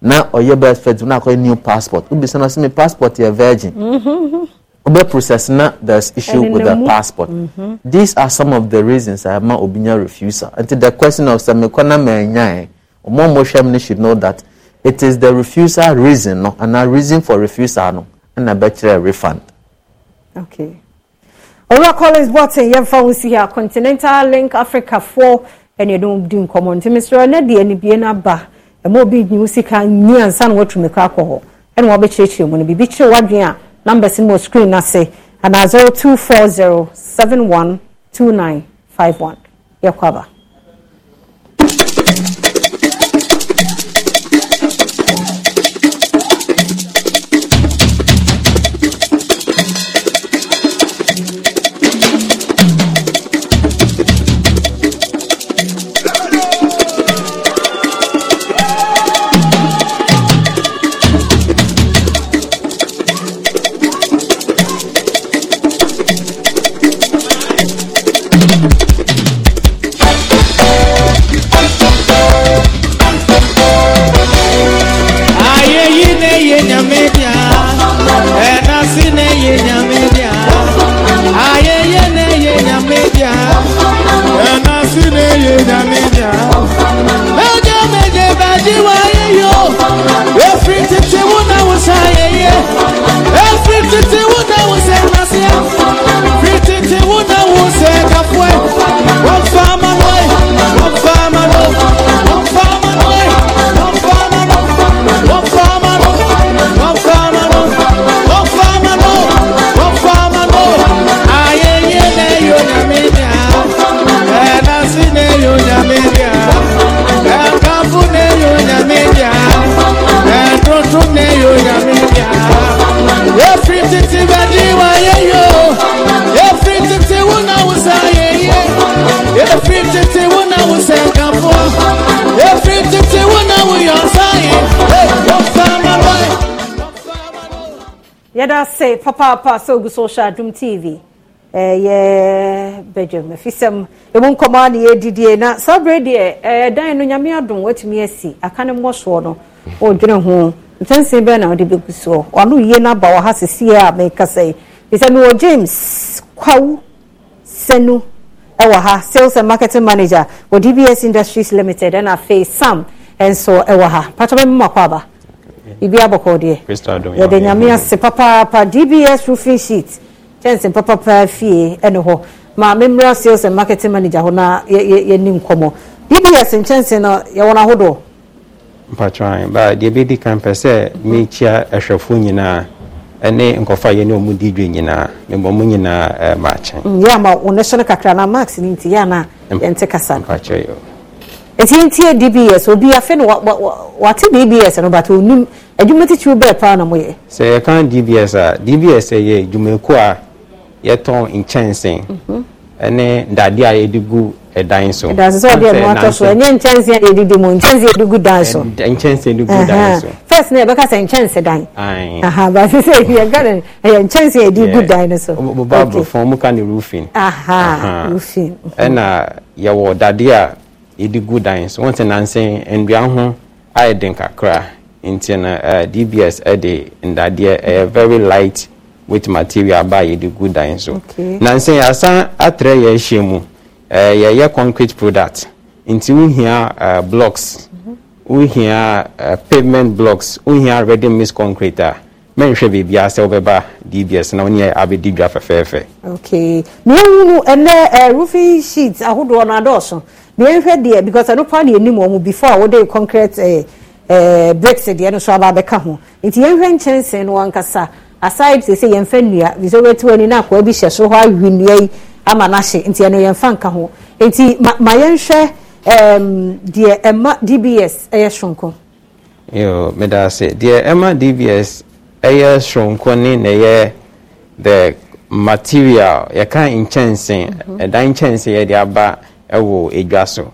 na ɔyɛ birth set na akɔyɛ new passport obi sɛ na ɔsɛ mi passport yɛ virgin mm-hmm. ɔbɛ process na there is issue with the passport mm -hmm. these are some of the reasons a ma obi nya refusal until the question of sɛ mekɔ na mɛnya yɛ ɔmo ɔmo hwɛ mu should know that it is the refusal reason no and na reason for refusal no ɛna bɛkyerɛ refund. okay. Owura Collins Boateng yɛmfa wo si ha Continental Link Africa Four ɛne ɛde di nkɔmmɔ nti mesrɛ ne deɛ anibie no aba ɛma e obi nyi wo sika nyi ansa na woatumi kɔ akɔ hɔ ɛne wɔbɛkyerɛkyerɛ mu no biribi kyerɛ w'adwen a numbers no wɔ screen no ase anaa 0240 71 2951 yɛkɔ aba afei papaapa sɛ ogu so wohyɛ adom tv ɛyɛ badwam afisɛm ɛmu nkɔmmɔ a ne yɛdidie na saa berɛ deɛ dan no nyame adom watumi asi eh, aka ne mmɔ soɔ no wɔredwene ho ntɛnsen bɛɛ na wode bɛgu soɔ wano yie no aba wɔ ha sesie a mekasa yi ɛfiri mewɔ james kwaw sɛnu ɛwɔ eh, ha sales and marketing manager wɔ dbs industries limited ɛna afei sam ɛnso ɛwɔ eh, ha patɔ bɛmema aba biribi abɔkɔ deɛ yɛde nyame ase papaapa dbs rufin sheet kyɛnse papaapa fie ɛne hɔ ma memmra sales and marketing manager hɔ na yɛni nkɔmmɔ dbs nkyɛnse no yɛwɔ no ahodoɔ mpatwan ba deɛ bɛdi kan pɛ eh, sɛ mekyia ɛhwɛfo eh, nyinaa ɛne eh, nkɔfa yɛ ne ɔmu di dwe nyinaa mmɔ mu nyinaa ɛɛ maakyɛn. yɛ ama wɔn ɛhyɛ no kakra na max ni nti yɛ ana yɛn kasa e e no. mpakyɛ yɛ o. dbs obi afei na wate dbs no bata onim adwuma titiri bɛɛ paa na moyɛ sɛ yɛka dbs a dbs yɛ adwumaku a yɛtɔn nkyɛnsee mhm. ne dade a yɛde gu ɛdan so ɛdan so sɛ ɔde ɛmu atɔ so ɛnyɛ nkyɛnsee a yɛde di mu nkyɛnsee yɛde gu dan so nkyɛnsee yɛde gu dan so first na yɛbɛka sɛ nkyɛnsee dan aha baasi sɛ yɛka no ɛyɛ nkyɛnsee yɛde gu dan no so boba aborɔfo mu ka ne roofing aha roofing mhm. ɛna yɛwɔ dade a yɛde gu dan so wɔn ti nansen nnua ho ayɛ den kakra nti no uh, eh, dbs eh, de ndadeɛ ɛyɛ eh, very light with material ba yɛde gu dan so okay. nansa yɛasan atrɛ yɛ ahyia mu uh, yɛyɛ concrete product nti wohia uh, blocks wohia uh, pavement blocks wohia ready mix concrete a mɛnhwɛ baabi a sɛ wobɛba dbs na wone abɛdi dwa fɛfɛɛfɛ okay mehu ɛnɛ uh, roofing sheet ahodoɔ no adɔɔso meɛnhwɛ deɛ because ɛno pa ne ɛnim wɔ mu before a wode concrete uh, ɛɛ bricks deɛ no so aba abɛka ho nti yɛnhwɛ nkyɛnsee no wankasa aside sɛ sɛ yɛmfa nnua bisɛ wobɛtu ani no akoa bi hyɛ so hɔ awe nnua yi ama no ahye nti ɛno yɛmfa nka ho nti ma, yɛnhwɛ deɛ ɛma dbs ɛyɛ soronko yo meda ase deɛ ɛma dbs ɛyɛ soronko ne na ɛyɛ the material yɛka nkyɛnsee mhm. ɛda mm -hmm. nkyɛnsee yɛde aba ɛwɔ edwa so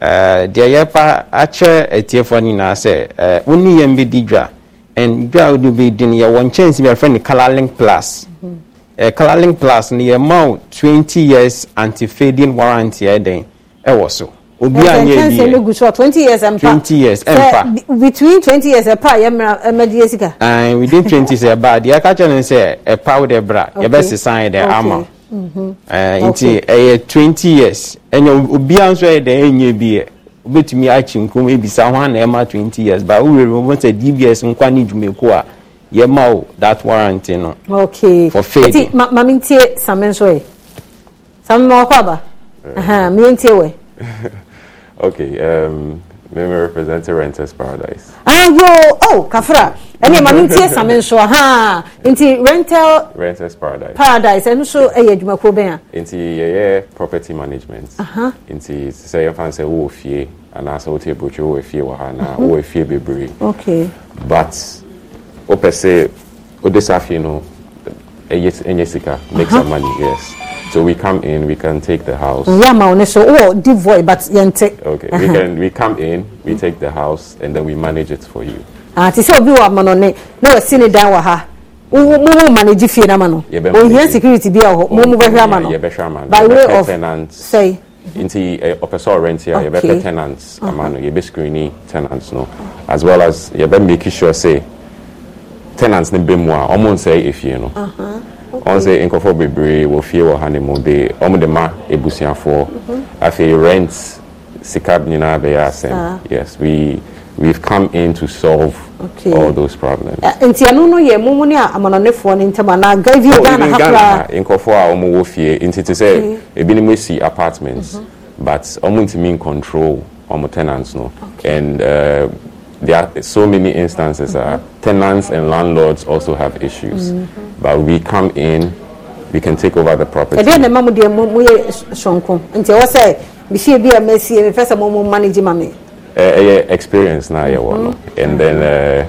Eh, deɛ yɛpa akyɛ atiefoɔ nyinaa sɛ eh, wo ne yɛn bɛdi dwa and dwa a wode bɛdi no yɛwɔ nkyɛnse bi yɛfrɛ no colorlink plus uh, mhm. eh, colorlink plus no yɛma wo twenty years anti fading warranty ɛdɛn ɛwɔ so obi a nyɛ bi yɛ twenty years ɛmpa twenty years ɛmpa between twenty years ɛpa yɛmira ɛmɛdi esika. within twenty years ɛba deɛ ɛka kyerɛ no sɛ ɛpa wo de bra yɛbɛ sisan yɛ de ama. Okay. Mm-hmm. Eh, nti ɛyɛ eh, twenty years ɛnna obiara nso yɛ dɛ ɛnyɛ bi yɛ eh, obetumi akyi nkurom ebisa ho ana ɛma twenty years ba awo wɛrɛ mo sɛ dbs nkwa ne dwumako a yɛ ma o that warranty no. okay for faith. eti ma maame n tie sami nso yɛ sami ma ɔkɔ aba miɛ n tie wɛ. okay um, Let represent a renter's paradise. Ayo! Oh, Kafra! Ẹni ẹ̀ma mi ti ẹ̀sà nso ha nti rental. Renter's paradise. Paradise ẹnu so ẹ̀yẹ adwumakuro bẹ́ẹ̀. Nti yẹ̀yẹ property management. Nti sẹ́ yẹ fan sẹ́ wo fie anaasẹ́ wọ́n ti ebotwe wọ́n fie wọ̀ ha na wọ́n fie bebree. Okay. But ó pẹ̀ sẹ́ ó no enye sika make some money yes so we come in we can take the house yama one so oh devoid but take. okay we can we come in we take the house and then we manage it for you ah ti se obi wa ma no ne na wa sini dan manage fie na ma Yeah, o hia security bi a ho mo mo bɛ by way of say nti ɔpɛ sɛ ɔrent a yɛbɛpɛ tenants uh-huh. ama no be screeni tenants no as well as yɛbɛ make sure say tenants ne bɛ mu a ɔmo nsɛe efie no uh-huh ɔn sɛ nkɔfoɔ bebree wɔ fie wɔ ha ne mu de ɔmo de ma ebusuafoɔ mm-hmm. afei rent sika nyinaa bɛyɛ asɛm yes we we've come in to solve okay. all those problems. nti ɛno no yɛ mumu ne amanɔnefoɔ ne ntam anaa gavi oh, ghana ha koraa. nkɔfoɔ a wɔn wɔ fie nti te sɛ mo si apartments mm-hmm. but wɔn ntumi n control wɔn tenants no and. Uh, there are so many instances mm-hmm. tenants and landlords also have issues mm-hmm. but we come in we can take over the property manage eh, eh, experience now, yɛwɔ one, and then uh,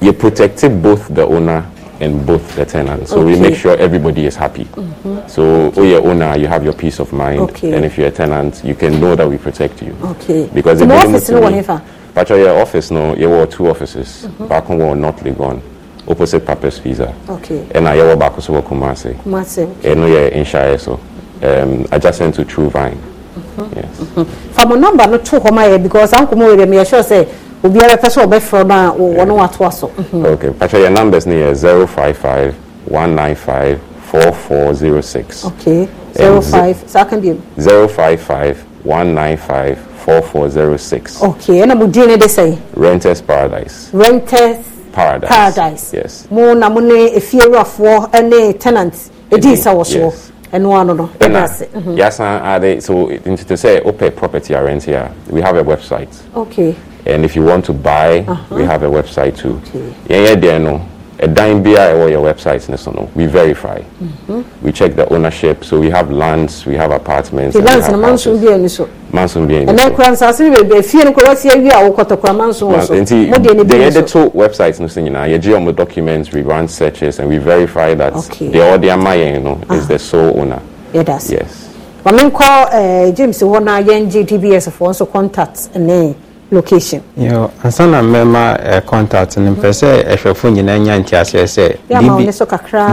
you protect both the owner and both the tenant. So okay. we make sure everybody is happy. Mm-hmm. So, oh, your owner, you have your peace of mind. Okay. And if you're a tenant, you can know that we protect you. Okay. Because the office is Pacha, your office, no, you were two offices. Mm-hmm. Back on one, not Legon, opposite Papa's Visa. Okay. And I were back also Kumasi. Kumase. Okay. And we are in Shire, so um, adjacent to True Vine. Mm-hmm. Yes. Mm-hmm. From a number, not two home, because Uncle Moore, me sure say, be a obiara pɛ sɛ ɔbɛfrɛ no a wɔno watoa so okay patwa your numbers no yɛ 055 195 4406 okay 05 saa ka bio 055 195 Four four zero six. Okay, and I'm doing it say Renters Paradise. Renters Paradise. Paradise. Yes. Mo na mo ne efierofoɔ ɛne tenant edi sa wɔ so. Ɛno ano no. Ɛna yasa ade so nti to say opɛ property rent here. We have a website. Okay. And if you want to buy, uh -huh. we uh-huh. have a website too. Okay. Yeah, yeah, there no ɛdan bi a ɛwɔ yɛ website ne so no we verify mm -hmm. we check the ownership so we have lands we have apartments. ti lands na mansun bi ɛni so. mansun bi ɛni so ɛnɛ kura nsaase bi bɛ fie ni kura wasi awi a wɔkɔtɔkura mansun wɔ so mo de ɛni bi ɛni so. yɛde to website no so nyinaa yɛ gye ɔmo documents we run searches and we verify that okay. the ɔde ama yɛn no is ah. the sole owner. yɛ da eh, so yes. wàmí nkɔ james hɔ na yɛn gye dbs fɔ nso contact ne location. Yo, ansa na mmɛma ɛ eh, contact no mm-hmm. mpɛ eh, sɛ ɛhwɛfo nyinaa nya nteaseɛ sɛ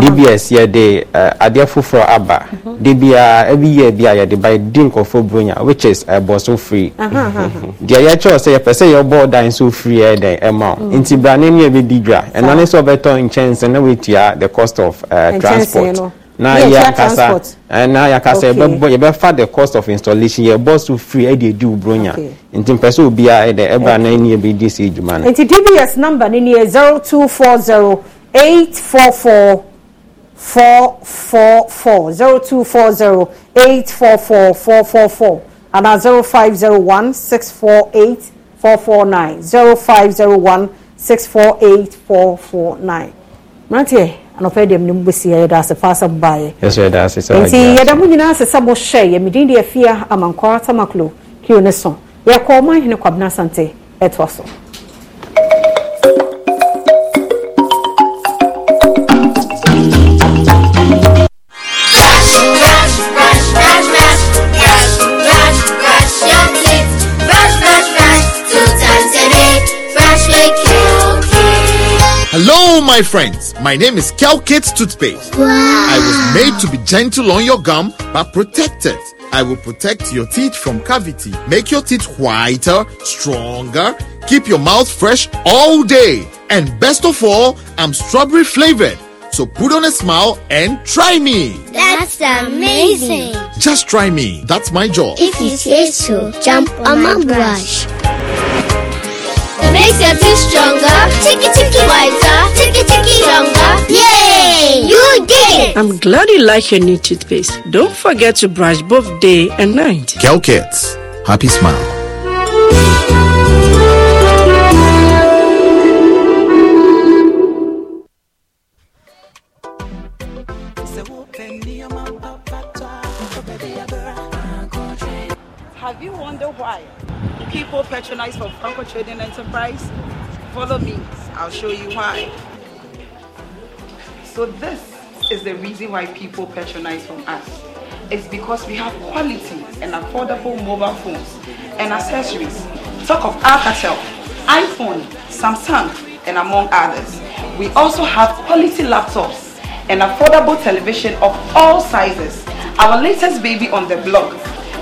dbs yɛde adeɛ foforɔ aba mm-hmm. de biara ɛbi yɛ bi a yɛde ba di nkɔfoɔ bronya which is ɛbɔ eh, so free deɛ yɛkyerɛw sɛ yɛpɛ sɛ yɛbɔ dan so free ɛ dɛn ɛma wo mm. nti brane ne yɛbɛdi dwa ɛno ne sɛ wobɛtɔ nkyɛnse na woatua the cost of uh, transport na yɛ kasa, na yɛ akasa yɛbɛbɔ yɛbɛfa the cost of installation yɛbɔ so free ɛde edi ubronya nti mpɛ sɛ obiara ɛdɛ ɛbra na ɛni ɛbɛ di si edwuma no. nti dbs number ni ni yɛ zero two four zero eight four four four four four zero two four zero eight four four four four four ana zero five zero one six four eight four four nine zero five zero one six four eight four four nine mmeranteɛ anɔfɛ deɛ e ne mu bɛsi yɛ yɛda ase fa asɛm baeɛ nti yɛda mo nyinaa ase sɛ mohyɛ yɛ medin deɛ afia amankɔ atamaklo kio ne so yɛkɔ ɔma hene kwabena asante ɛtoa so Hello, my friends. My name is Kel Kids Toothpaste. Wow. I was made to be gentle on your gum but protected. I will protect your teeth from cavity, make your teeth whiter, stronger, keep your mouth fresh all day. And best of all, I'm strawberry flavored. So put on a smile and try me. That's amazing. Just try me. That's my job. If you say so, jump on my brush that makes them two stronger. Chicky chicky wiser, chicky chicky younger. Yay! You did it! I'm glad you like your new toothpaste. Don't forget to brush both day and night. Kel Kids, happy smile. people patronize for Franco Trading Enterprise? Follow me, I'll show you why. So this is the reason why people patronize from us. It's because we have quality and affordable mobile phones and accessories. Talk of Alcatel, iPhone, Samsung, and among others. We also have quality laptops and affordable television of all sizes. Our latest baby on the block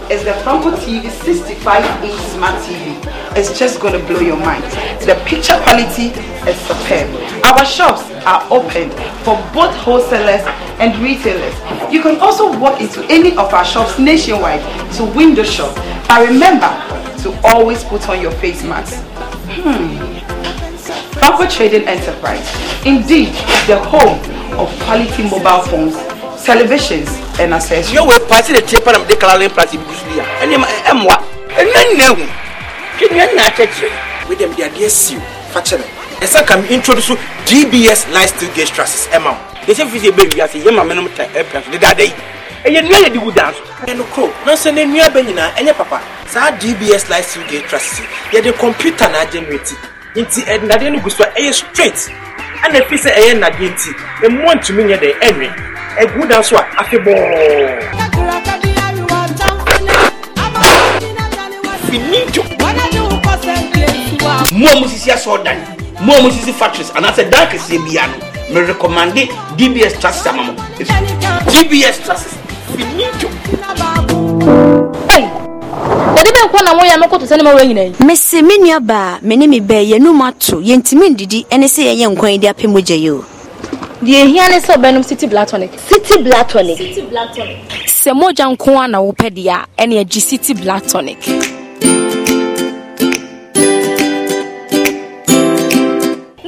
is the Franco TV 65 inch smart TV. It's just going to blow your mind. The picture quality is superb. Our shops are open for both wholesalers and retailers. You can also walk into any of our shops nationwide to window shop. But remember to always put on your face mask. Hmm. Trading Enterprise, indeed the home of quality mobile phones celebrations and accessories. yóò wé pati de tiẹ panam de kalalen pati bi dusu ya ẹni ẹ mọ a ẹni ẹ nà ẹhùn kí ni ẹ nà ẹ kẹkẹrẹ. wí dẹ̀ mi di adeɛ si o fakyɛ mi. ɛsɛ ka mi introduce dbs light steel gauge trusses ɛ ma o. yɛsɛ fi se bɛ wi ase yɛ maame nom ta ɛ pɛ so deda de yi ɛyɛ nua yɛ digu dan so. ɛnu kuro nanso ne nua bɛ nyinaa ɛnyɛ papa saa dbs light steel gauge trusses yɛde kɔmputa na agyɛnwɛti nti ɛnadeɛ no gu so a eh, ɛyɛ straight ɛna efi sɛ ɛyɛ nnadeɛ nti emu ntumi nyɛ dɛ ɛnwɛ ɛgu da so a afebɔɔ. we mo a mo sisi asɔɔdan mo a mo sisi factories anaasɛ dan kɛseɛ bi ano. me recommande dbs trust ama mo dbs trust we need to. Hey. yɛde bɛ nkɔ na moyɛ mɛkɔto sɛ ne ma wɔanyina yi mese me nua baa me ne me bɛɛ yɛnum ato yɛntimi ndidi ɛne sɛ yɛyɛ nkwan di apɛ mogya yi o deɛ ehia ne sɛ ɔbɛnum city black tonic. city black tonic. city black tonic. sɛ mogya nko ara na wopɛ deɛ a ɛna agye city black tonic. na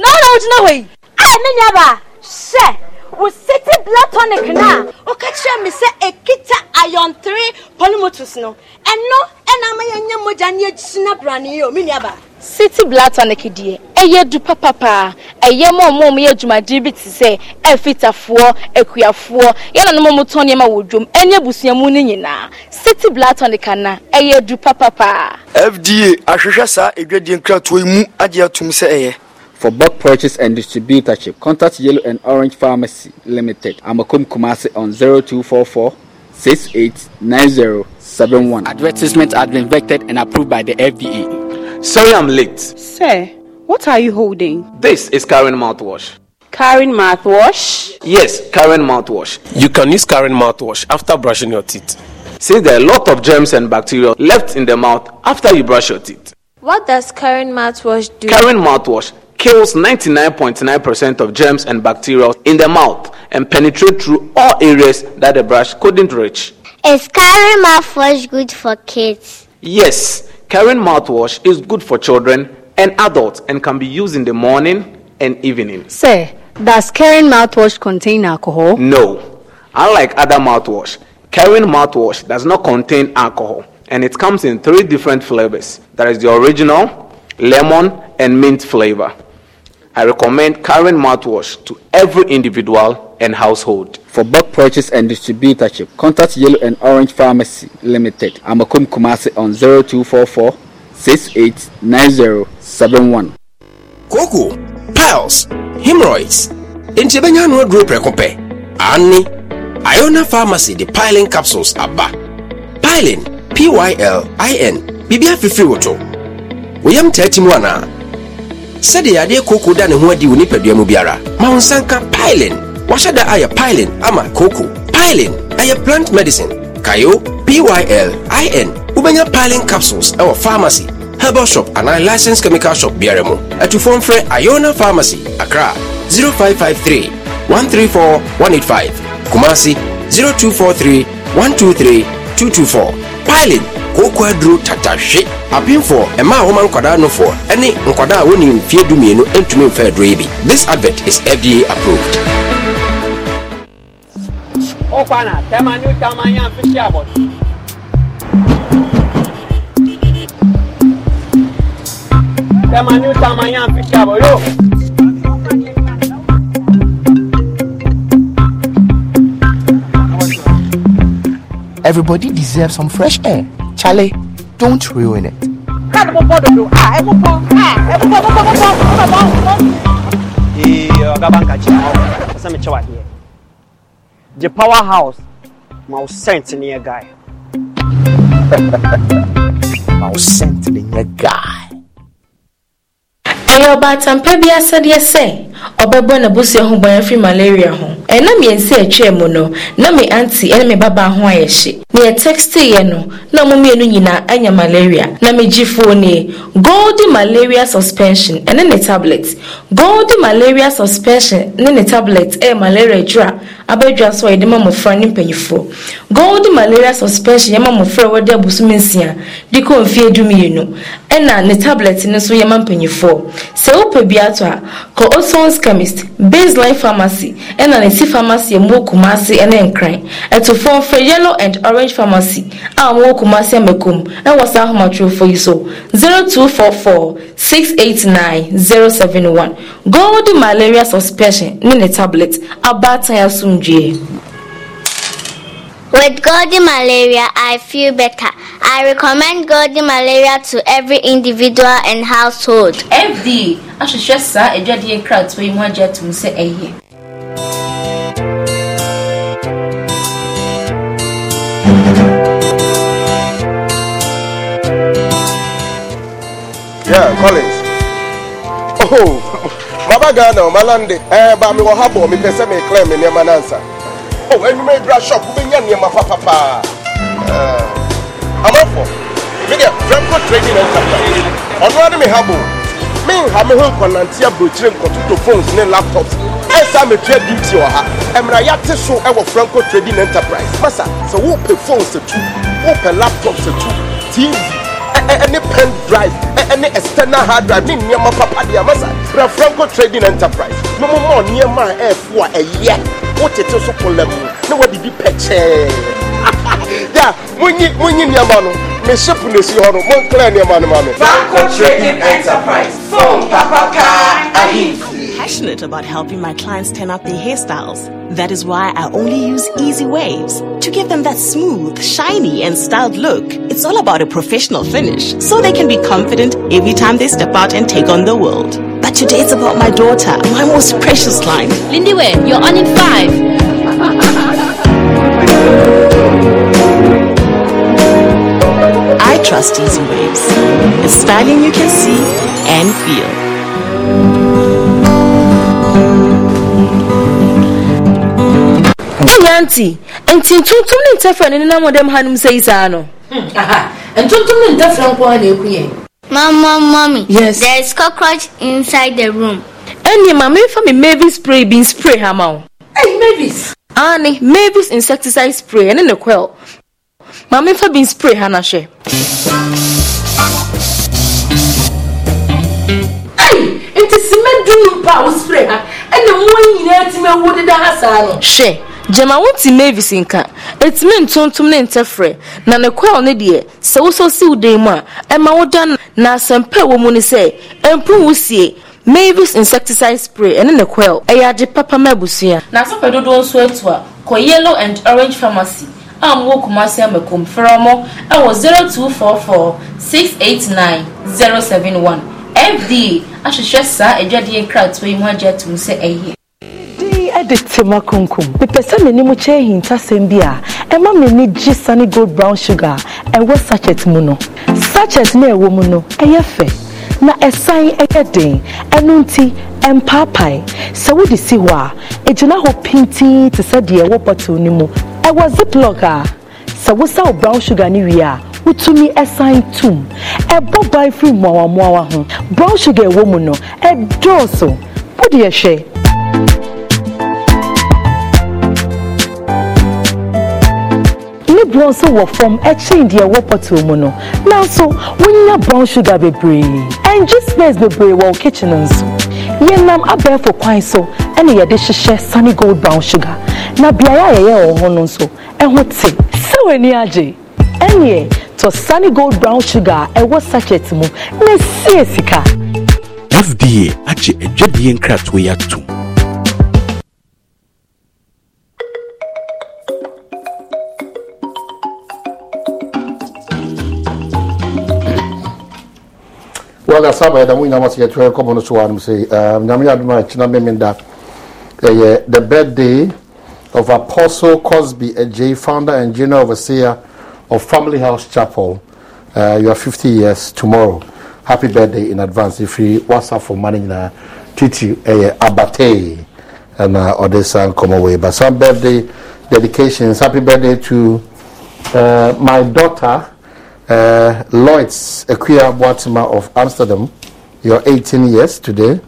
wɔn na wogyina hɔ yi. a ne nyaba hyɛ wo city black tonic na woka kyerɛ me sɛ ekita iron three polymotus no ɛno ɛna ama yɛn nyɛ mogya ne agyina brane yi o mi nyaba city blatter ne kedeɛ ɛyɛ du papapaa ɛyɛ mu a mu yɛ dwumadie bi te sɛ ɛfitafoɔ akuafoɔ yɛn na mu tɔn nneɛma wɔ dwom ɛne abusuamu ne nyinaa city blatter ne kana ɛyɛ du papapaa. fda ahwehwɛ saa edwadie nkratoɔ yi mu agye atum sɛ ɛyɛ. For bulk purchase and distributorship, contact Yellow and Orange Pharmacy Limited, Amakum Kumasi on 0244 689071. Advertisement has been vetted and approved by the FDA. Sorry I'm late. Sir, what are you holding? This is Karen mouthwash. Karen mouthwash? Yes, Karen mouthwash. You can use Karen mouthwash after brushing your teeth. Since there are a lot of germs and bacteria left in the mouth after you brush your teeth. What does Karen mouthwash do? Karen mouthwash kills 99.9% of germs and bacteria in the mouth and penetrate through all areas that the brush couldn't reach. Is Karen mouthwash good for kids? Yes, Karen mouthwash is good for children and adults and can be used in the morning and evening. Sir, does Karen mouthwash contain alcohol? No. Unlike other mouthwash, Karen mouthwash does not contain alcohol and it comes in three different flavors. That is the original, lemon, and mint flavor. I recommend current mouthwash to every individual and household. For bulk purchase and distributorship, contact Yellow and Orange Pharmacy Limited, i am Amakum Kumasi on 0244 689071. Koko, piles, hemorrhoids, Inchebenya no group recope, Anni, Iona Pharmacy, the piling capsules are back. Piling, P Y L I N, Bibia Fifi Woto. William Tetimwana. sɛdeɛ adeɛ kooko da ne ho adi wɔ nipadua mu biara ma wo nsa nka pilin wahyɛ da ayɛ pilin ama kooko pilin ɛyɛ plant medicine kayo pylin wobɛnya pilin capsules ɛwɔ pharmacy herbal shop anaa license chemical shop biara mu atufoɔ mfrɛ iona pharmacy akra 0553 134185 kumasi 0243 123 224 piling kooko aduro tatahwe apinfoɔ ɛmaa wɔma nkwadaa nofoɔ ɛne nkwadaa a wɔne mfie du mmienu ntumi mfa aduro yi bi this advert is fda approved okwana tɛma ne wotama nyɛ amfehyɛ abɔde tɛma ne wotama nyɛ amfehyɛ abɔde Everybody deserves some fresh air. Charlie, don't ruin it. The powerhouse, my sent near guy. My sent near guy. Ayo, but I'm Pebby, I said yes, say. Eh? na n'abusua ho ban afiri malaria ho ɛna e, mmiɛnsa ɛtwa e mu no na me aunty ɛne e, me baba ho ayɛ hye nea textiyɛ no na ɔmo mmienu nyinaa anya malaria na megyifoɔ nie goldi malaria suspension ɛne ne tablet goldi malaria suspension ne ne tablet ɛyɛ malaria dwura abɛdwa so a yɛde ma mmɔfra ne mpanyinfoɔ goldi malaria suspension yɛma mmɔfra a wɔde abosome nsia de kɔ mfie dumienu ɛna ne tablet no nso yɛma mpanyinfoɔ sɛ wopɛ bi ato a kɔ oson Children's Chemist, Baseline Pharmacy, and an AC Pharmacy, Mo Kumasi and Enkran. And to form Yellow and Orange Pharmacy, and Mo Kumasi and Mekum, Zero two four four six eight nine zero seven one. Gold malaria suspension, Nina tablet, Abata Yasumjie. With golden malaria, I feel better. I recommend golden malaria to every individual and household. FD, I should just say, I just hear crowds where you want to say, eh. Yeah, Collins. Oh, Baba Ghana, Malande. Eh, but ba mi wo habo mi pese me claim mi nneema na nsa. Oh, we ɛnumɛ a shop bɛnya nneɛma papapa ɛɛ eh, amanfo mi deɛ franco trading and capital ɔno ara mi ha have mi nha mi ho nkɔnante aburokyire nkɔtoto phones ne laptops ɛsa metua duty wɔ ha ɛmira yate so ɛwɔ e franco trading enterprise masa sɛ wopɛ phone sɛ tu wopɛ laptop sɛ tu tv any e, e, pen drive any external hard drive ne nneɛma papa deɛ masa bra franco trading enterprise mɛmoma nneɛma a ɛɛfo a ɛyɛ I'm kolam na wadidi pɛkyɛɛ Banco Trading Enterprise phone papa car passionate about helping my clients turn up their hairstyles. That is why I only use Easy Waves to give them that smooth, shiny, and styled look. It's all about a professional finish so they can be confident every time they step out and take on the world that today is about my daughter, my most precious life. Lindiwe, you're on in five. I trust Easy Waves. The styling you can see and feel. auntie, nti nti ntuntum ne ntɛfrɛ ne nenam dɛm hanom sɛ yi saa no hmm, ntuntum ne ntɛfrɛ nkɔ ha na ɛku yɛn Mom, mom, mommy. Yes. There is cockroach inside the room. Any mama, for me Mavis spray being spray her mouth. Hey Mavis. Annie, Mavis insecticide spray and in the quell. Ma for being spray hana she. Hey, it is cement drum pa spray her. And the one you need to me would her hasa. She gyama wo nti mavis nka ɛtumi ntontom ne ntɛfrɛ na ne kwaw no deɛ sɛ wosɔ si dan mu a ɛma wo na asɛmpa ɛwɔ mu ne sɛ ɛmpo wo mavis insecticide spray ɛne ne kwaw ɛyɛ agye papa ma abusua na asopɛ dodoɔ nso atu a kɔ yellow and orange pharmacy a mowɔ kumase amakom frɛ mo ɛwɔ 0244 689 071 fda ahwehwɛ saa adwadeɛ nkratoɔ yi mu agye atom sɛ ɛyɛ de te ma konkom mepɛ sɛ m'anim kyɛ ahintasɛm bi a ɛma m'ani gye sane gold brown sugar a ɛwɔ sachet mu no sachet na ɛwɔ mu no ɛyɛ fɛ na ɛsan ɛyɛ den ɛno nti ɛmpaapae sɛ wode si hɔ a ɛgyina hɔ pintii te sɛ deɛ ɛwɔ bottle no mu ɛwɔ ziplock a sɛ wosa wo brown sugar no wie a wotumi ɛsan tum ɛbɔ ban firi mmoawammoawa ho brown sugar ɛwɔ mu no ɛdɔɔso wodeɛ hwɛ ebi nso wɔ fam ɛkyɛn deɛ ɛwɔ pɔtɔ mu no nanso wonya brown sugar bebree ɛngye space bebree wɔ kitchen nso yɛnam abɛɛfo kwan so ɛna yɛde hyehyɛ sunny gold brown sugar na beaeɛ a yɛyɛ wɔ ho no nso ɛho te sɛ w'ani agye ɛneɛ tɔ sunny gold brown sugar a ɛwɔ sachet mu na sie sika fda agye adwadeɛ nkratoɔ yi ato mu wa da the birthday of apostle cosby aj founder and general overseer of family house chapel uh, you are 50 years tomorrow happy birthday in advance If wasafo ma no nyinaa titi abate and ɛna uh, ɔde sa come away but some birthday dedications happy birthday to uh, my daughter uh, Lloyds Equia Boatima of Amsterdam. You're 18 years today.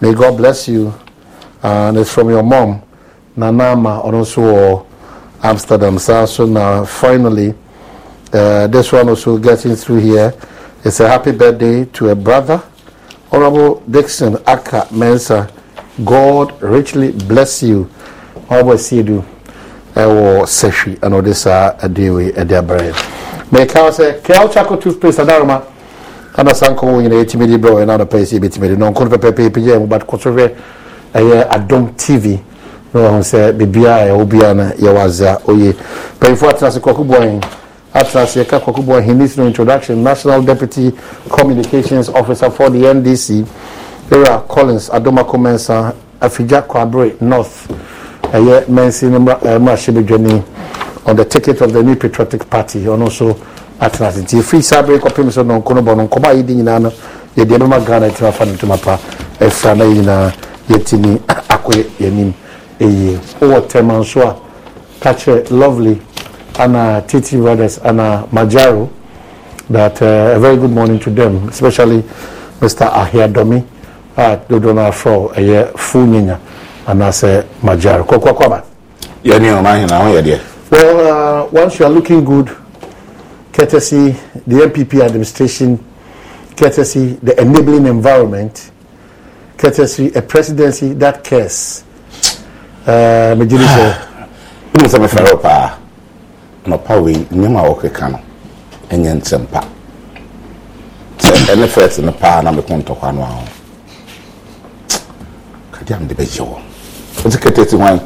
May God bless you. and it's from your mom, Nanama, also Amsterdam. So, now, finally, uh, this one also getting through here. It's a happy birthday to a brother, Honorable Dixon Akka Mensa. God richly bless you. Always see you. I will session and all this are a day, a day, kao e e se, kao čak od toothpaste, naravno, ana san ko nyina yɛtumi de brɛ ɔ ɛna anɔpa yɛsɛ yɛbɛtumi de nɔnko no pɛpɛpɛpɛ yɛ mu but kɔso hwɛ ɛyɛ adom tv na wɔn sɛ a ɛwɔ biara no yɛwɔ azea oye mpanyinfoɔ atena ase kɔkɔ bɔn atena ase yɛka kɔkɔ bɔn hinis no introduction national deputy communications officer for the ndc era collins adoma commensa afidja kwabere north ɛyɛ e mɛnsi no mmarahyɛbadwani on the ticket of the new patriotic party ɔno nso atena ase nti efiri saa abiri kɔpem sɛ nɔnko no bɔ no nkɔmɔ a yɛdi nyinaa no yɛde ɛbɛma ghana ɛtena afa no ntoma pa ɛfra na nyinaa yɛtumi akɔ yɛnim ɛyie wowɔ tɛma nso a kakyɛ lovely ana titi brothers ana majaro that uh, a very good morning to them especially mr ahiadomi a dodo no afrɛ ɛyɛ fu nyenya anaasɛ majaro kɔkɔkɔba yɛne ɔma ahena ho yɛdeɛ Well, uh, once you are looking good, courtesy the MPP administration, courtesy the enabling environment, courtesy a presidency that cares. Mejiri sɛ. Ɛmu sɛ mefɛrɛ wo paa nɔpa wei nneɛma a wɔkeka no ɛnyɛ nsɛm pa sɛ ɛne fɛs no paa na meko ntɔkwa no a Kadi am a mede bɛgye wɔ wote kɛtɛ ti hwan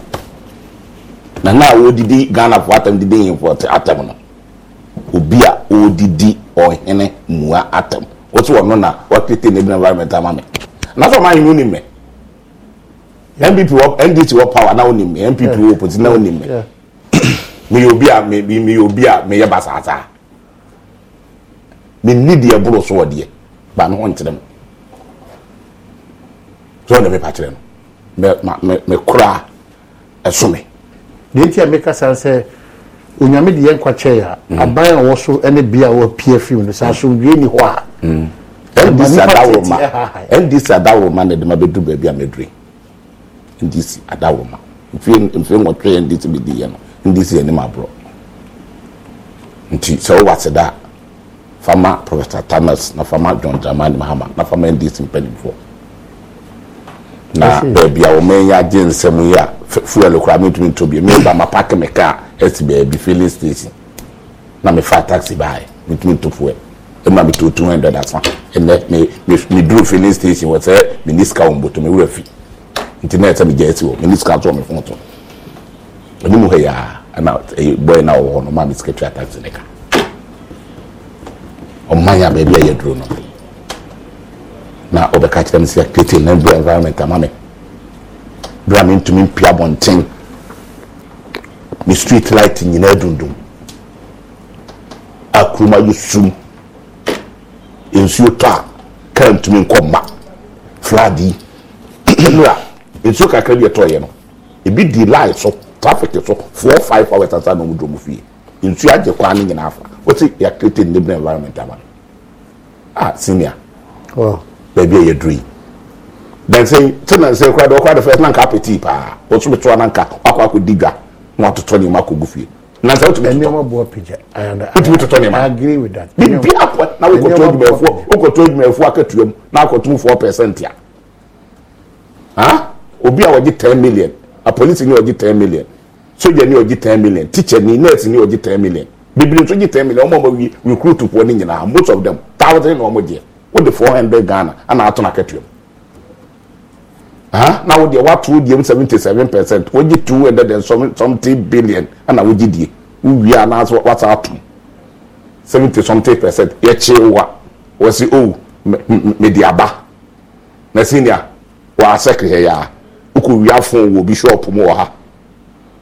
na na a wɔdidi ghana fo atam didi yin fo atam no obi a ɔredidi ɔhene mua atam wotu wɔn na wakete ne bi environment ama mi n'afɔ maa yi no nim mɛ npp wɔ ndc wɔ power na onim mɛ npp wɔ opposition na onim mɛ mi yɛ obi a mi mi yɛ obi a mi yɛ basaasa mi ni deɛ boro so wɔ deɛ ba ne ho nkyerɛ mu so ɔna mi pa kyerɛ no mɛ ma mɛ kura ɛso mi deɛ nti a meka saa sɛ onyame de yɛ nkwakyɛe a mm. aban a wɔ so ne bea a wɔapia fim no sɛ asomdwe ni hɔ a mm. ndc adawoma ndc adawoma na ɛdema bɛduru baabi a mɛdure ndc adawoma mfe nwɔtwe ndc bi di yɛ no ndc anim aborɔ nti sɛ wowɔ aseda a fama professor thomas na fama john dramani mahama na fama ndc mpanimfoɔ na baabi a wɔma anya agye nsɛm yi a fuel kura mi tumi to bi mi ba ma park mi car ɛsi beebi filling station na mi fa taxi baayi mi tumi to fuel ɛma mi to two hundred asan ɛnɛ mi mi mi duro filling station wɔ sɛ mi ni sika wɔn bɔtɔ mi wura fi nti na yɛ sɛ mi gya ɛsi wɔ mi ni sika to mi fɔn to ɛnimu hɛ yaa ɛna ɛyɛ bɔyɛ na wɔ hɔ no maa mi sika tura taxi ne ka ɔman yɛ beebi ɛyɛ duro no na ɔbɛka kyerɛ mi sɛ kete ne do environment ama mi bra mi ntumi mpia abɔnten ne street light nyinaa dundum a kuruma yɛ sum nsuo tɔ a kaa ntumi nkɔ mma fladi nwura nsuo kakra bi ɛtɔ yɛ no ebi di line so traffic so four five hours asa na ɔmo duro mo fie nsuo agye kwan ne nyinaa fa wɔte yɛ create enabling environment ama no a ah, senior baabi a yɛ duro yi. then say tena nse kura de ɔkura de fɛ na nka paa wotu mi to na nka akɔ di dwa na na nsa wotu mi tutɔ nneɛma bɔ pija tutɔ agree with that bibi akɔ na wokɔtɔ adwumayɛfoɔ wokɔtɔ adwumayɛfoɔ akatua mu a obi a a polisi ni soja ni ni ni bibiri nso wɔn nyinaa most of them wɔn four hundred ghana na wo deɛ wato deɛ mu 77% percent wogye something billion ɛna wogye die wowie anaasɛ wasa ato seventy something percent yɛkye wa wɔsi owu oh, mede aba na senior wɔasɛkere hɛ ya wokɔ wia fon wɔ bi shop mu wɔ ha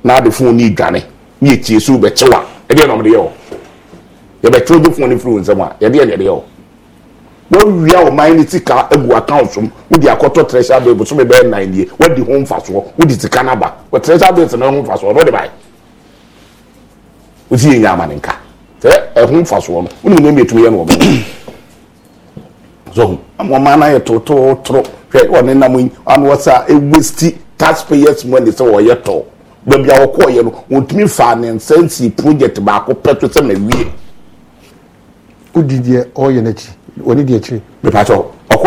na ade fon ne dwane ne yɛtie so ɛdeɛ na yɛ fon firi wo nsɛm a yɛdeɛ wɔawia wo man ne sika agu account mu wode akɔtɔ treasure bill bosome bɛyɛ nan nie wadi ho mfasoɔ wode sika no aba wɔ treasure bill sɛ no ho mfasoɔ no wode bae wosi yɛ nyaama ne nka sɛ ɛho mfasoɔ no wonim nyɛ miɛtumi yɛ no wɔbɔ so wɔma no yɛ tototoro hwɛ ɔne nam yi ɔne wɔ sa ɛwesti taxpayers money sɛ wɔyɛ tɔ baabi a wɔkɔɔyɛ no wɔntumi faa ne nsa nsi project baako pɛ so sɛ mawie wodi woni di akyire me pa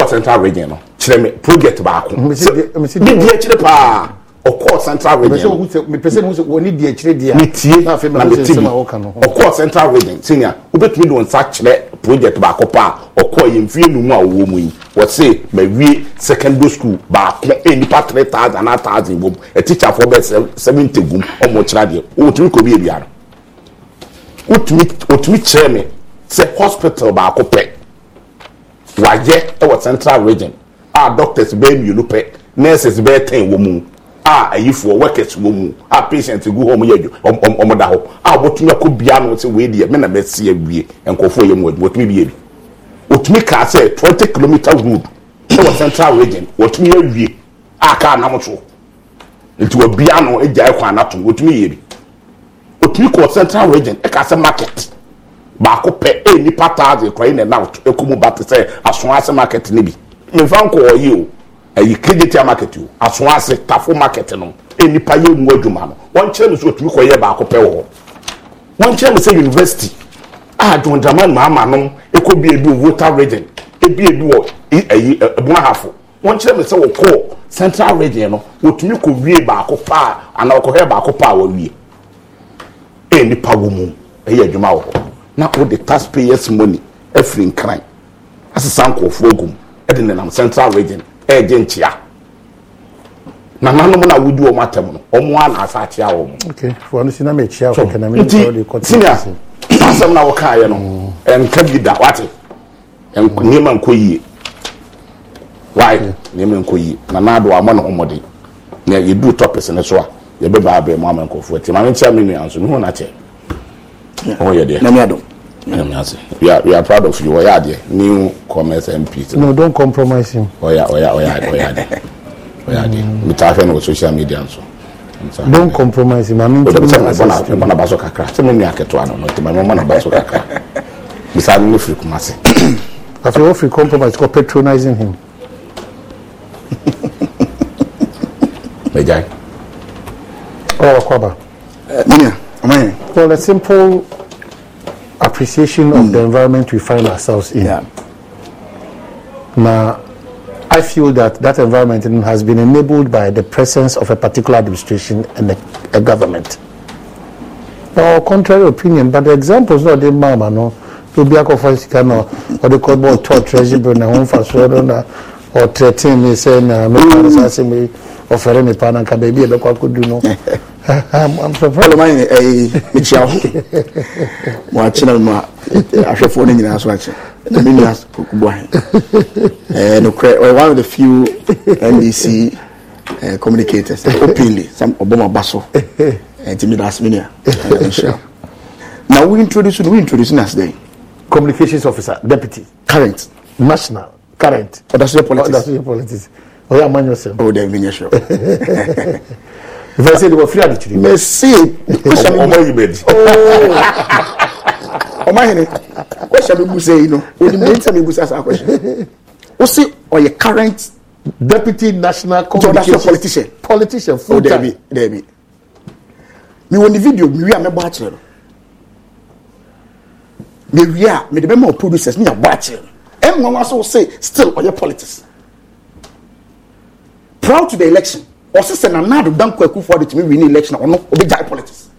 central region no kyerɛ project baako ne di akyire paa ɔkɔ central region mepɛsɛ no wɔne di akyire deɛ metie na metigi ɔkɔ central region senia wobɛtumi de wo nsa kyerɛ project baako paa ɔkɔ yɛ mfie no mu a wɔwɔ mu yi wɔse mawie secondary school baako eh, nnipa 3000 na 1000 wom atikyafoɔ bɛ 70 gum ɔmɔ kyerɛ deɛ wɔtumi kɔ bi abiara wotumi kyerɛ me sɛ hospital baako pɛ wayɛ ɛwɔ central region a doctors bɛyɛ mmienu pɛ nurses bɛyɛ ten wɔ mu a ayifoɔ workers wɔ mu a patients gu hɔ ɔmo yɛ adwo ɔmo ɔmo da hɔ a wɔtumi akɔ bia no sɛ wei deɛ mena bɛ si awie nkɔfoɔ yɛ mu adwo wɔtumi bie bi wɔtumi kaa sɛ twenty kilometre road ɛwɔ central region wɔtumi awie a kaa nam so nti wɔ bia no agya ɛkɔ anato wɔtumi yɛ bi kɔ central region ɛka sɛ market baako pɛ ɛyɛ nipa taazin kora ɛyɛ na ɛnam mu ba te sɛ asoase market ni bi nfa nkɔ ɔyi o ɛyi kejita market o asoase tafo market no ɛyɛ nipa yɛ mu adwuma no wɔn kyerɛ mi sɛ otumi kɔ yɛ baako pɛ wɔ hɔ wɔn kyerɛ mi sɛ university a john dramani mahama nom ɛkɔ bi ebi wɔ voter region ebi ebi wɔ ɛyi ɛbunahafo wɔn kyerɛ mi sɛ wɔkɔ central region no wotumi kɔ wie baako paa anaa wɔkɔ hɛ baako paa wɔ wie ɛyɛ nipa wɔ mu ɛyɛ adwuma wɔ hɔ. na wode taxpayers money afiri nkran asesa nkurɔfoɔ ogun ɛde nenam central region ɛregye nkyea na na wodi wɔn atam no wɔn a na asa akyea wɔn nti senior asɛm na wɔkaayɛ no ɛnka bi da wate nneɛma nkɔ yie wae nneɛma nkɔ yie nana do ama ne ho mmɔden na yɛduru topics ne so a yɛbɛba abɛn mu ama nkɔfoɔ ti maame nkyɛn mi nua nso ne na kyɛ ɔyɛ deɛ. we are we are proud of you ọ̀yà adìẹ new commerce mp. no don't compromise him. Oya, oya, oya, ọ̀yà adìẹ ọ̀yà adìẹ mi ta ahwẹ́ no social media so. don't compromise him i mean tell me as it is. mbọ́nà abaso kakra sẹ́ mi mi akẹ́tọ́ àná ọ̀nà tí mo mbọ́nà abaso kakra bisa ni firi kumase. afei wọ́n firi compromise kọ́ patronizing him. mẹjá. ọ̀rọ̀ kọ́ ba. Eh, nyiya ọmọ yẹn. for a simple appreciation of hmm. the environment we find ourselves in. Yeah. Now, I feel that that environment has been enabled by the presence of a particular administration and a, a government. Now, contrary opinion, but the examples not the mama no. obi akɔfa sika na ɔde kɔ bɔ ɔtɔ treasury bill na ho mfasoɔ no na ɔtrɛtee hmm. me sɛ na mepa no saa asɛm pan and mepa no anka baabi could akɔdu no ɔlɔmayini ɛyi mekyia wo mo akyi na mo ahwɛfoɔ no nyinaa so akyi na me nua kubu ahe ɛɛ nokorɛ ɔyɛ one of the few ndc uh, eh, communicators eh, openly some ɔbɔ mo aba so ɛnti mi daasi mi nua ɛna nhyia na wo introduce no wo introduce na asidɛ. communications officer deputy. current. national current. ɔdasuye oh, politics ɔdasuye oh, politics ɔyɛ amanyɔsɛm. ɔwɔ dɛ mi nyɛ sɛ ìfẹ́ sẹ́ni wọ firi adikyiri. mẹsì ọmọ yìí bẹ di. ọmọ yìí ni kwẹsẹ mi busa yìí no onímọ̀ yìí sẹ́ni busa sáà kwẹsẹ. o si ọyẹ current deputy national communication politician politician full time. o dẹbi dẹbi mi wọ ni video mi wi a mẹbọ akyerẹ no mi wi a mi de bẹ ma o producers mi yà bọ akyerẹ no ẹ mọ wọn so say still ọyẹ politics proud to the election. ɔsi sɛ na naadu dankwa ekufu adi tumi win election ɔno obi gya politics.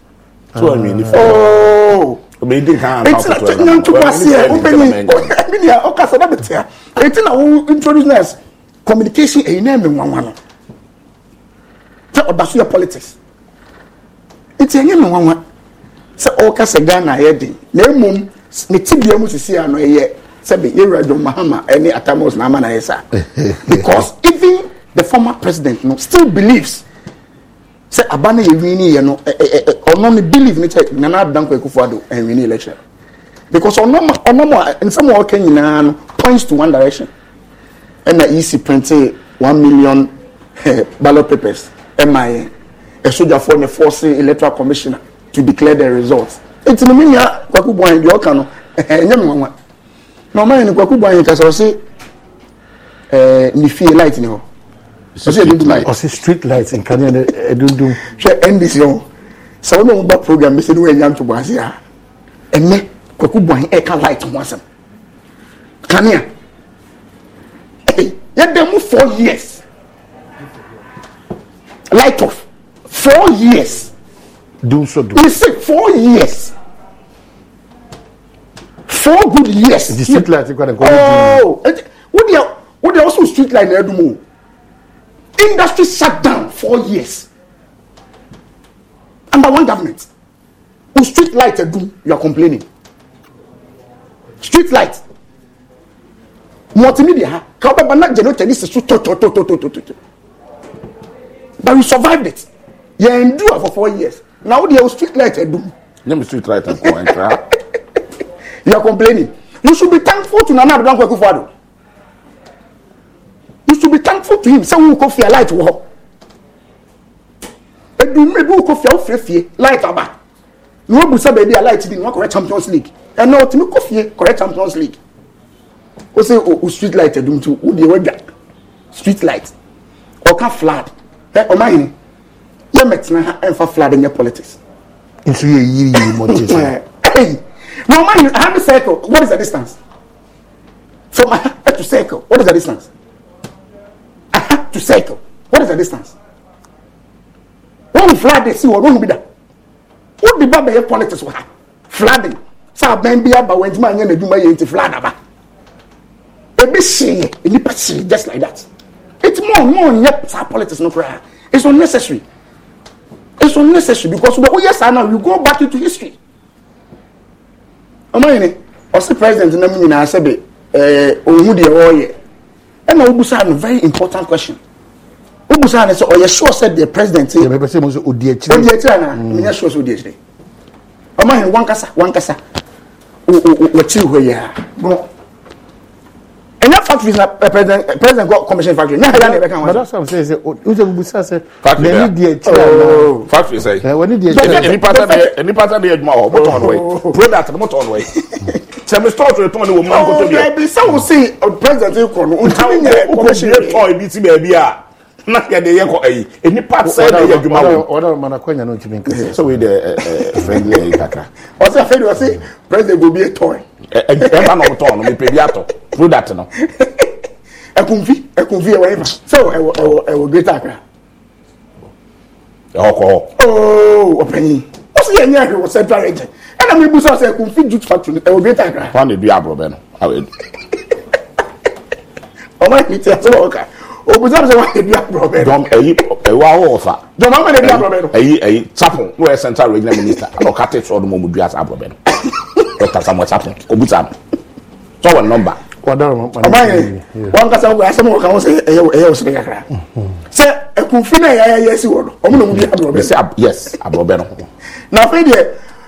tí wàá ah. win ife. omi oh! edi nkan anam akutu ɛna nkan ntukwu ase yɛ obinrin ɛbi ni a ɔkasa ɛna bi tẹ a eti na wo introduce nurse communication eyi na ɛmi nwanwa no sɛ ɔda so yɛ politics eti ɛnyɛ mi nwanwa sɛ ɔkasa ghana ayɛ den na emu ne ti bia mu sisi ano ɛyɛ sɛbi yewura john mahama ɛne atamos na ama na ayɛ sa because even. the former president no still believes sɛ aba no yɛ eh, eh, eh, wini yɛ no ɔno ne believe ne kyɛ nana adan kɔ akufo ado ɛnwini election because ɔnɔm ɔnɔm a nsɛm a ɔka nyinaa no points to one direction ɛna ec printe one million ballot papers ɛma yɛn ɛsogyafoɔ ne force electoral commissioner to declare the results eti ne mi nya kwaku buwan deɛ ɔka no ɛnyɛ mi nwanwa na ɔman yɛ ne kwaku buwan yɛ kasa ɔsi ɛɛ ne fie light ni hɔ ɔsi ɛdun light ɔsi street light nkanea na ɛdundun. hwɛ ndc yɛn sáwọn náà wọn bá program bẹsẹ ni wọn yàn tó bọ ase ha ɛnɛ kɔkú bọ̀ ẹ̀ ká light wọn sẹ́m kanea ɛ yɛ dẹ̀ mu four years light off four years. dun so dun. you see four years four good years. the street light kọ́ ẹ̀ kọ́ ẹ̀ dun. ooo wọ́n di ẹ̀ wọ́n di ẹ̀ wọ́n sọ street light ẹ̀ dun o. Industry shut down four years. Under one government. With street light, you are complaining. Street light. Multimedia, ha. How about not generated this is so to to to to to to to. But we survived it. You endure for four years. Now the street light are doom. Name street light and You are complaining. You should be thankful to Nana Abdul Kwaku Fado you should be thankful to him sɛ wo kɔ fia light wɔ hɔ ebi ebi wo kɔ fia wo fie fie light aba na wo bu sɛ beebi a light bi na wa kɔrɛ champions league ɛnna o tumi kɔ fie kɔrɛ champions league o sɛ o oh, o oh, street light ɛdum tu o deɛ wadwa street light ɔka flood ɛ ɔma yin yɛ mɛtena ha ɛnfa flood ɛnyɛ politics. nso yɛ yiri yiri mɔ ti sɛ. ɛyi na ɔma yin a circle what is the distance from a to circle what is the distance to circle. What is the distance? When we fly the sea, we don't be that. Who the baby have politics with her? Flooding. Sa ben bi aba when man yen adwuma yen ti flood aba. E bi see, e ni pa see just like that. It's more more yep sa politics no cry. It's unnecessary. It's unnecessary because we oh yes I know We go back into history. Am I in it? Or say president na me nyina say be eh, eh ohun de wo oh, ye ɛna wobusa no very important question wobusa no sɛ ɔyɛ sure sɛ deɛ president yɛbɛpɛ sɛ mu sɛ ɔdi akyire ɔdi akyire anaa menyɛ sure sɛ ɔdi akyire ɔma hene wankasa wankasa wɔkyiri hɔ yɛ a ɛnyɛ factories na eh, president eh, president go commission factory nyɛ hɛrɛ na ɛbɛ kan wa. bàtà sàm sèé sè o sè bubusa sè. factory bɛɛ ni diɛ kyerɛ o. factory sɛ. ɛ wɔ ni diɛ kyerɛ. ɛni pata bɛ yɛ ɛni pata bɛ yɛ juma wɔ mo tɔn wɔ ye product mo tɔn wɔ ye sɛmi store tó tɔn ni wo mu an koto yɛ. ɔ ɛbi sáwù sí president yìí kɔ no o ti mi yɛ commission yɛ tɔn ibi ti bɛɛ bi a na yɛ de yɛ kɔ ɛyi ɛni part sɛ de yɛ juma wɔ. ɔdɔ mana kɔ ɲana o ti mi n kasi. sɛ o yi ɛɛ fɛn ɛba na ɔmotɔn no mepɛ bi atɔ product no ɛkumfi ɛkumfi ɛwɔ ɛma so ɛwɔ ɛwɔ ɛwɔ greater Accra. ɛhɔ kɔ ooo ɔpanyin oh, o si yɛ nyɛ ɛhwɛ central region e ɛna mi busa sɛ ɛkumfi jute factory ɛwɔ greater Accra. wọn de du aburobɛ no awo edu. ɔmɔ ɛkpi tí a sɛ wɔn kan obusa sɛ wọn de du aburobɛ no. dɔm ɛyi ɛwɔ awɔ ɔfa. dɔm awo de du aburobɛ no. ɛyi ɛyi chapel n'o yɛ central regional minister ɛna sɔɔ Dr. Samuel Chapman Obuta sọwọ nọmba ọba yẹn wọn kasa wọn asẹmu wọn kan wọn sẹ ẹyẹ ẹyẹ ọsẹ kakra sẹ ẹkùnfin náà yà yẹ ẹsẹ wọn ọmọ náà mo di abúlọbẹ sẹ yes abúlọbẹ náà n'afẹ deɛ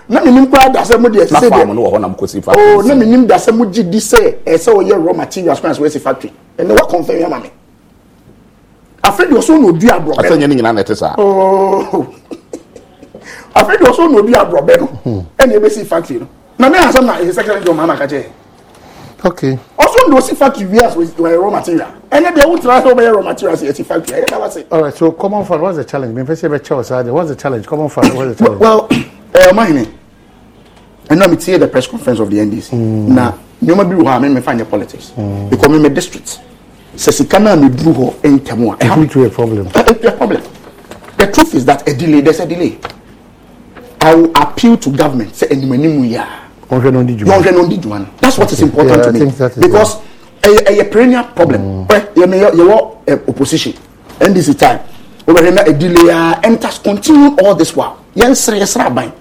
na mi nim kura dasɛ mu deɛ sɛ deɛ ooo na mi nim dasɛ mu gyi di sɛ ɛsɛ ɔyɛ raw materials kwan so ɛsi factory ɛnna wa kɔnfɛn yɛ ma mi afɛ deɛ ɔsɔ na odi abúlọbɛ asɛ nyɛ ne nyinaa na ɛte saa ooo afɛ deɛ ɔsɔ na odi abúlọbɛ no ɛnna ebesi factory no na me asam na his secretary john mahama kakyɛ okay ɔso ndo si factory bi as raw material ɛnɛ deɛ wotena sɛ wobɛyɛ raw material sɛ yɛsi factory ɛyɛ dawa se alright so common fund what's the challenge mefɛ sɛ yɛbɛkyɛ wɔ saa deɛ what's the challenge common fund what's the challenge well ɔma hene ɛna metie the press conference of the ndc mm. na nneɛma bi wɔ hɔ a memmefa nyɛ politics hmm. because because meme district sɛ sika no a meduru hɔ ntɛm a ɛhato a problem ɛto eh, a problem the truth is that a delay there's a delay i will appeal to government sɛ animanim yia yọhwẹ n'ondi juma no that's what okay. is important yeah, to me is, because a yeah. perennial problem ɛ mm. you mɛ yɛ wɔ ɛ opposition ndc time wɔbɛhwɛ a delay, uh, and enters continue all this while yɛn sere yɛ sere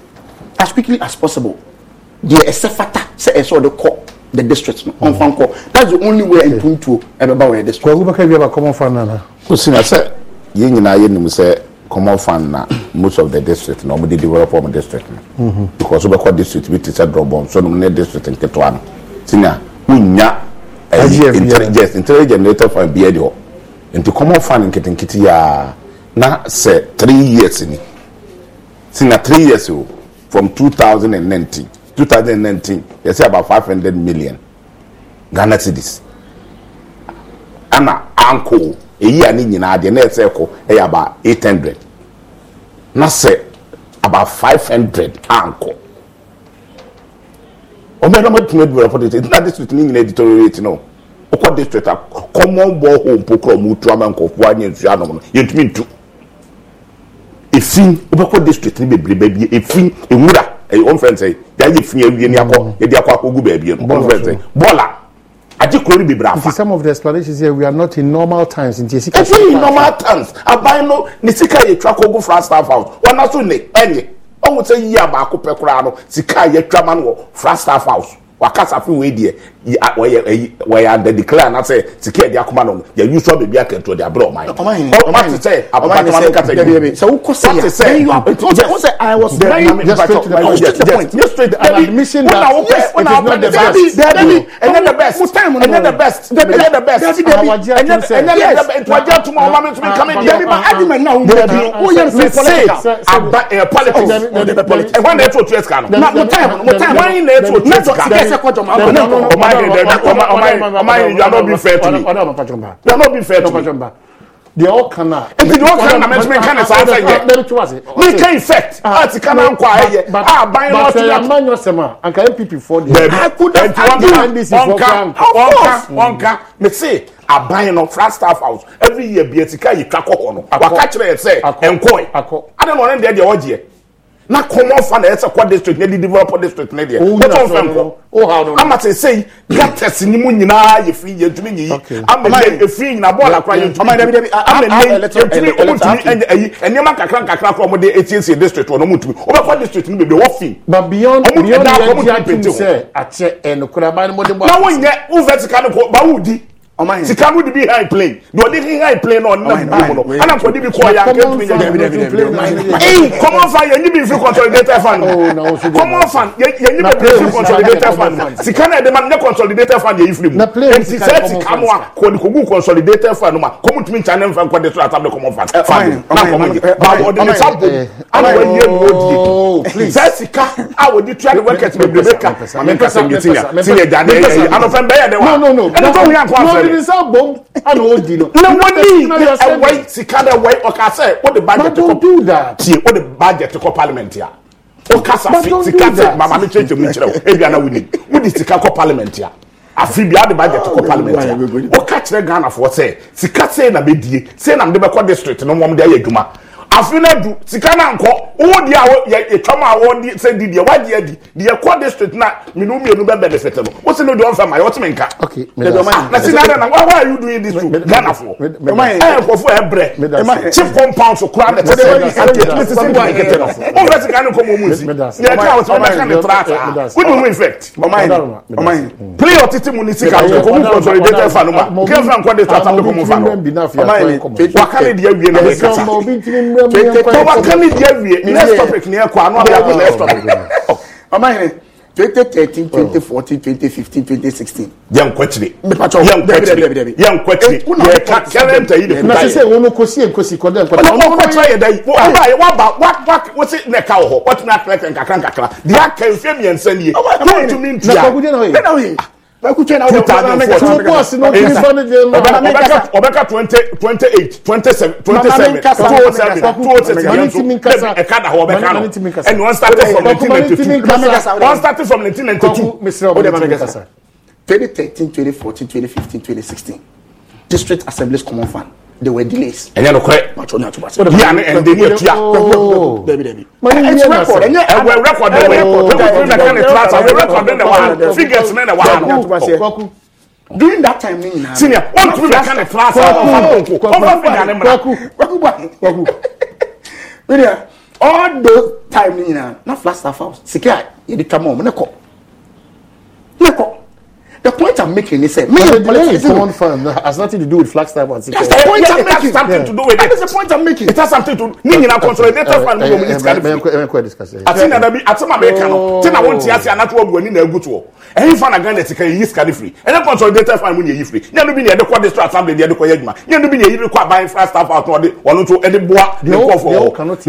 as quickly as possible deɛ sefata fata sɛ ɛsɛ ɔde kɔ the district on phone call. that's the only way ntuntuo ɛbɛba wɔ yɛ district. kò ɛwúbɛkɛ bi a bá kɔmɔ fa nana. kò sinna sɛ yɛn nyinaa yɛ numu sɛ common fund na most of the district na wɔn de develop wɔn district no mhm. because wɔbɛkɔ district bi te sɛ drɔbɔn so nom ne district nketewa no sinia wonya eh, intelligence intelligence generator fund bi ɛdi hɔ nti common fund nketenkete yaa na sɛ three years ni sinia three years o from two thousand and nineteen two thousand and nineteen yɛ sɛ about five hundred million ghana cedis ɛna anko eyi a ne nyinaa deɛ na ɛsɛ kɔ ɛyɛ about eight hundred na sɛ about five hundred ankɔ ɔmo yɛn na ɔmo tuma duma ɛfɔ de sɛ na district ne nyinaa deteriorate no ɔkɔ district a common ball home pokora ɔmo tu ama nkɔfoɔ anyɛ nsu anam no yɛntumi ntu efin ɔbɛkɔ district ne bebrebe bi efin ewura ɛyɛ ɔmo fɛn sɛ yɛayɛ efin awie ne akɔ yɛde akɔ akɔ gu beebi no ɔmo fɛn sɛ bɔɔla agye kuro ni bebree afa. some of the explanations here we are not in normal times in nti esika. efi in normal times aban no ne sika yɛtwa kɔ go fra staff house wɔn aso ne ɛnyɛ ɔmo sɛ yia baako pɛ koraa no sika yɛtwa ma no wɔ fra staff house wakasa fi wei deɛ wɔyɛ ɛyi wɔyɛ adadikila anasɛ sika ɛdi akoma na ɔmo yɛ yusuf beebi akɛntɛ ɔdi abirɛ ɔman yi ɔman yi sɛ abatama no kasa yi sɛ wokɔ sɛ yɛ sɛ wokɔ sɛ i was very just straight to the point just just straight and admission that yes it is not the best dabi ɛnyɛ the best ɛnyɛ the best dabi ɛnyɛ the best dabi dabi ɛnyɛ ɛnyɛ the best wajɛ tuma ɔma mi tumi kame diɛ dabi ma adi ma na o dabi o yɛ sɛ politics aba ɛ politics ɛwɔ na etu otu ɛsika no na mo time mo time wɔn yi na etu otu ɛsika ẹsẹ kọjọ ma ọmọ ọmọ ọmọ ọmọ ọmọ ọmọ you are not being fair to me you are not being fair to me. deɛ ɔka na. nti deɛ ɔka na mɛtumi nka ne saa sɛn yɛ mi ka effect a ti ka na nkɔ ayɛ a ban na ɔtí yàtɔ. bàtà yamma nyɔsɛm a nka npp fɔ deɛ. bɛɛbi ɛnti wɔn ka wɔn ka wɔn ka mɛ se aban no fra staff house every year bi etika yi twa kɔkɔ no waka kyerɛ yɛ sɛ nkɔɛ adan na ɔne deɛ deɛ ɔgyeɛ na kɔmɔ fa na ɛsɛ kɔ district ne di develop district ne deɛ wotɔn fɛn kɔ ama te sey gatɛs ni mu nyinaa yɛ firi yɛ tumi nyiyi ama yɛ efiri nyina bɔɔla kora yɛ tumi ama yɛ yɛ tumi ɔmu tumi ɛnyɛ ɛyi ɛnìyɛma kakra kakra kora ɔmu de etiesie district wɔ n'ɔmu tumi ɔmu kɔ district ni bebree wɔfi ɔmu ɛda ɔmu tumi pete o na wɔn nyɛ wo vertical ko bawu di sika mu de bi high plane na ɔde hi high plane na ɔnam bi mu no ɛna kò de bi kɔ ya nkɛ tumi nyɛ ee common fund yɛn nyi bi fi consolidated oh, fund common fund yɛn nyi bi fi consolidated fund sika na yɛ de ma ne consolidated fund yɛ yi firi mu nti sɛ sika mu a kò de kò gu consolidated fund mu a kò mu tumi kya ne nfa nkɔ de so atabile common fund fund na kò mu yɛ ba ɔde ne sa bom ana wɔ yie mu o die sɛ sika a wɔde tura de workers bebrebe ka mɛ nkasa mi ti ya ti ya gya de ɛyɛ anofɛn bɛyɛ de wa ɛni tó hu yà kó afɛ ɛdini sɛ bom ana o di no. na wɔn ni ɛwɛ sika na ɛwɛ ɔkasɛ o de budget kɔ tie o de budget kɔ parliament ya o kasa fi sika de mama mi kyerɛ kyerɛ kyerɛ o ebi ana wuli o de sika kɔ parliament ya afi bi a de budget kɔ parliament ya o ka kyerɛ ghana fɔ sɛ sika sɛ na bɛ die sɛ na de bɛ kɔ district no wɔn de ayɛ adwuma afina du sika na nkɔ wo di a yɛ twam a wɔdi sɛ di deɛ wagye adi deɛ kɔ district na minu mienu bɛ benefit no wosi no deɛ ɔnfam ayɛ wɔtumi nka na si na na why are you doing this to ghana fo ɛyɛ nkɔfo ɛbrɛ chief compound so kura na tɛsɛ ɛyɛ sisi bɔ ɛkɛtɛ no wɔn fɛ sika ne nkɔmɔ mu nsi deɛ ɛka wɔtɔ ɔbɛ ka ne tra ata wo ni mu infect play ɔtete mu ni sika nkɔmɔ mu consolidated fa no ma kí ɛfɛ nkɔ district ta nkɔmɔ fa no wakari deɛ wie na wɔn kasa tọwaka ni diẹ wie next topic ni ẹ kọ anu abiy akọ next topic ọmọ yẹn twenty thirteen twenty fourteen twenty fifteen twenty sixteen. yẹn nkwetire yẹn nkwetire yẹn nkwetire yẹn ka kẹrẹn tẹ yi de kuta yẹ. na sisan wọn kò si yẹn kò si kọjá nkwetire. ọ̀nà ọ̀nà ọ̀nà yẹ da yi wọ́n abúlé ayé wọ́n bá wọ́n wọ́n si nà ẹ̀ka wọ̀ họ wọ́n ti nà kẹrẹkẹrẹ nkakra nkakra di a kẹrẹfẹ miẹnsa ni yẹ. ọwọ́ ẹ̀ bá yẹn na kọ́kú díẹ̀ náà yẹ two bọọsi náà kiri twenty twenty eight twenty seven twenty oh seven two nineteen ninety two one nineteen ninety two twenty thirteen twenty fourteen twenty fifteen twenty sixteen district assemblies common fund They were delays. ẹ̀yẹ́ ló kọ́ ẹ̀. màtí o ní àtúbà sí. bí àná ẹ̀ ń dé ẹ̀túyà. dẹbi dẹbi. ẹ ti rẹkọd ẹ̀yẹ ẹwẹ rẹkọd ẹwẹ rẹkọd ní ẹ̀ka ní tíráta ẹwẹ rẹkọd ní ẹwà figures ní ẹwà hàn. during that time nìyí náà. senior wọ́n tún bẹ̀ ká ní tíráta ọ̀fà kòkó ọ̀fà fìgà ní mìíràn. kọ́kú kọ́kú bá kọ́kú. wíìdíà all those time nìyí náà na flash staff house sikẹ́ à yẹ The point I'm making is that me the delay in common fund has nothing to do with Flagstaff and That's the point I'm making. It has something to do with it. That is the point I'm making. It has something to do. Nini na consolidated fund we need to discuss. Ati na some ati ma make no. Ti na won ti ase anatu obu ni na egutu. Any fund again that can use carry free. Any consolidated fund we need free. Nya no bi na de kwa district assembly de de kwa yegma. Nya no bi na yi kwa buying Flagstaff out no de wono to e de boa de kwa for.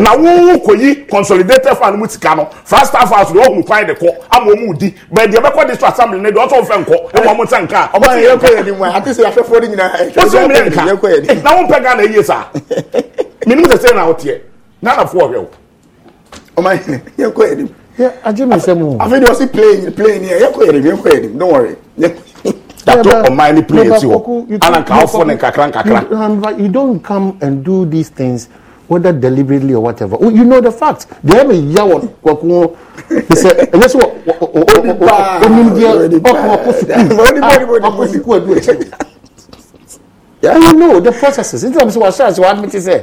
Na wo koyi consolidated fund mu tika no. Flagstaff out no hu kwan de ko. Amo mu di. But de be kwa district assembly ne de o to fe nko ɛwɔ ɔmo nsa nka. ɔmo ti yɛ kɔ ni mu a ati sɛ afɛfo ni nyinaa ɛtwa ɛtwa ɛtwa ɛtwa ɛkɔ na wọn pɛ ghana yie saa minimu sɛ sɛn na ɔteɛ ghana fo ɔhwɛ o. ɔmo ayɛ ni yɛ kɔ ni mu. ajé mi sɛ mu. afei de ɔsi plane plane yɛ yɛ kɔ yɛ ni mu yɛ kɔ yɛ ni mu don't worry yɛ dato ɔman ni plane si hɔ ana nka ɔfɔ ne nkakra nkakra. you don't come and do these things whether deliberately or whatever oh, you know the facts. they have a yawo kwakun he said ẹ̀yẹ́ sọ onídìí ọkọ̀ ọkọ̀ sìkú ẹ̀dùn ẹ̀ṣẹ̀ you know the processes nítorí àmì sọ wàá ṣáà ṣe wàá admit it sẹ́ẹ̀.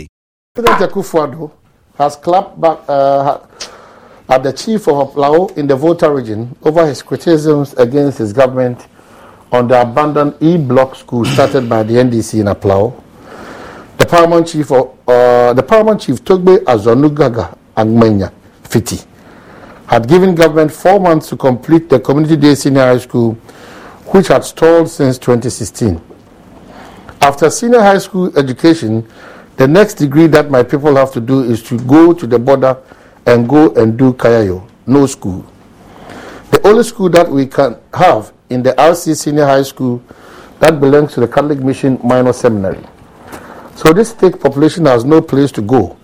President Akufo-Addo has clapped back uh, at the chief of Aplao in the Volta region over his criticisms against his government on the abandoned E-block school started by the NDC in Aplao. The paramount chief, of, uh, the paramount chief Togbe Azonugaga Angmenya Fiti had given government four months to complete the community day senior high school, which had stalled since 2016. After senior high school education the next degree that my people have to do is to go to the border and go and do Kayayo. No school. The only school that we can have in the RC Senior High School that belongs to the Catholic Mission Minor Seminary. So this thick population has no place to go.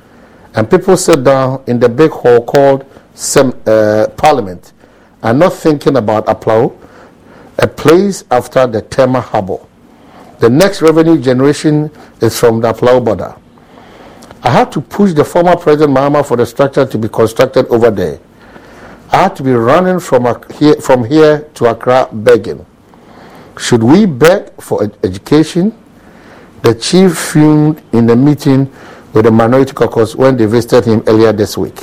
And people sit down in the big hall called Sem- uh, Parliament and not thinking about Aplau, a place after the Tema Harbour. The next revenue generation is from the Aplau border. I had to push the former President Mahama for the structure to be constructed over there. I had to be running from here, from here to Accra begging. Should we beg for ed- education? The chief fumed in the meeting with the minority caucus when they visited him earlier this week.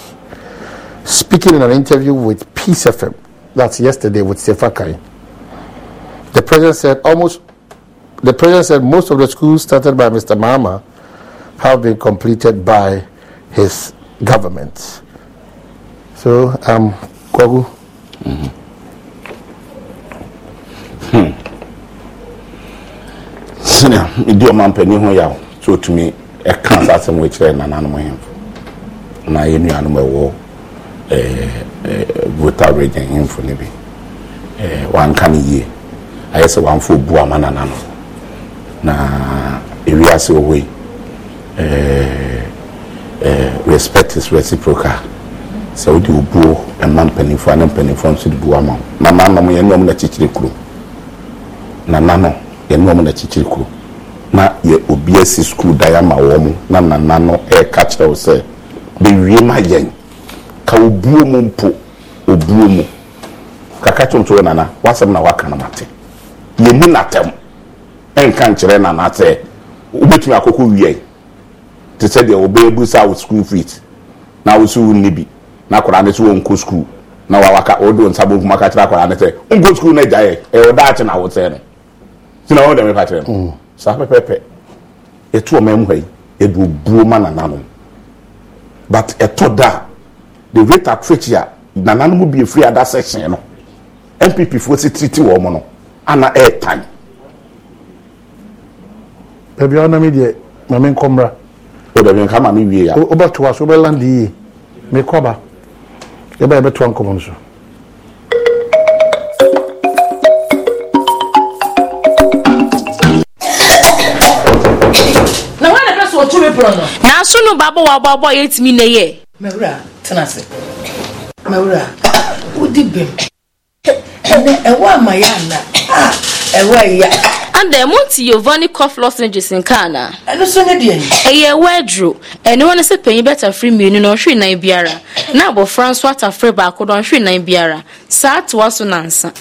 Speaking in an interview with Peace FM, that's yesterday with Sefakai, the president said almost the president said most of the schools started by Mr. Mahama have been completed by his government. So, um, Kogu. Mm-hmm. Hmm. Sina, idio ọma mpanyin ho yaw tí o tumi ɛka asase mu ekyirɛ nananom hemfo na yɛn nuanom wo ɛɛ ɛɛ vota region hemfo ne bi ɛɛ eh, wanka ne yie ayɛ sɛ wanfo bu ama nananom na ewiase wɔ hɔ yi. respect eh, eh, is reciprocal sɛ wode wobuo ɛma mpanimfoɔ ne mpanimfoɔ nso de buo ama wo na nana mo yɛne ɔm na akyikyiri kuro nana no yɛne ɔm no akyikyiri kuro na yɛ obi asi sukuu dan ama wɔ mo na nana no ɛreka kyerɛ wo sɛ bɛwie ma yɛn ka obuo mu mpo obuo mu kaka kyomto nana wasɛm na waka no mate yɛni natɛm ɛnka nkyerɛ nana sɛ wobɛtumi akɔkɔ wiei te sɛ deɛ wɔbɛyɛ bu sa school fees na wo so wonni bi na akwadaa ne so wɔ nkɔ school na wawaka wɔde wɔn nsa bonkum aka kyerɛ akwadaa ne sɛ nkɔ school na gya yɛ ɛyɛ ɔda akye na awotɛ no tina wɔn dɛm ɛfa kyerɛ no mm. saa pɛpɛpɛ yɛtu ɔman mu ha yi yɛde obuo ma nananom but ɛtɔ da the rate at which a mu bi efiri ada section no npp foɔ si tiriti wɔn no ana ɛɛtan. baabi a ɔnam yi deɛ maame nkɔmra o dẹ̀ fi nka ma mi wie ya. o bɛ to a so o bɛ landi yie mɛ kɔba yɛ e bɛ yɛ e bɛ to nkɔmɔ nso. na na bɛ sɔ otu mi sunu baabo wa bɔ yɛ ti mi ne yɛ. mɛwura tena se mɛwura o di bɛn ɛnɛ ɛwɔ ama yɛ ɛwɔ ɛyɛ. ada mu nti yovani cough lozenges nka ana. ɛno so ne deɛ. ɛyɛ ɛwɔ aduro ɛne wɔn sɛ panyin bɛta firi mmienu na ɔhwee nan biara na abɔfra nso ata firi baako na ɔhwee nan biara saa atoa so nansa.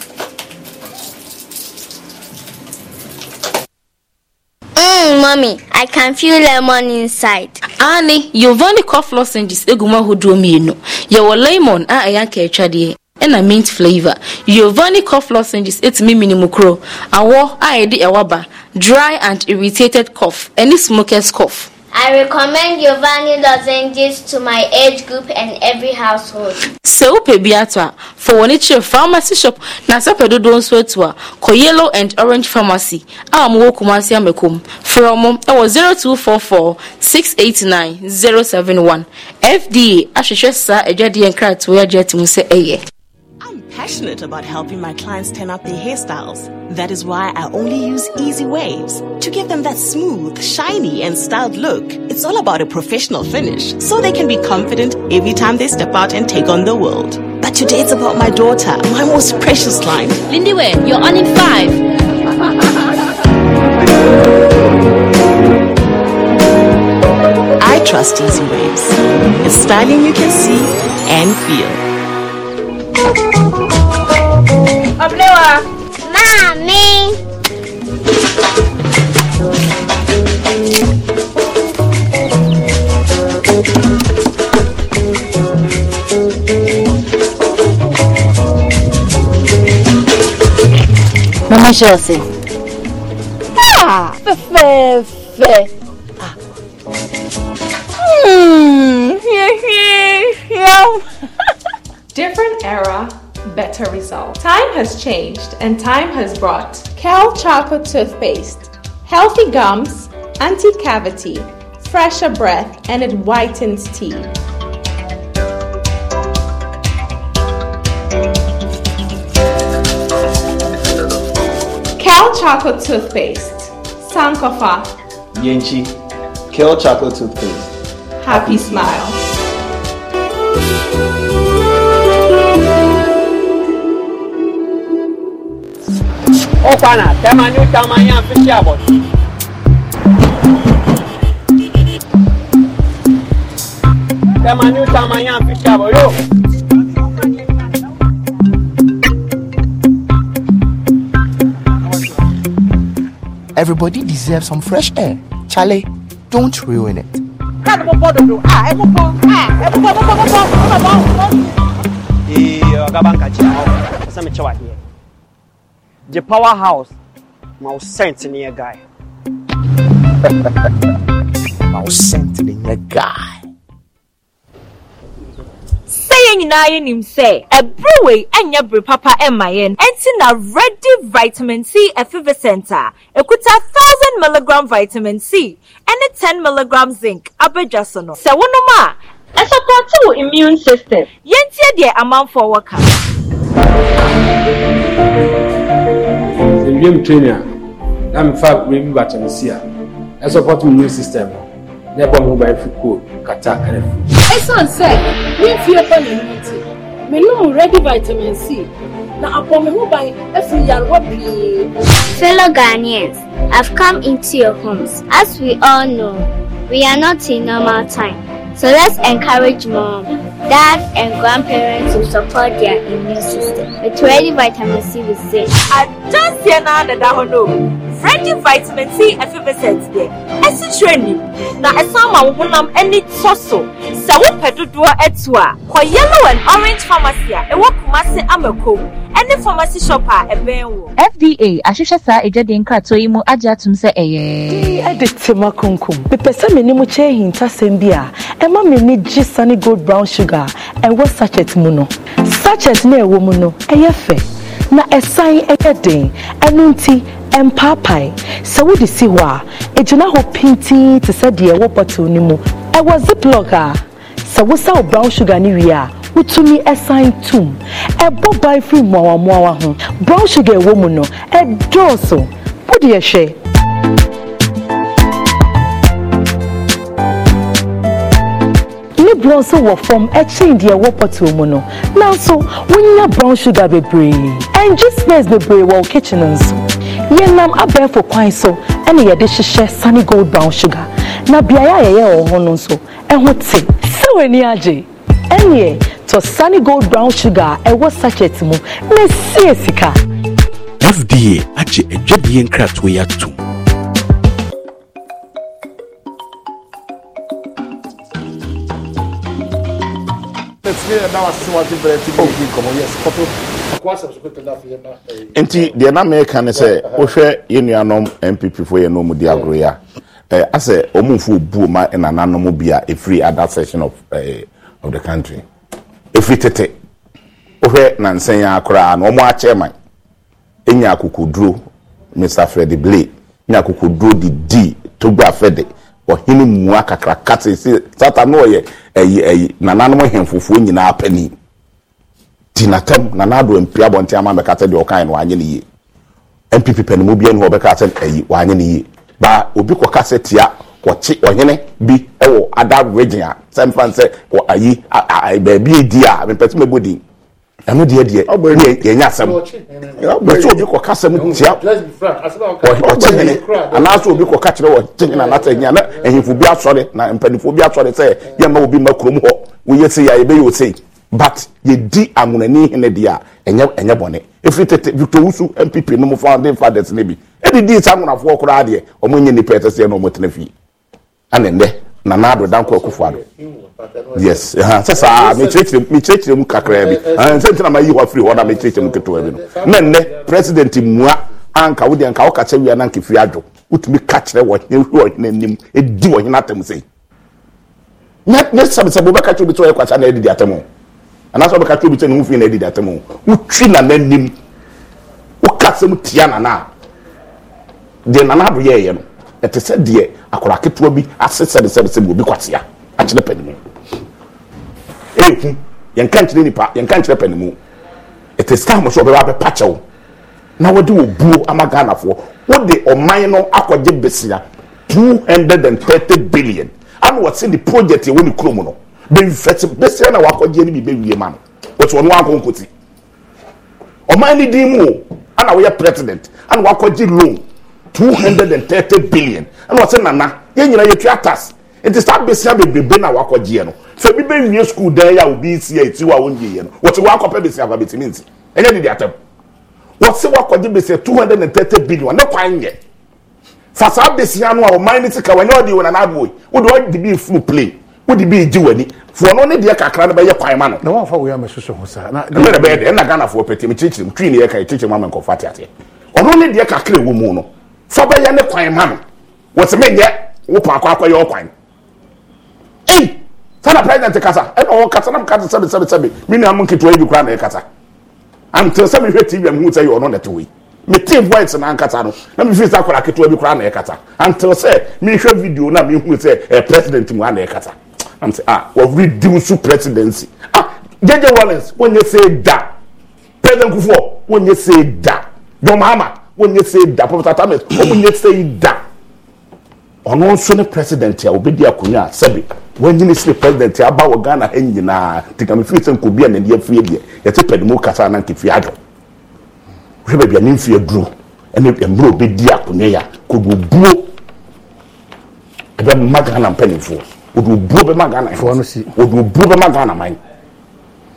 Mmm, mommy, I can feel lemon inside. Ani, Yovani cough lozenges egu mu ahodoɔ mmienu. Yɛwɔ lemon a ɛyɛ akɛtwadeɛ ɛna mint flavour giovanni cough lozenges ɛtumi minimu koro awɔ a yɛde ɛwɔ ba dry and irritated cough ɛne smokers cough. I recommend Giovanni lozenges to my age group and every household. Sɛ wopɛ bi ato a, fa wɔne kyerɛ pharmacy shop na sɛ pɛ dodoɔ nso ato a, kɔ yellow and orange pharmacy a wɔn wɔ Kumasi Amakom. Frɛ wɔn ɛwɔ 0244 689 071. FDA ahwehwɛ saa adwadeɛ nkratoɔ agye atum sɛ ɛyɛ. passionate about helping my clients turn up their hairstyles. That is why I only use Easy Waves to give them that smooth, shiny, and styled look. It's all about a professional finish so they can be confident every time they step out and take on the world. But today it's about my daughter, my most precious client. Way, you're on in five. I trust Easy Waves. It's styling you can see and feel. Обняла. Mami Mamãe Josi. Ah, Fefe. Fe. Ah. Hum, Different era, better result. Time has changed and time has brought Kel Chocolate Toothpaste, healthy gums, anti cavity, fresher breath, and it whitens teeth. Kel Chocolate Toothpaste, Sankofa, Yenchi, Kel Chocolate Toothpaste. Happy, Happy smile. okwana tema ni utama ya mfiti abot tema ni utama ya mfiti abot yo Everybody deserves some fresh air. Charlie, don't ruin it. E eh, ọ̀gá bá ń kàjí àwọn ọ̀sán mi ṣe wà ní ẹ̀. The powerhouse, my sent near guy. My sent near guy. yɛn nyinaa yɛ nim sɛ ɛbere wei ɛnyɛ bere papa ɛma yɛn ɛnti na ready vitamin c effervescent a ekuta thousand milligram vitamin c ɛne ten milligram zinc abadwa so no sɛ wɔnom a ɛsopɔte wo immune system yɛntie deɛ amanfoɔ wɔ ka. mewie me training a na mefa baabi bakyɛ me si a ɛsupɔt me new system no na ɛbɔ me ho ban fi koo kata ɛne fi ɛsiane sɛ memfie pa ne no nti menom ready vitamin c na upon me who by every year what be fellow Ghanaians, I've come into your homes. As we all know, we are not in normal time. So let's encourage more. Dads and grandparents to support their immune system The 20 vitamin C with zinc. I just hear now that I ready vitamin c effervescent deɛ ɛsi kyerɛ nim na ɛsan ma wo honam ani tɔ so sɛ wopɛ dodoɔ ɛto a kɔ yellow and orange pharmacy a ɛwɔ kumase amakom ɛne pharmacy shop a ɛbɛn wɔ. fda ahwehwɛ saa adwade nkrataa yi mu agye atum sɛ ɛyɛ. ɛde tema konkom pepɛ sɛ me ne mu kyɛ ahintasɛm bi a ɛma me gye sunny gold brown sugar ɛwɔ e sachet mu no sachet na ɛwɔ e mu no ɛyɛ e fɛ na ɛsan ɛyɛ den ɛno nti ɛmpaapae sɛ wode si hɔ a ɛgyina hɔ pintii te sɛ deɛ ɛwɔ bottle no mu ɛwɔ ziplock a sɛ wosaw brown sugar no wie a wotumi ɛsan tum ɛbɔ ban firi mmoawammoawa ho brown sugar ɛwɔ mu no ɛdɔɔso wodeɛ hwɛ ne bi nso wɔ fam ɛkyɛn deɛ ɛwɔ pɔtɔ mu no nanso wonya brown sugar bebree ɛngye space bebree wɔ kitchen nso yɛnam abɛɛfo kwan so ɛna yɛde hyehyɛ sunny gold brown sugar na beaeɛ a yɛyɛ wɔ ho no nso ɛho te sɛ w'ani agye ɛneɛ tɔ sunny gold brown sugar a ɛwɔ sachet mu na sie sika fda agye adwadeɛ nkratoɔ yi ato Oh. nti deɛ na meka ne sɛ wohwɛ yɛn nuanom npp fo yɛn no mu di agorɔ yi a eh, asɛ ɔmo buo ma nananom bi a ɛfiri other section of, eh, of the country ɛfiri tete wohwɛ nansan yi akoraa na ɔmo akyɛ man ɛnya akokoduro mr freddy blay nya akokoduro de di togba fɛde ɔhene mua kakraka te se sata no ɔyɛ ɛyi ɛyi nananom hemfofoɔ nyinaa pɛni ti natam nana do mpia bɔnten ama mɛka sɛ deɛ ɔkan no wanyɛ ne yie npp pɛnimu bi ɛni hɔ bɛka sɛ ɛyi wanyɛ ne yie baa obi kɔka sɛ tia kɔkye ɔhene bi ɛwɔ ada region a sɛ mfa nsɛ wɔ ayi a a baabi edi a mɛpɛ sɛ mɛbɔ din ɛno deɛ deɛ ne yɛnya asɛm bɛsɛ obi kɔka asɛm tia ɔkyehene anaasɛ obi kɔka kyerɛ ɔkyehene anaasɛ ɛnya na ahemfo bi asɔre na mpanimfoɔ bi asɔre sɛ yɛmma obi mma kurom hɔ woyɛ sei a yɛbɛyɛ osei but yɛdi amonani hene deɛ a ɛnyɛ ɛnyɛ bɔne efiri tete victor wusu npp nom founding fathers ne bi ɛde di saa amonafoɔ koraa deɛ ɔmo nye nipa ɛsɛ sɛ ɛna ɔmo tena fie ɛna nana ado danko akufo ado yes sɛ saa mekyerɛkyerɛ mu kakraa bi eh, eh, eh. sɛ ntina mayi hɔ afiri hɔ na mekyerɛkyerɛ mu ketewa bi no na nnɛ president mua anka wode anka woka kyɛ wia na anka firi adwo wotumi ka kyerɛ wɔhene wɔhene anim ɛdi wɔhene atɛm sei ne sɛbsɛb wobɛka kyerɛ obi sɛ ɔyɛ kwasa na adidi atɛm anaasɛ wobɛka kyerɛ obi sɛ ne ho fii na adidi atɛm wotwi nana anim woka sɛm tia nana deɛ nana ado yɛɛyɛ no ɛte sɛ deɛ akɔla ketewa bi ase sɛde sɛde sɛde obi kwasia akyerɛ panimu ehu yɛn ka nkyerɛ nipa yɛn ka nkyerɛ panimu ɛte sika ahoma so ɔbɛba abɛpa kyɛw na wɔde obuo ama ghanafoɔ wɔde ɔman no akɔgye besia two hundred and thirty billion ana wɔte ne project ɛwɔ ne kurom no bɛnfɛte besia na wakɔgye no bi bɛwie ma no wɔte ɔno ankɔ nkɔti ɔman ne din o ana wɔyɛ president ana wakɔgye loan two hundred and thirty billion ɛna ɔsɛ nana yɛn nyinaa yɛ tua tas nti saa besia bebrebe na wakɔ gyeɛ no sɛ bi bɛ wie sukuu dan yɛ a obi si yɛ eti wa wɔn gye yɛ no wɔte wakɔ pɛ besia ba betumi nti ɛnyɛ didi atam wɔsi wakɔ gye besia two hundred and thirty billion ne kwan yɛ fa saa besia no a ɔman ne sika wɔn ɛna ɔde wɔn nana aboɔ yi wɔde wɔn de bi funu play. wɔde bi gye wɔn ani fo no ne deɛ kakra no bɛyɛ kwan ma no. na wɔn afa woyɛ amasusu ho saa. na ɛna bɛyɛ dɛ ɛna ghana fo pɛtɛ mu kyirikyiri mu twi ne yɛ ka yɛ kyirikyiri mu ama nkɔfa teateɛ ɔno ne deɛ kakra ewu mu no fa bɛyɛ ne kwan ma no wɔsi mi nyɛ wo paako akɔ yɛ ɔkwan ee sana president kasa ɛna ɔwɔ kasa nam kasa sɛbi sɛbi sɛbi mi ni amu nketewa yi kura na yɛ kasa antɛ sɛ mi hwɛ tv mu sɛ yɛ ɔno na ɛte mi ti voice na nkata no na mi fi sa akɔla ketewa bi kura na yɛ kasa antɛ sɛ mi hwɛ video na mi hu sɛ ɛ president mu ana yɛ kasa antɛ a ah, wɔri diw presidency ah jeje wallace wɔnyɛ sɛ da president kufuor wɔnyɛ sɛ da john mahama wonye se da prophet atamet wonye se da ɔno nso ne president a obedi akonnwa a sɛbi wɔnyini sini president a aba wɔ ghana ha nyinaa tikami firi sɛ nkobi a nani afiri deɛ yɛte pɛnimu kasa na nkefi adɔ hwɛ baabi a ne nfi aduro ɛne mmerɛ obedi akonnwa yɛ kodo buo ɛbɛ ma ghana mpanyinfoɔ odo buo bɛ ma ghana foɔ no si odo buo bɛ ma ghana man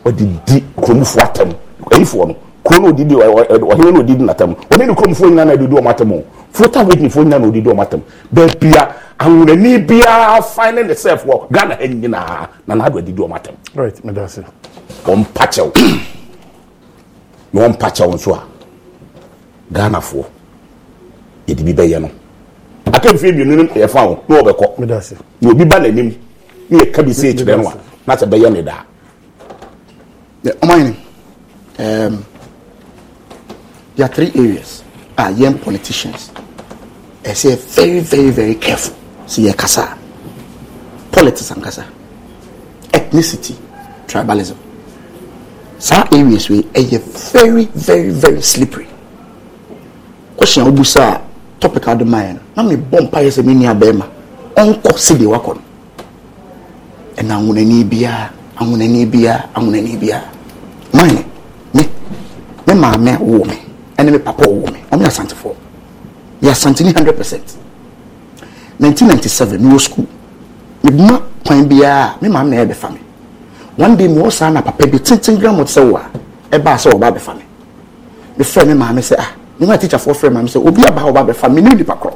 ɔde di kuromufoɔ atam ɛyifoɔ no kuro no odidi ɔhene no odidi n'atam ɔne ne kuromfoɔ nyinaa na odidi ɔmo atam o fota witinifoɔ nyinaa na odidi ɔmo atam beebia ahorani biara finding itself wɔ ghana ha nyinaa na n'ado odidi ɔmo atam. right meda se. wɔn mpakyɛw na wɔn mpakyɛw nso a ghana foɔ edibi bɛyɛ no akɛnfie mmienu no yɛ fa o na ɔbɛkɔ meda se na obi ba n'anim na yɛ kabi se ekyirɛ no a na sɛ bɛyɛ ne daa. ɔmɔ yini there are three areas are young politicians I say very very very careful See, yẹ kasa politics and ankasa ethnicity tribalism Some areas we are very very very slippery question a wobusa a topic a wode maɛ no na mebɔ mpa yɛ sɛ me nua bɛrima ɔnkɔ sɛdeɛ wakɔ no ɛna awonani biara awonani biara awonani biara mane me me ma a wowɔ me ɛne me papa ɔwɔ me ɔmo yɛ asantefoɔ yɛ asanteni hundred percent nineteen ninety seven mi wɔ school mi ma kwan biara mi maa mi na yɛ bɛfa mi one day mi wɔ saa na papa bi tenten grandma sɛ wɔ a ɛbaa sɛ ɔba bɛfa mi mi fɛ mi maame sɛ ah mi ma teacher foɔ fɛ maame sɛ obi aba ɔba bɛfa mi ni nipa korɔ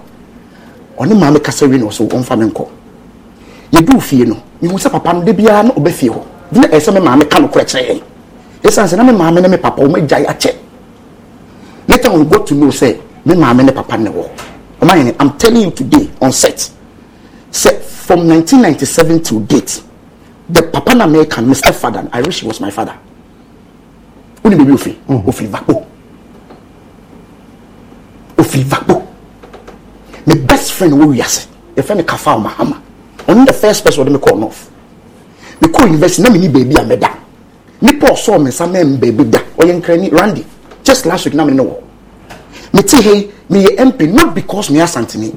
ɔne maame kasa wi na ɔsɛ ɔnfa mi nkɔ yɛdu fie no mihu sɛ papa no de biara na ɔbɛ fie hɔ bi na ɛsɛ mi maame ka no korɛ kyerɛ yɛn esan sɛ na mi maame ne mi papa ɔmo agya yɛ akyɛ later on go to know say me maame ne papa ne wɔ ɔmo ayɛ ne i'm telling you today on set say from 1997 to date the papa na american my stepfather i wish he was my father wọ́n ní bèbí òfin òfin vakpo òfin vakpo my best friend wọ́n wíyàsẹ̀ yẹ fẹ́ mi kafa ọmọ hama ọ̀nà the first person ọ̀dọ́ mi kọ́ north mi kọ́ university náà mi ní bèbí àmẹ́dá nípa ọ̀sọ́ mi sá mẹ́rin bèbí dá ọ̀yẹ́ nkẹ́rẹ́ ní randy just last week na me ne wɔ me ti hei me yɛ mp not because me asantene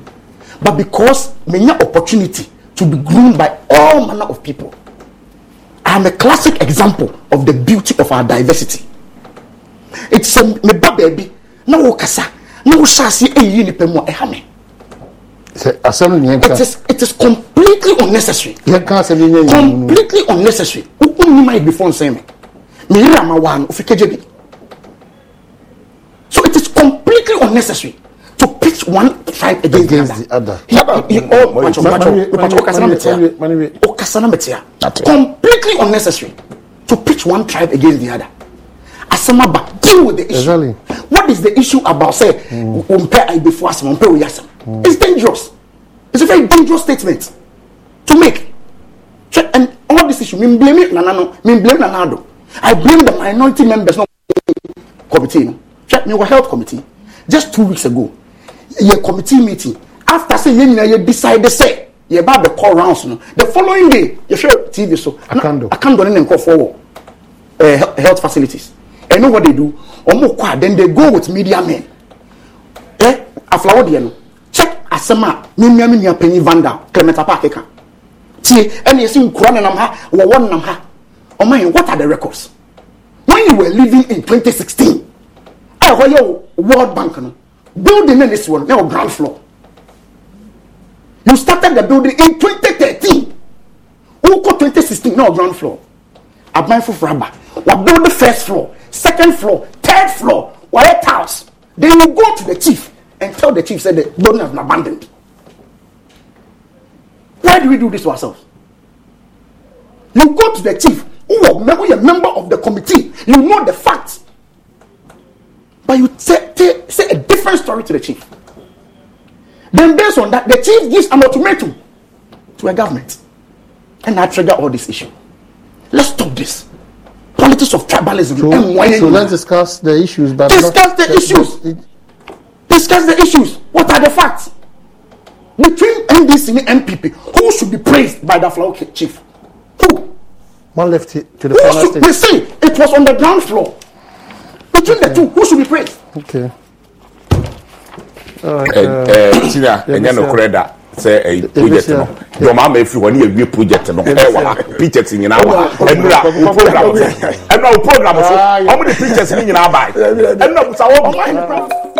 but because me nya opportunity to be groomed by all manner of people i am a classic example of the beauty of our diversity eti sɛ me ba baabi na wɔ kasa na wɔ hyɛ aseɛ eyiyi nipa mu a ɛha me. it is it is completely unnecessary. completely unnecessary o kun ni ma ye before nsɛn mi mi yiri ama wa no o completely unnecessary to pitch one tribe against, against the other. The other. He, he, he all macho macho completely unnecessary to pitch one tribe against the other. Asamaba deal with the issue. Exactly. What is the issue about say umpe I before asam umpe oyasam? Mm. It's dangerous. It's a very dangerous statement to make. And all this issue, me blame it, Nanano, me blame Nanado. I blame the minority members, not committee. Check me, health committee just two weeks ago yɛ committee meeting after say yɛn nyinaa yɛ decide say yɛ ba bɛ call rounds no the following day yɛ hwɛ tv so akando akando ne ne nkɔfoɔ wɔ ɛɛ eh, health facilities and know what they do ɔmo kɔ a then they go with media men ɛ eh, aflawo deɛ no check asɛm a mi nua mi nua panyin vanda clement apake kan tie ɛna yɛsi nkura nenam ha wɔwɔ nenam ha ɔmo yɛn what are the records when you were living in 2016 a ɛhɔ yɛ world bank no building na ne si no na yɛ ground floor you started the building in twenty thirteen wokɔ twenty sixteen na yɛ ground floor aban foforɔ aba wa build the first floor second floor third floor wayɛ tiles then you go to the chief and tell the chief say the building has been abandoned why do we do this to ourselves you go to the chief who were who a member of the committee you know the facts But you t- t- say a different story to the chief. Then, based on that, the chief gives an ultimatum to a government. And I trigger all this issue. Let's stop this. Politics of tribalism. So, so let's discuss the issues. But discuss the, the issues. it, discuss the issues. What are the facts? Between NDC and MPP, who should be praised by the flower chief? Who? One left to the who final should, stage. They say it was on the ground floor between the two who should be praised. Okay. Uh. Uh. Uh. Uh. Uh. Uh. Uh. Uh. Uh. sɛ ɛyi project no yɛ ɔmaa ma efiri hɔ ne yɛ wie project no ɛwɔ ha pictures nyinaa wɔ ha ɛnura o program ɛnura o program so ɔmo de pictures ni nyinaa ba yi ɛnura kusa wɔn ba yi.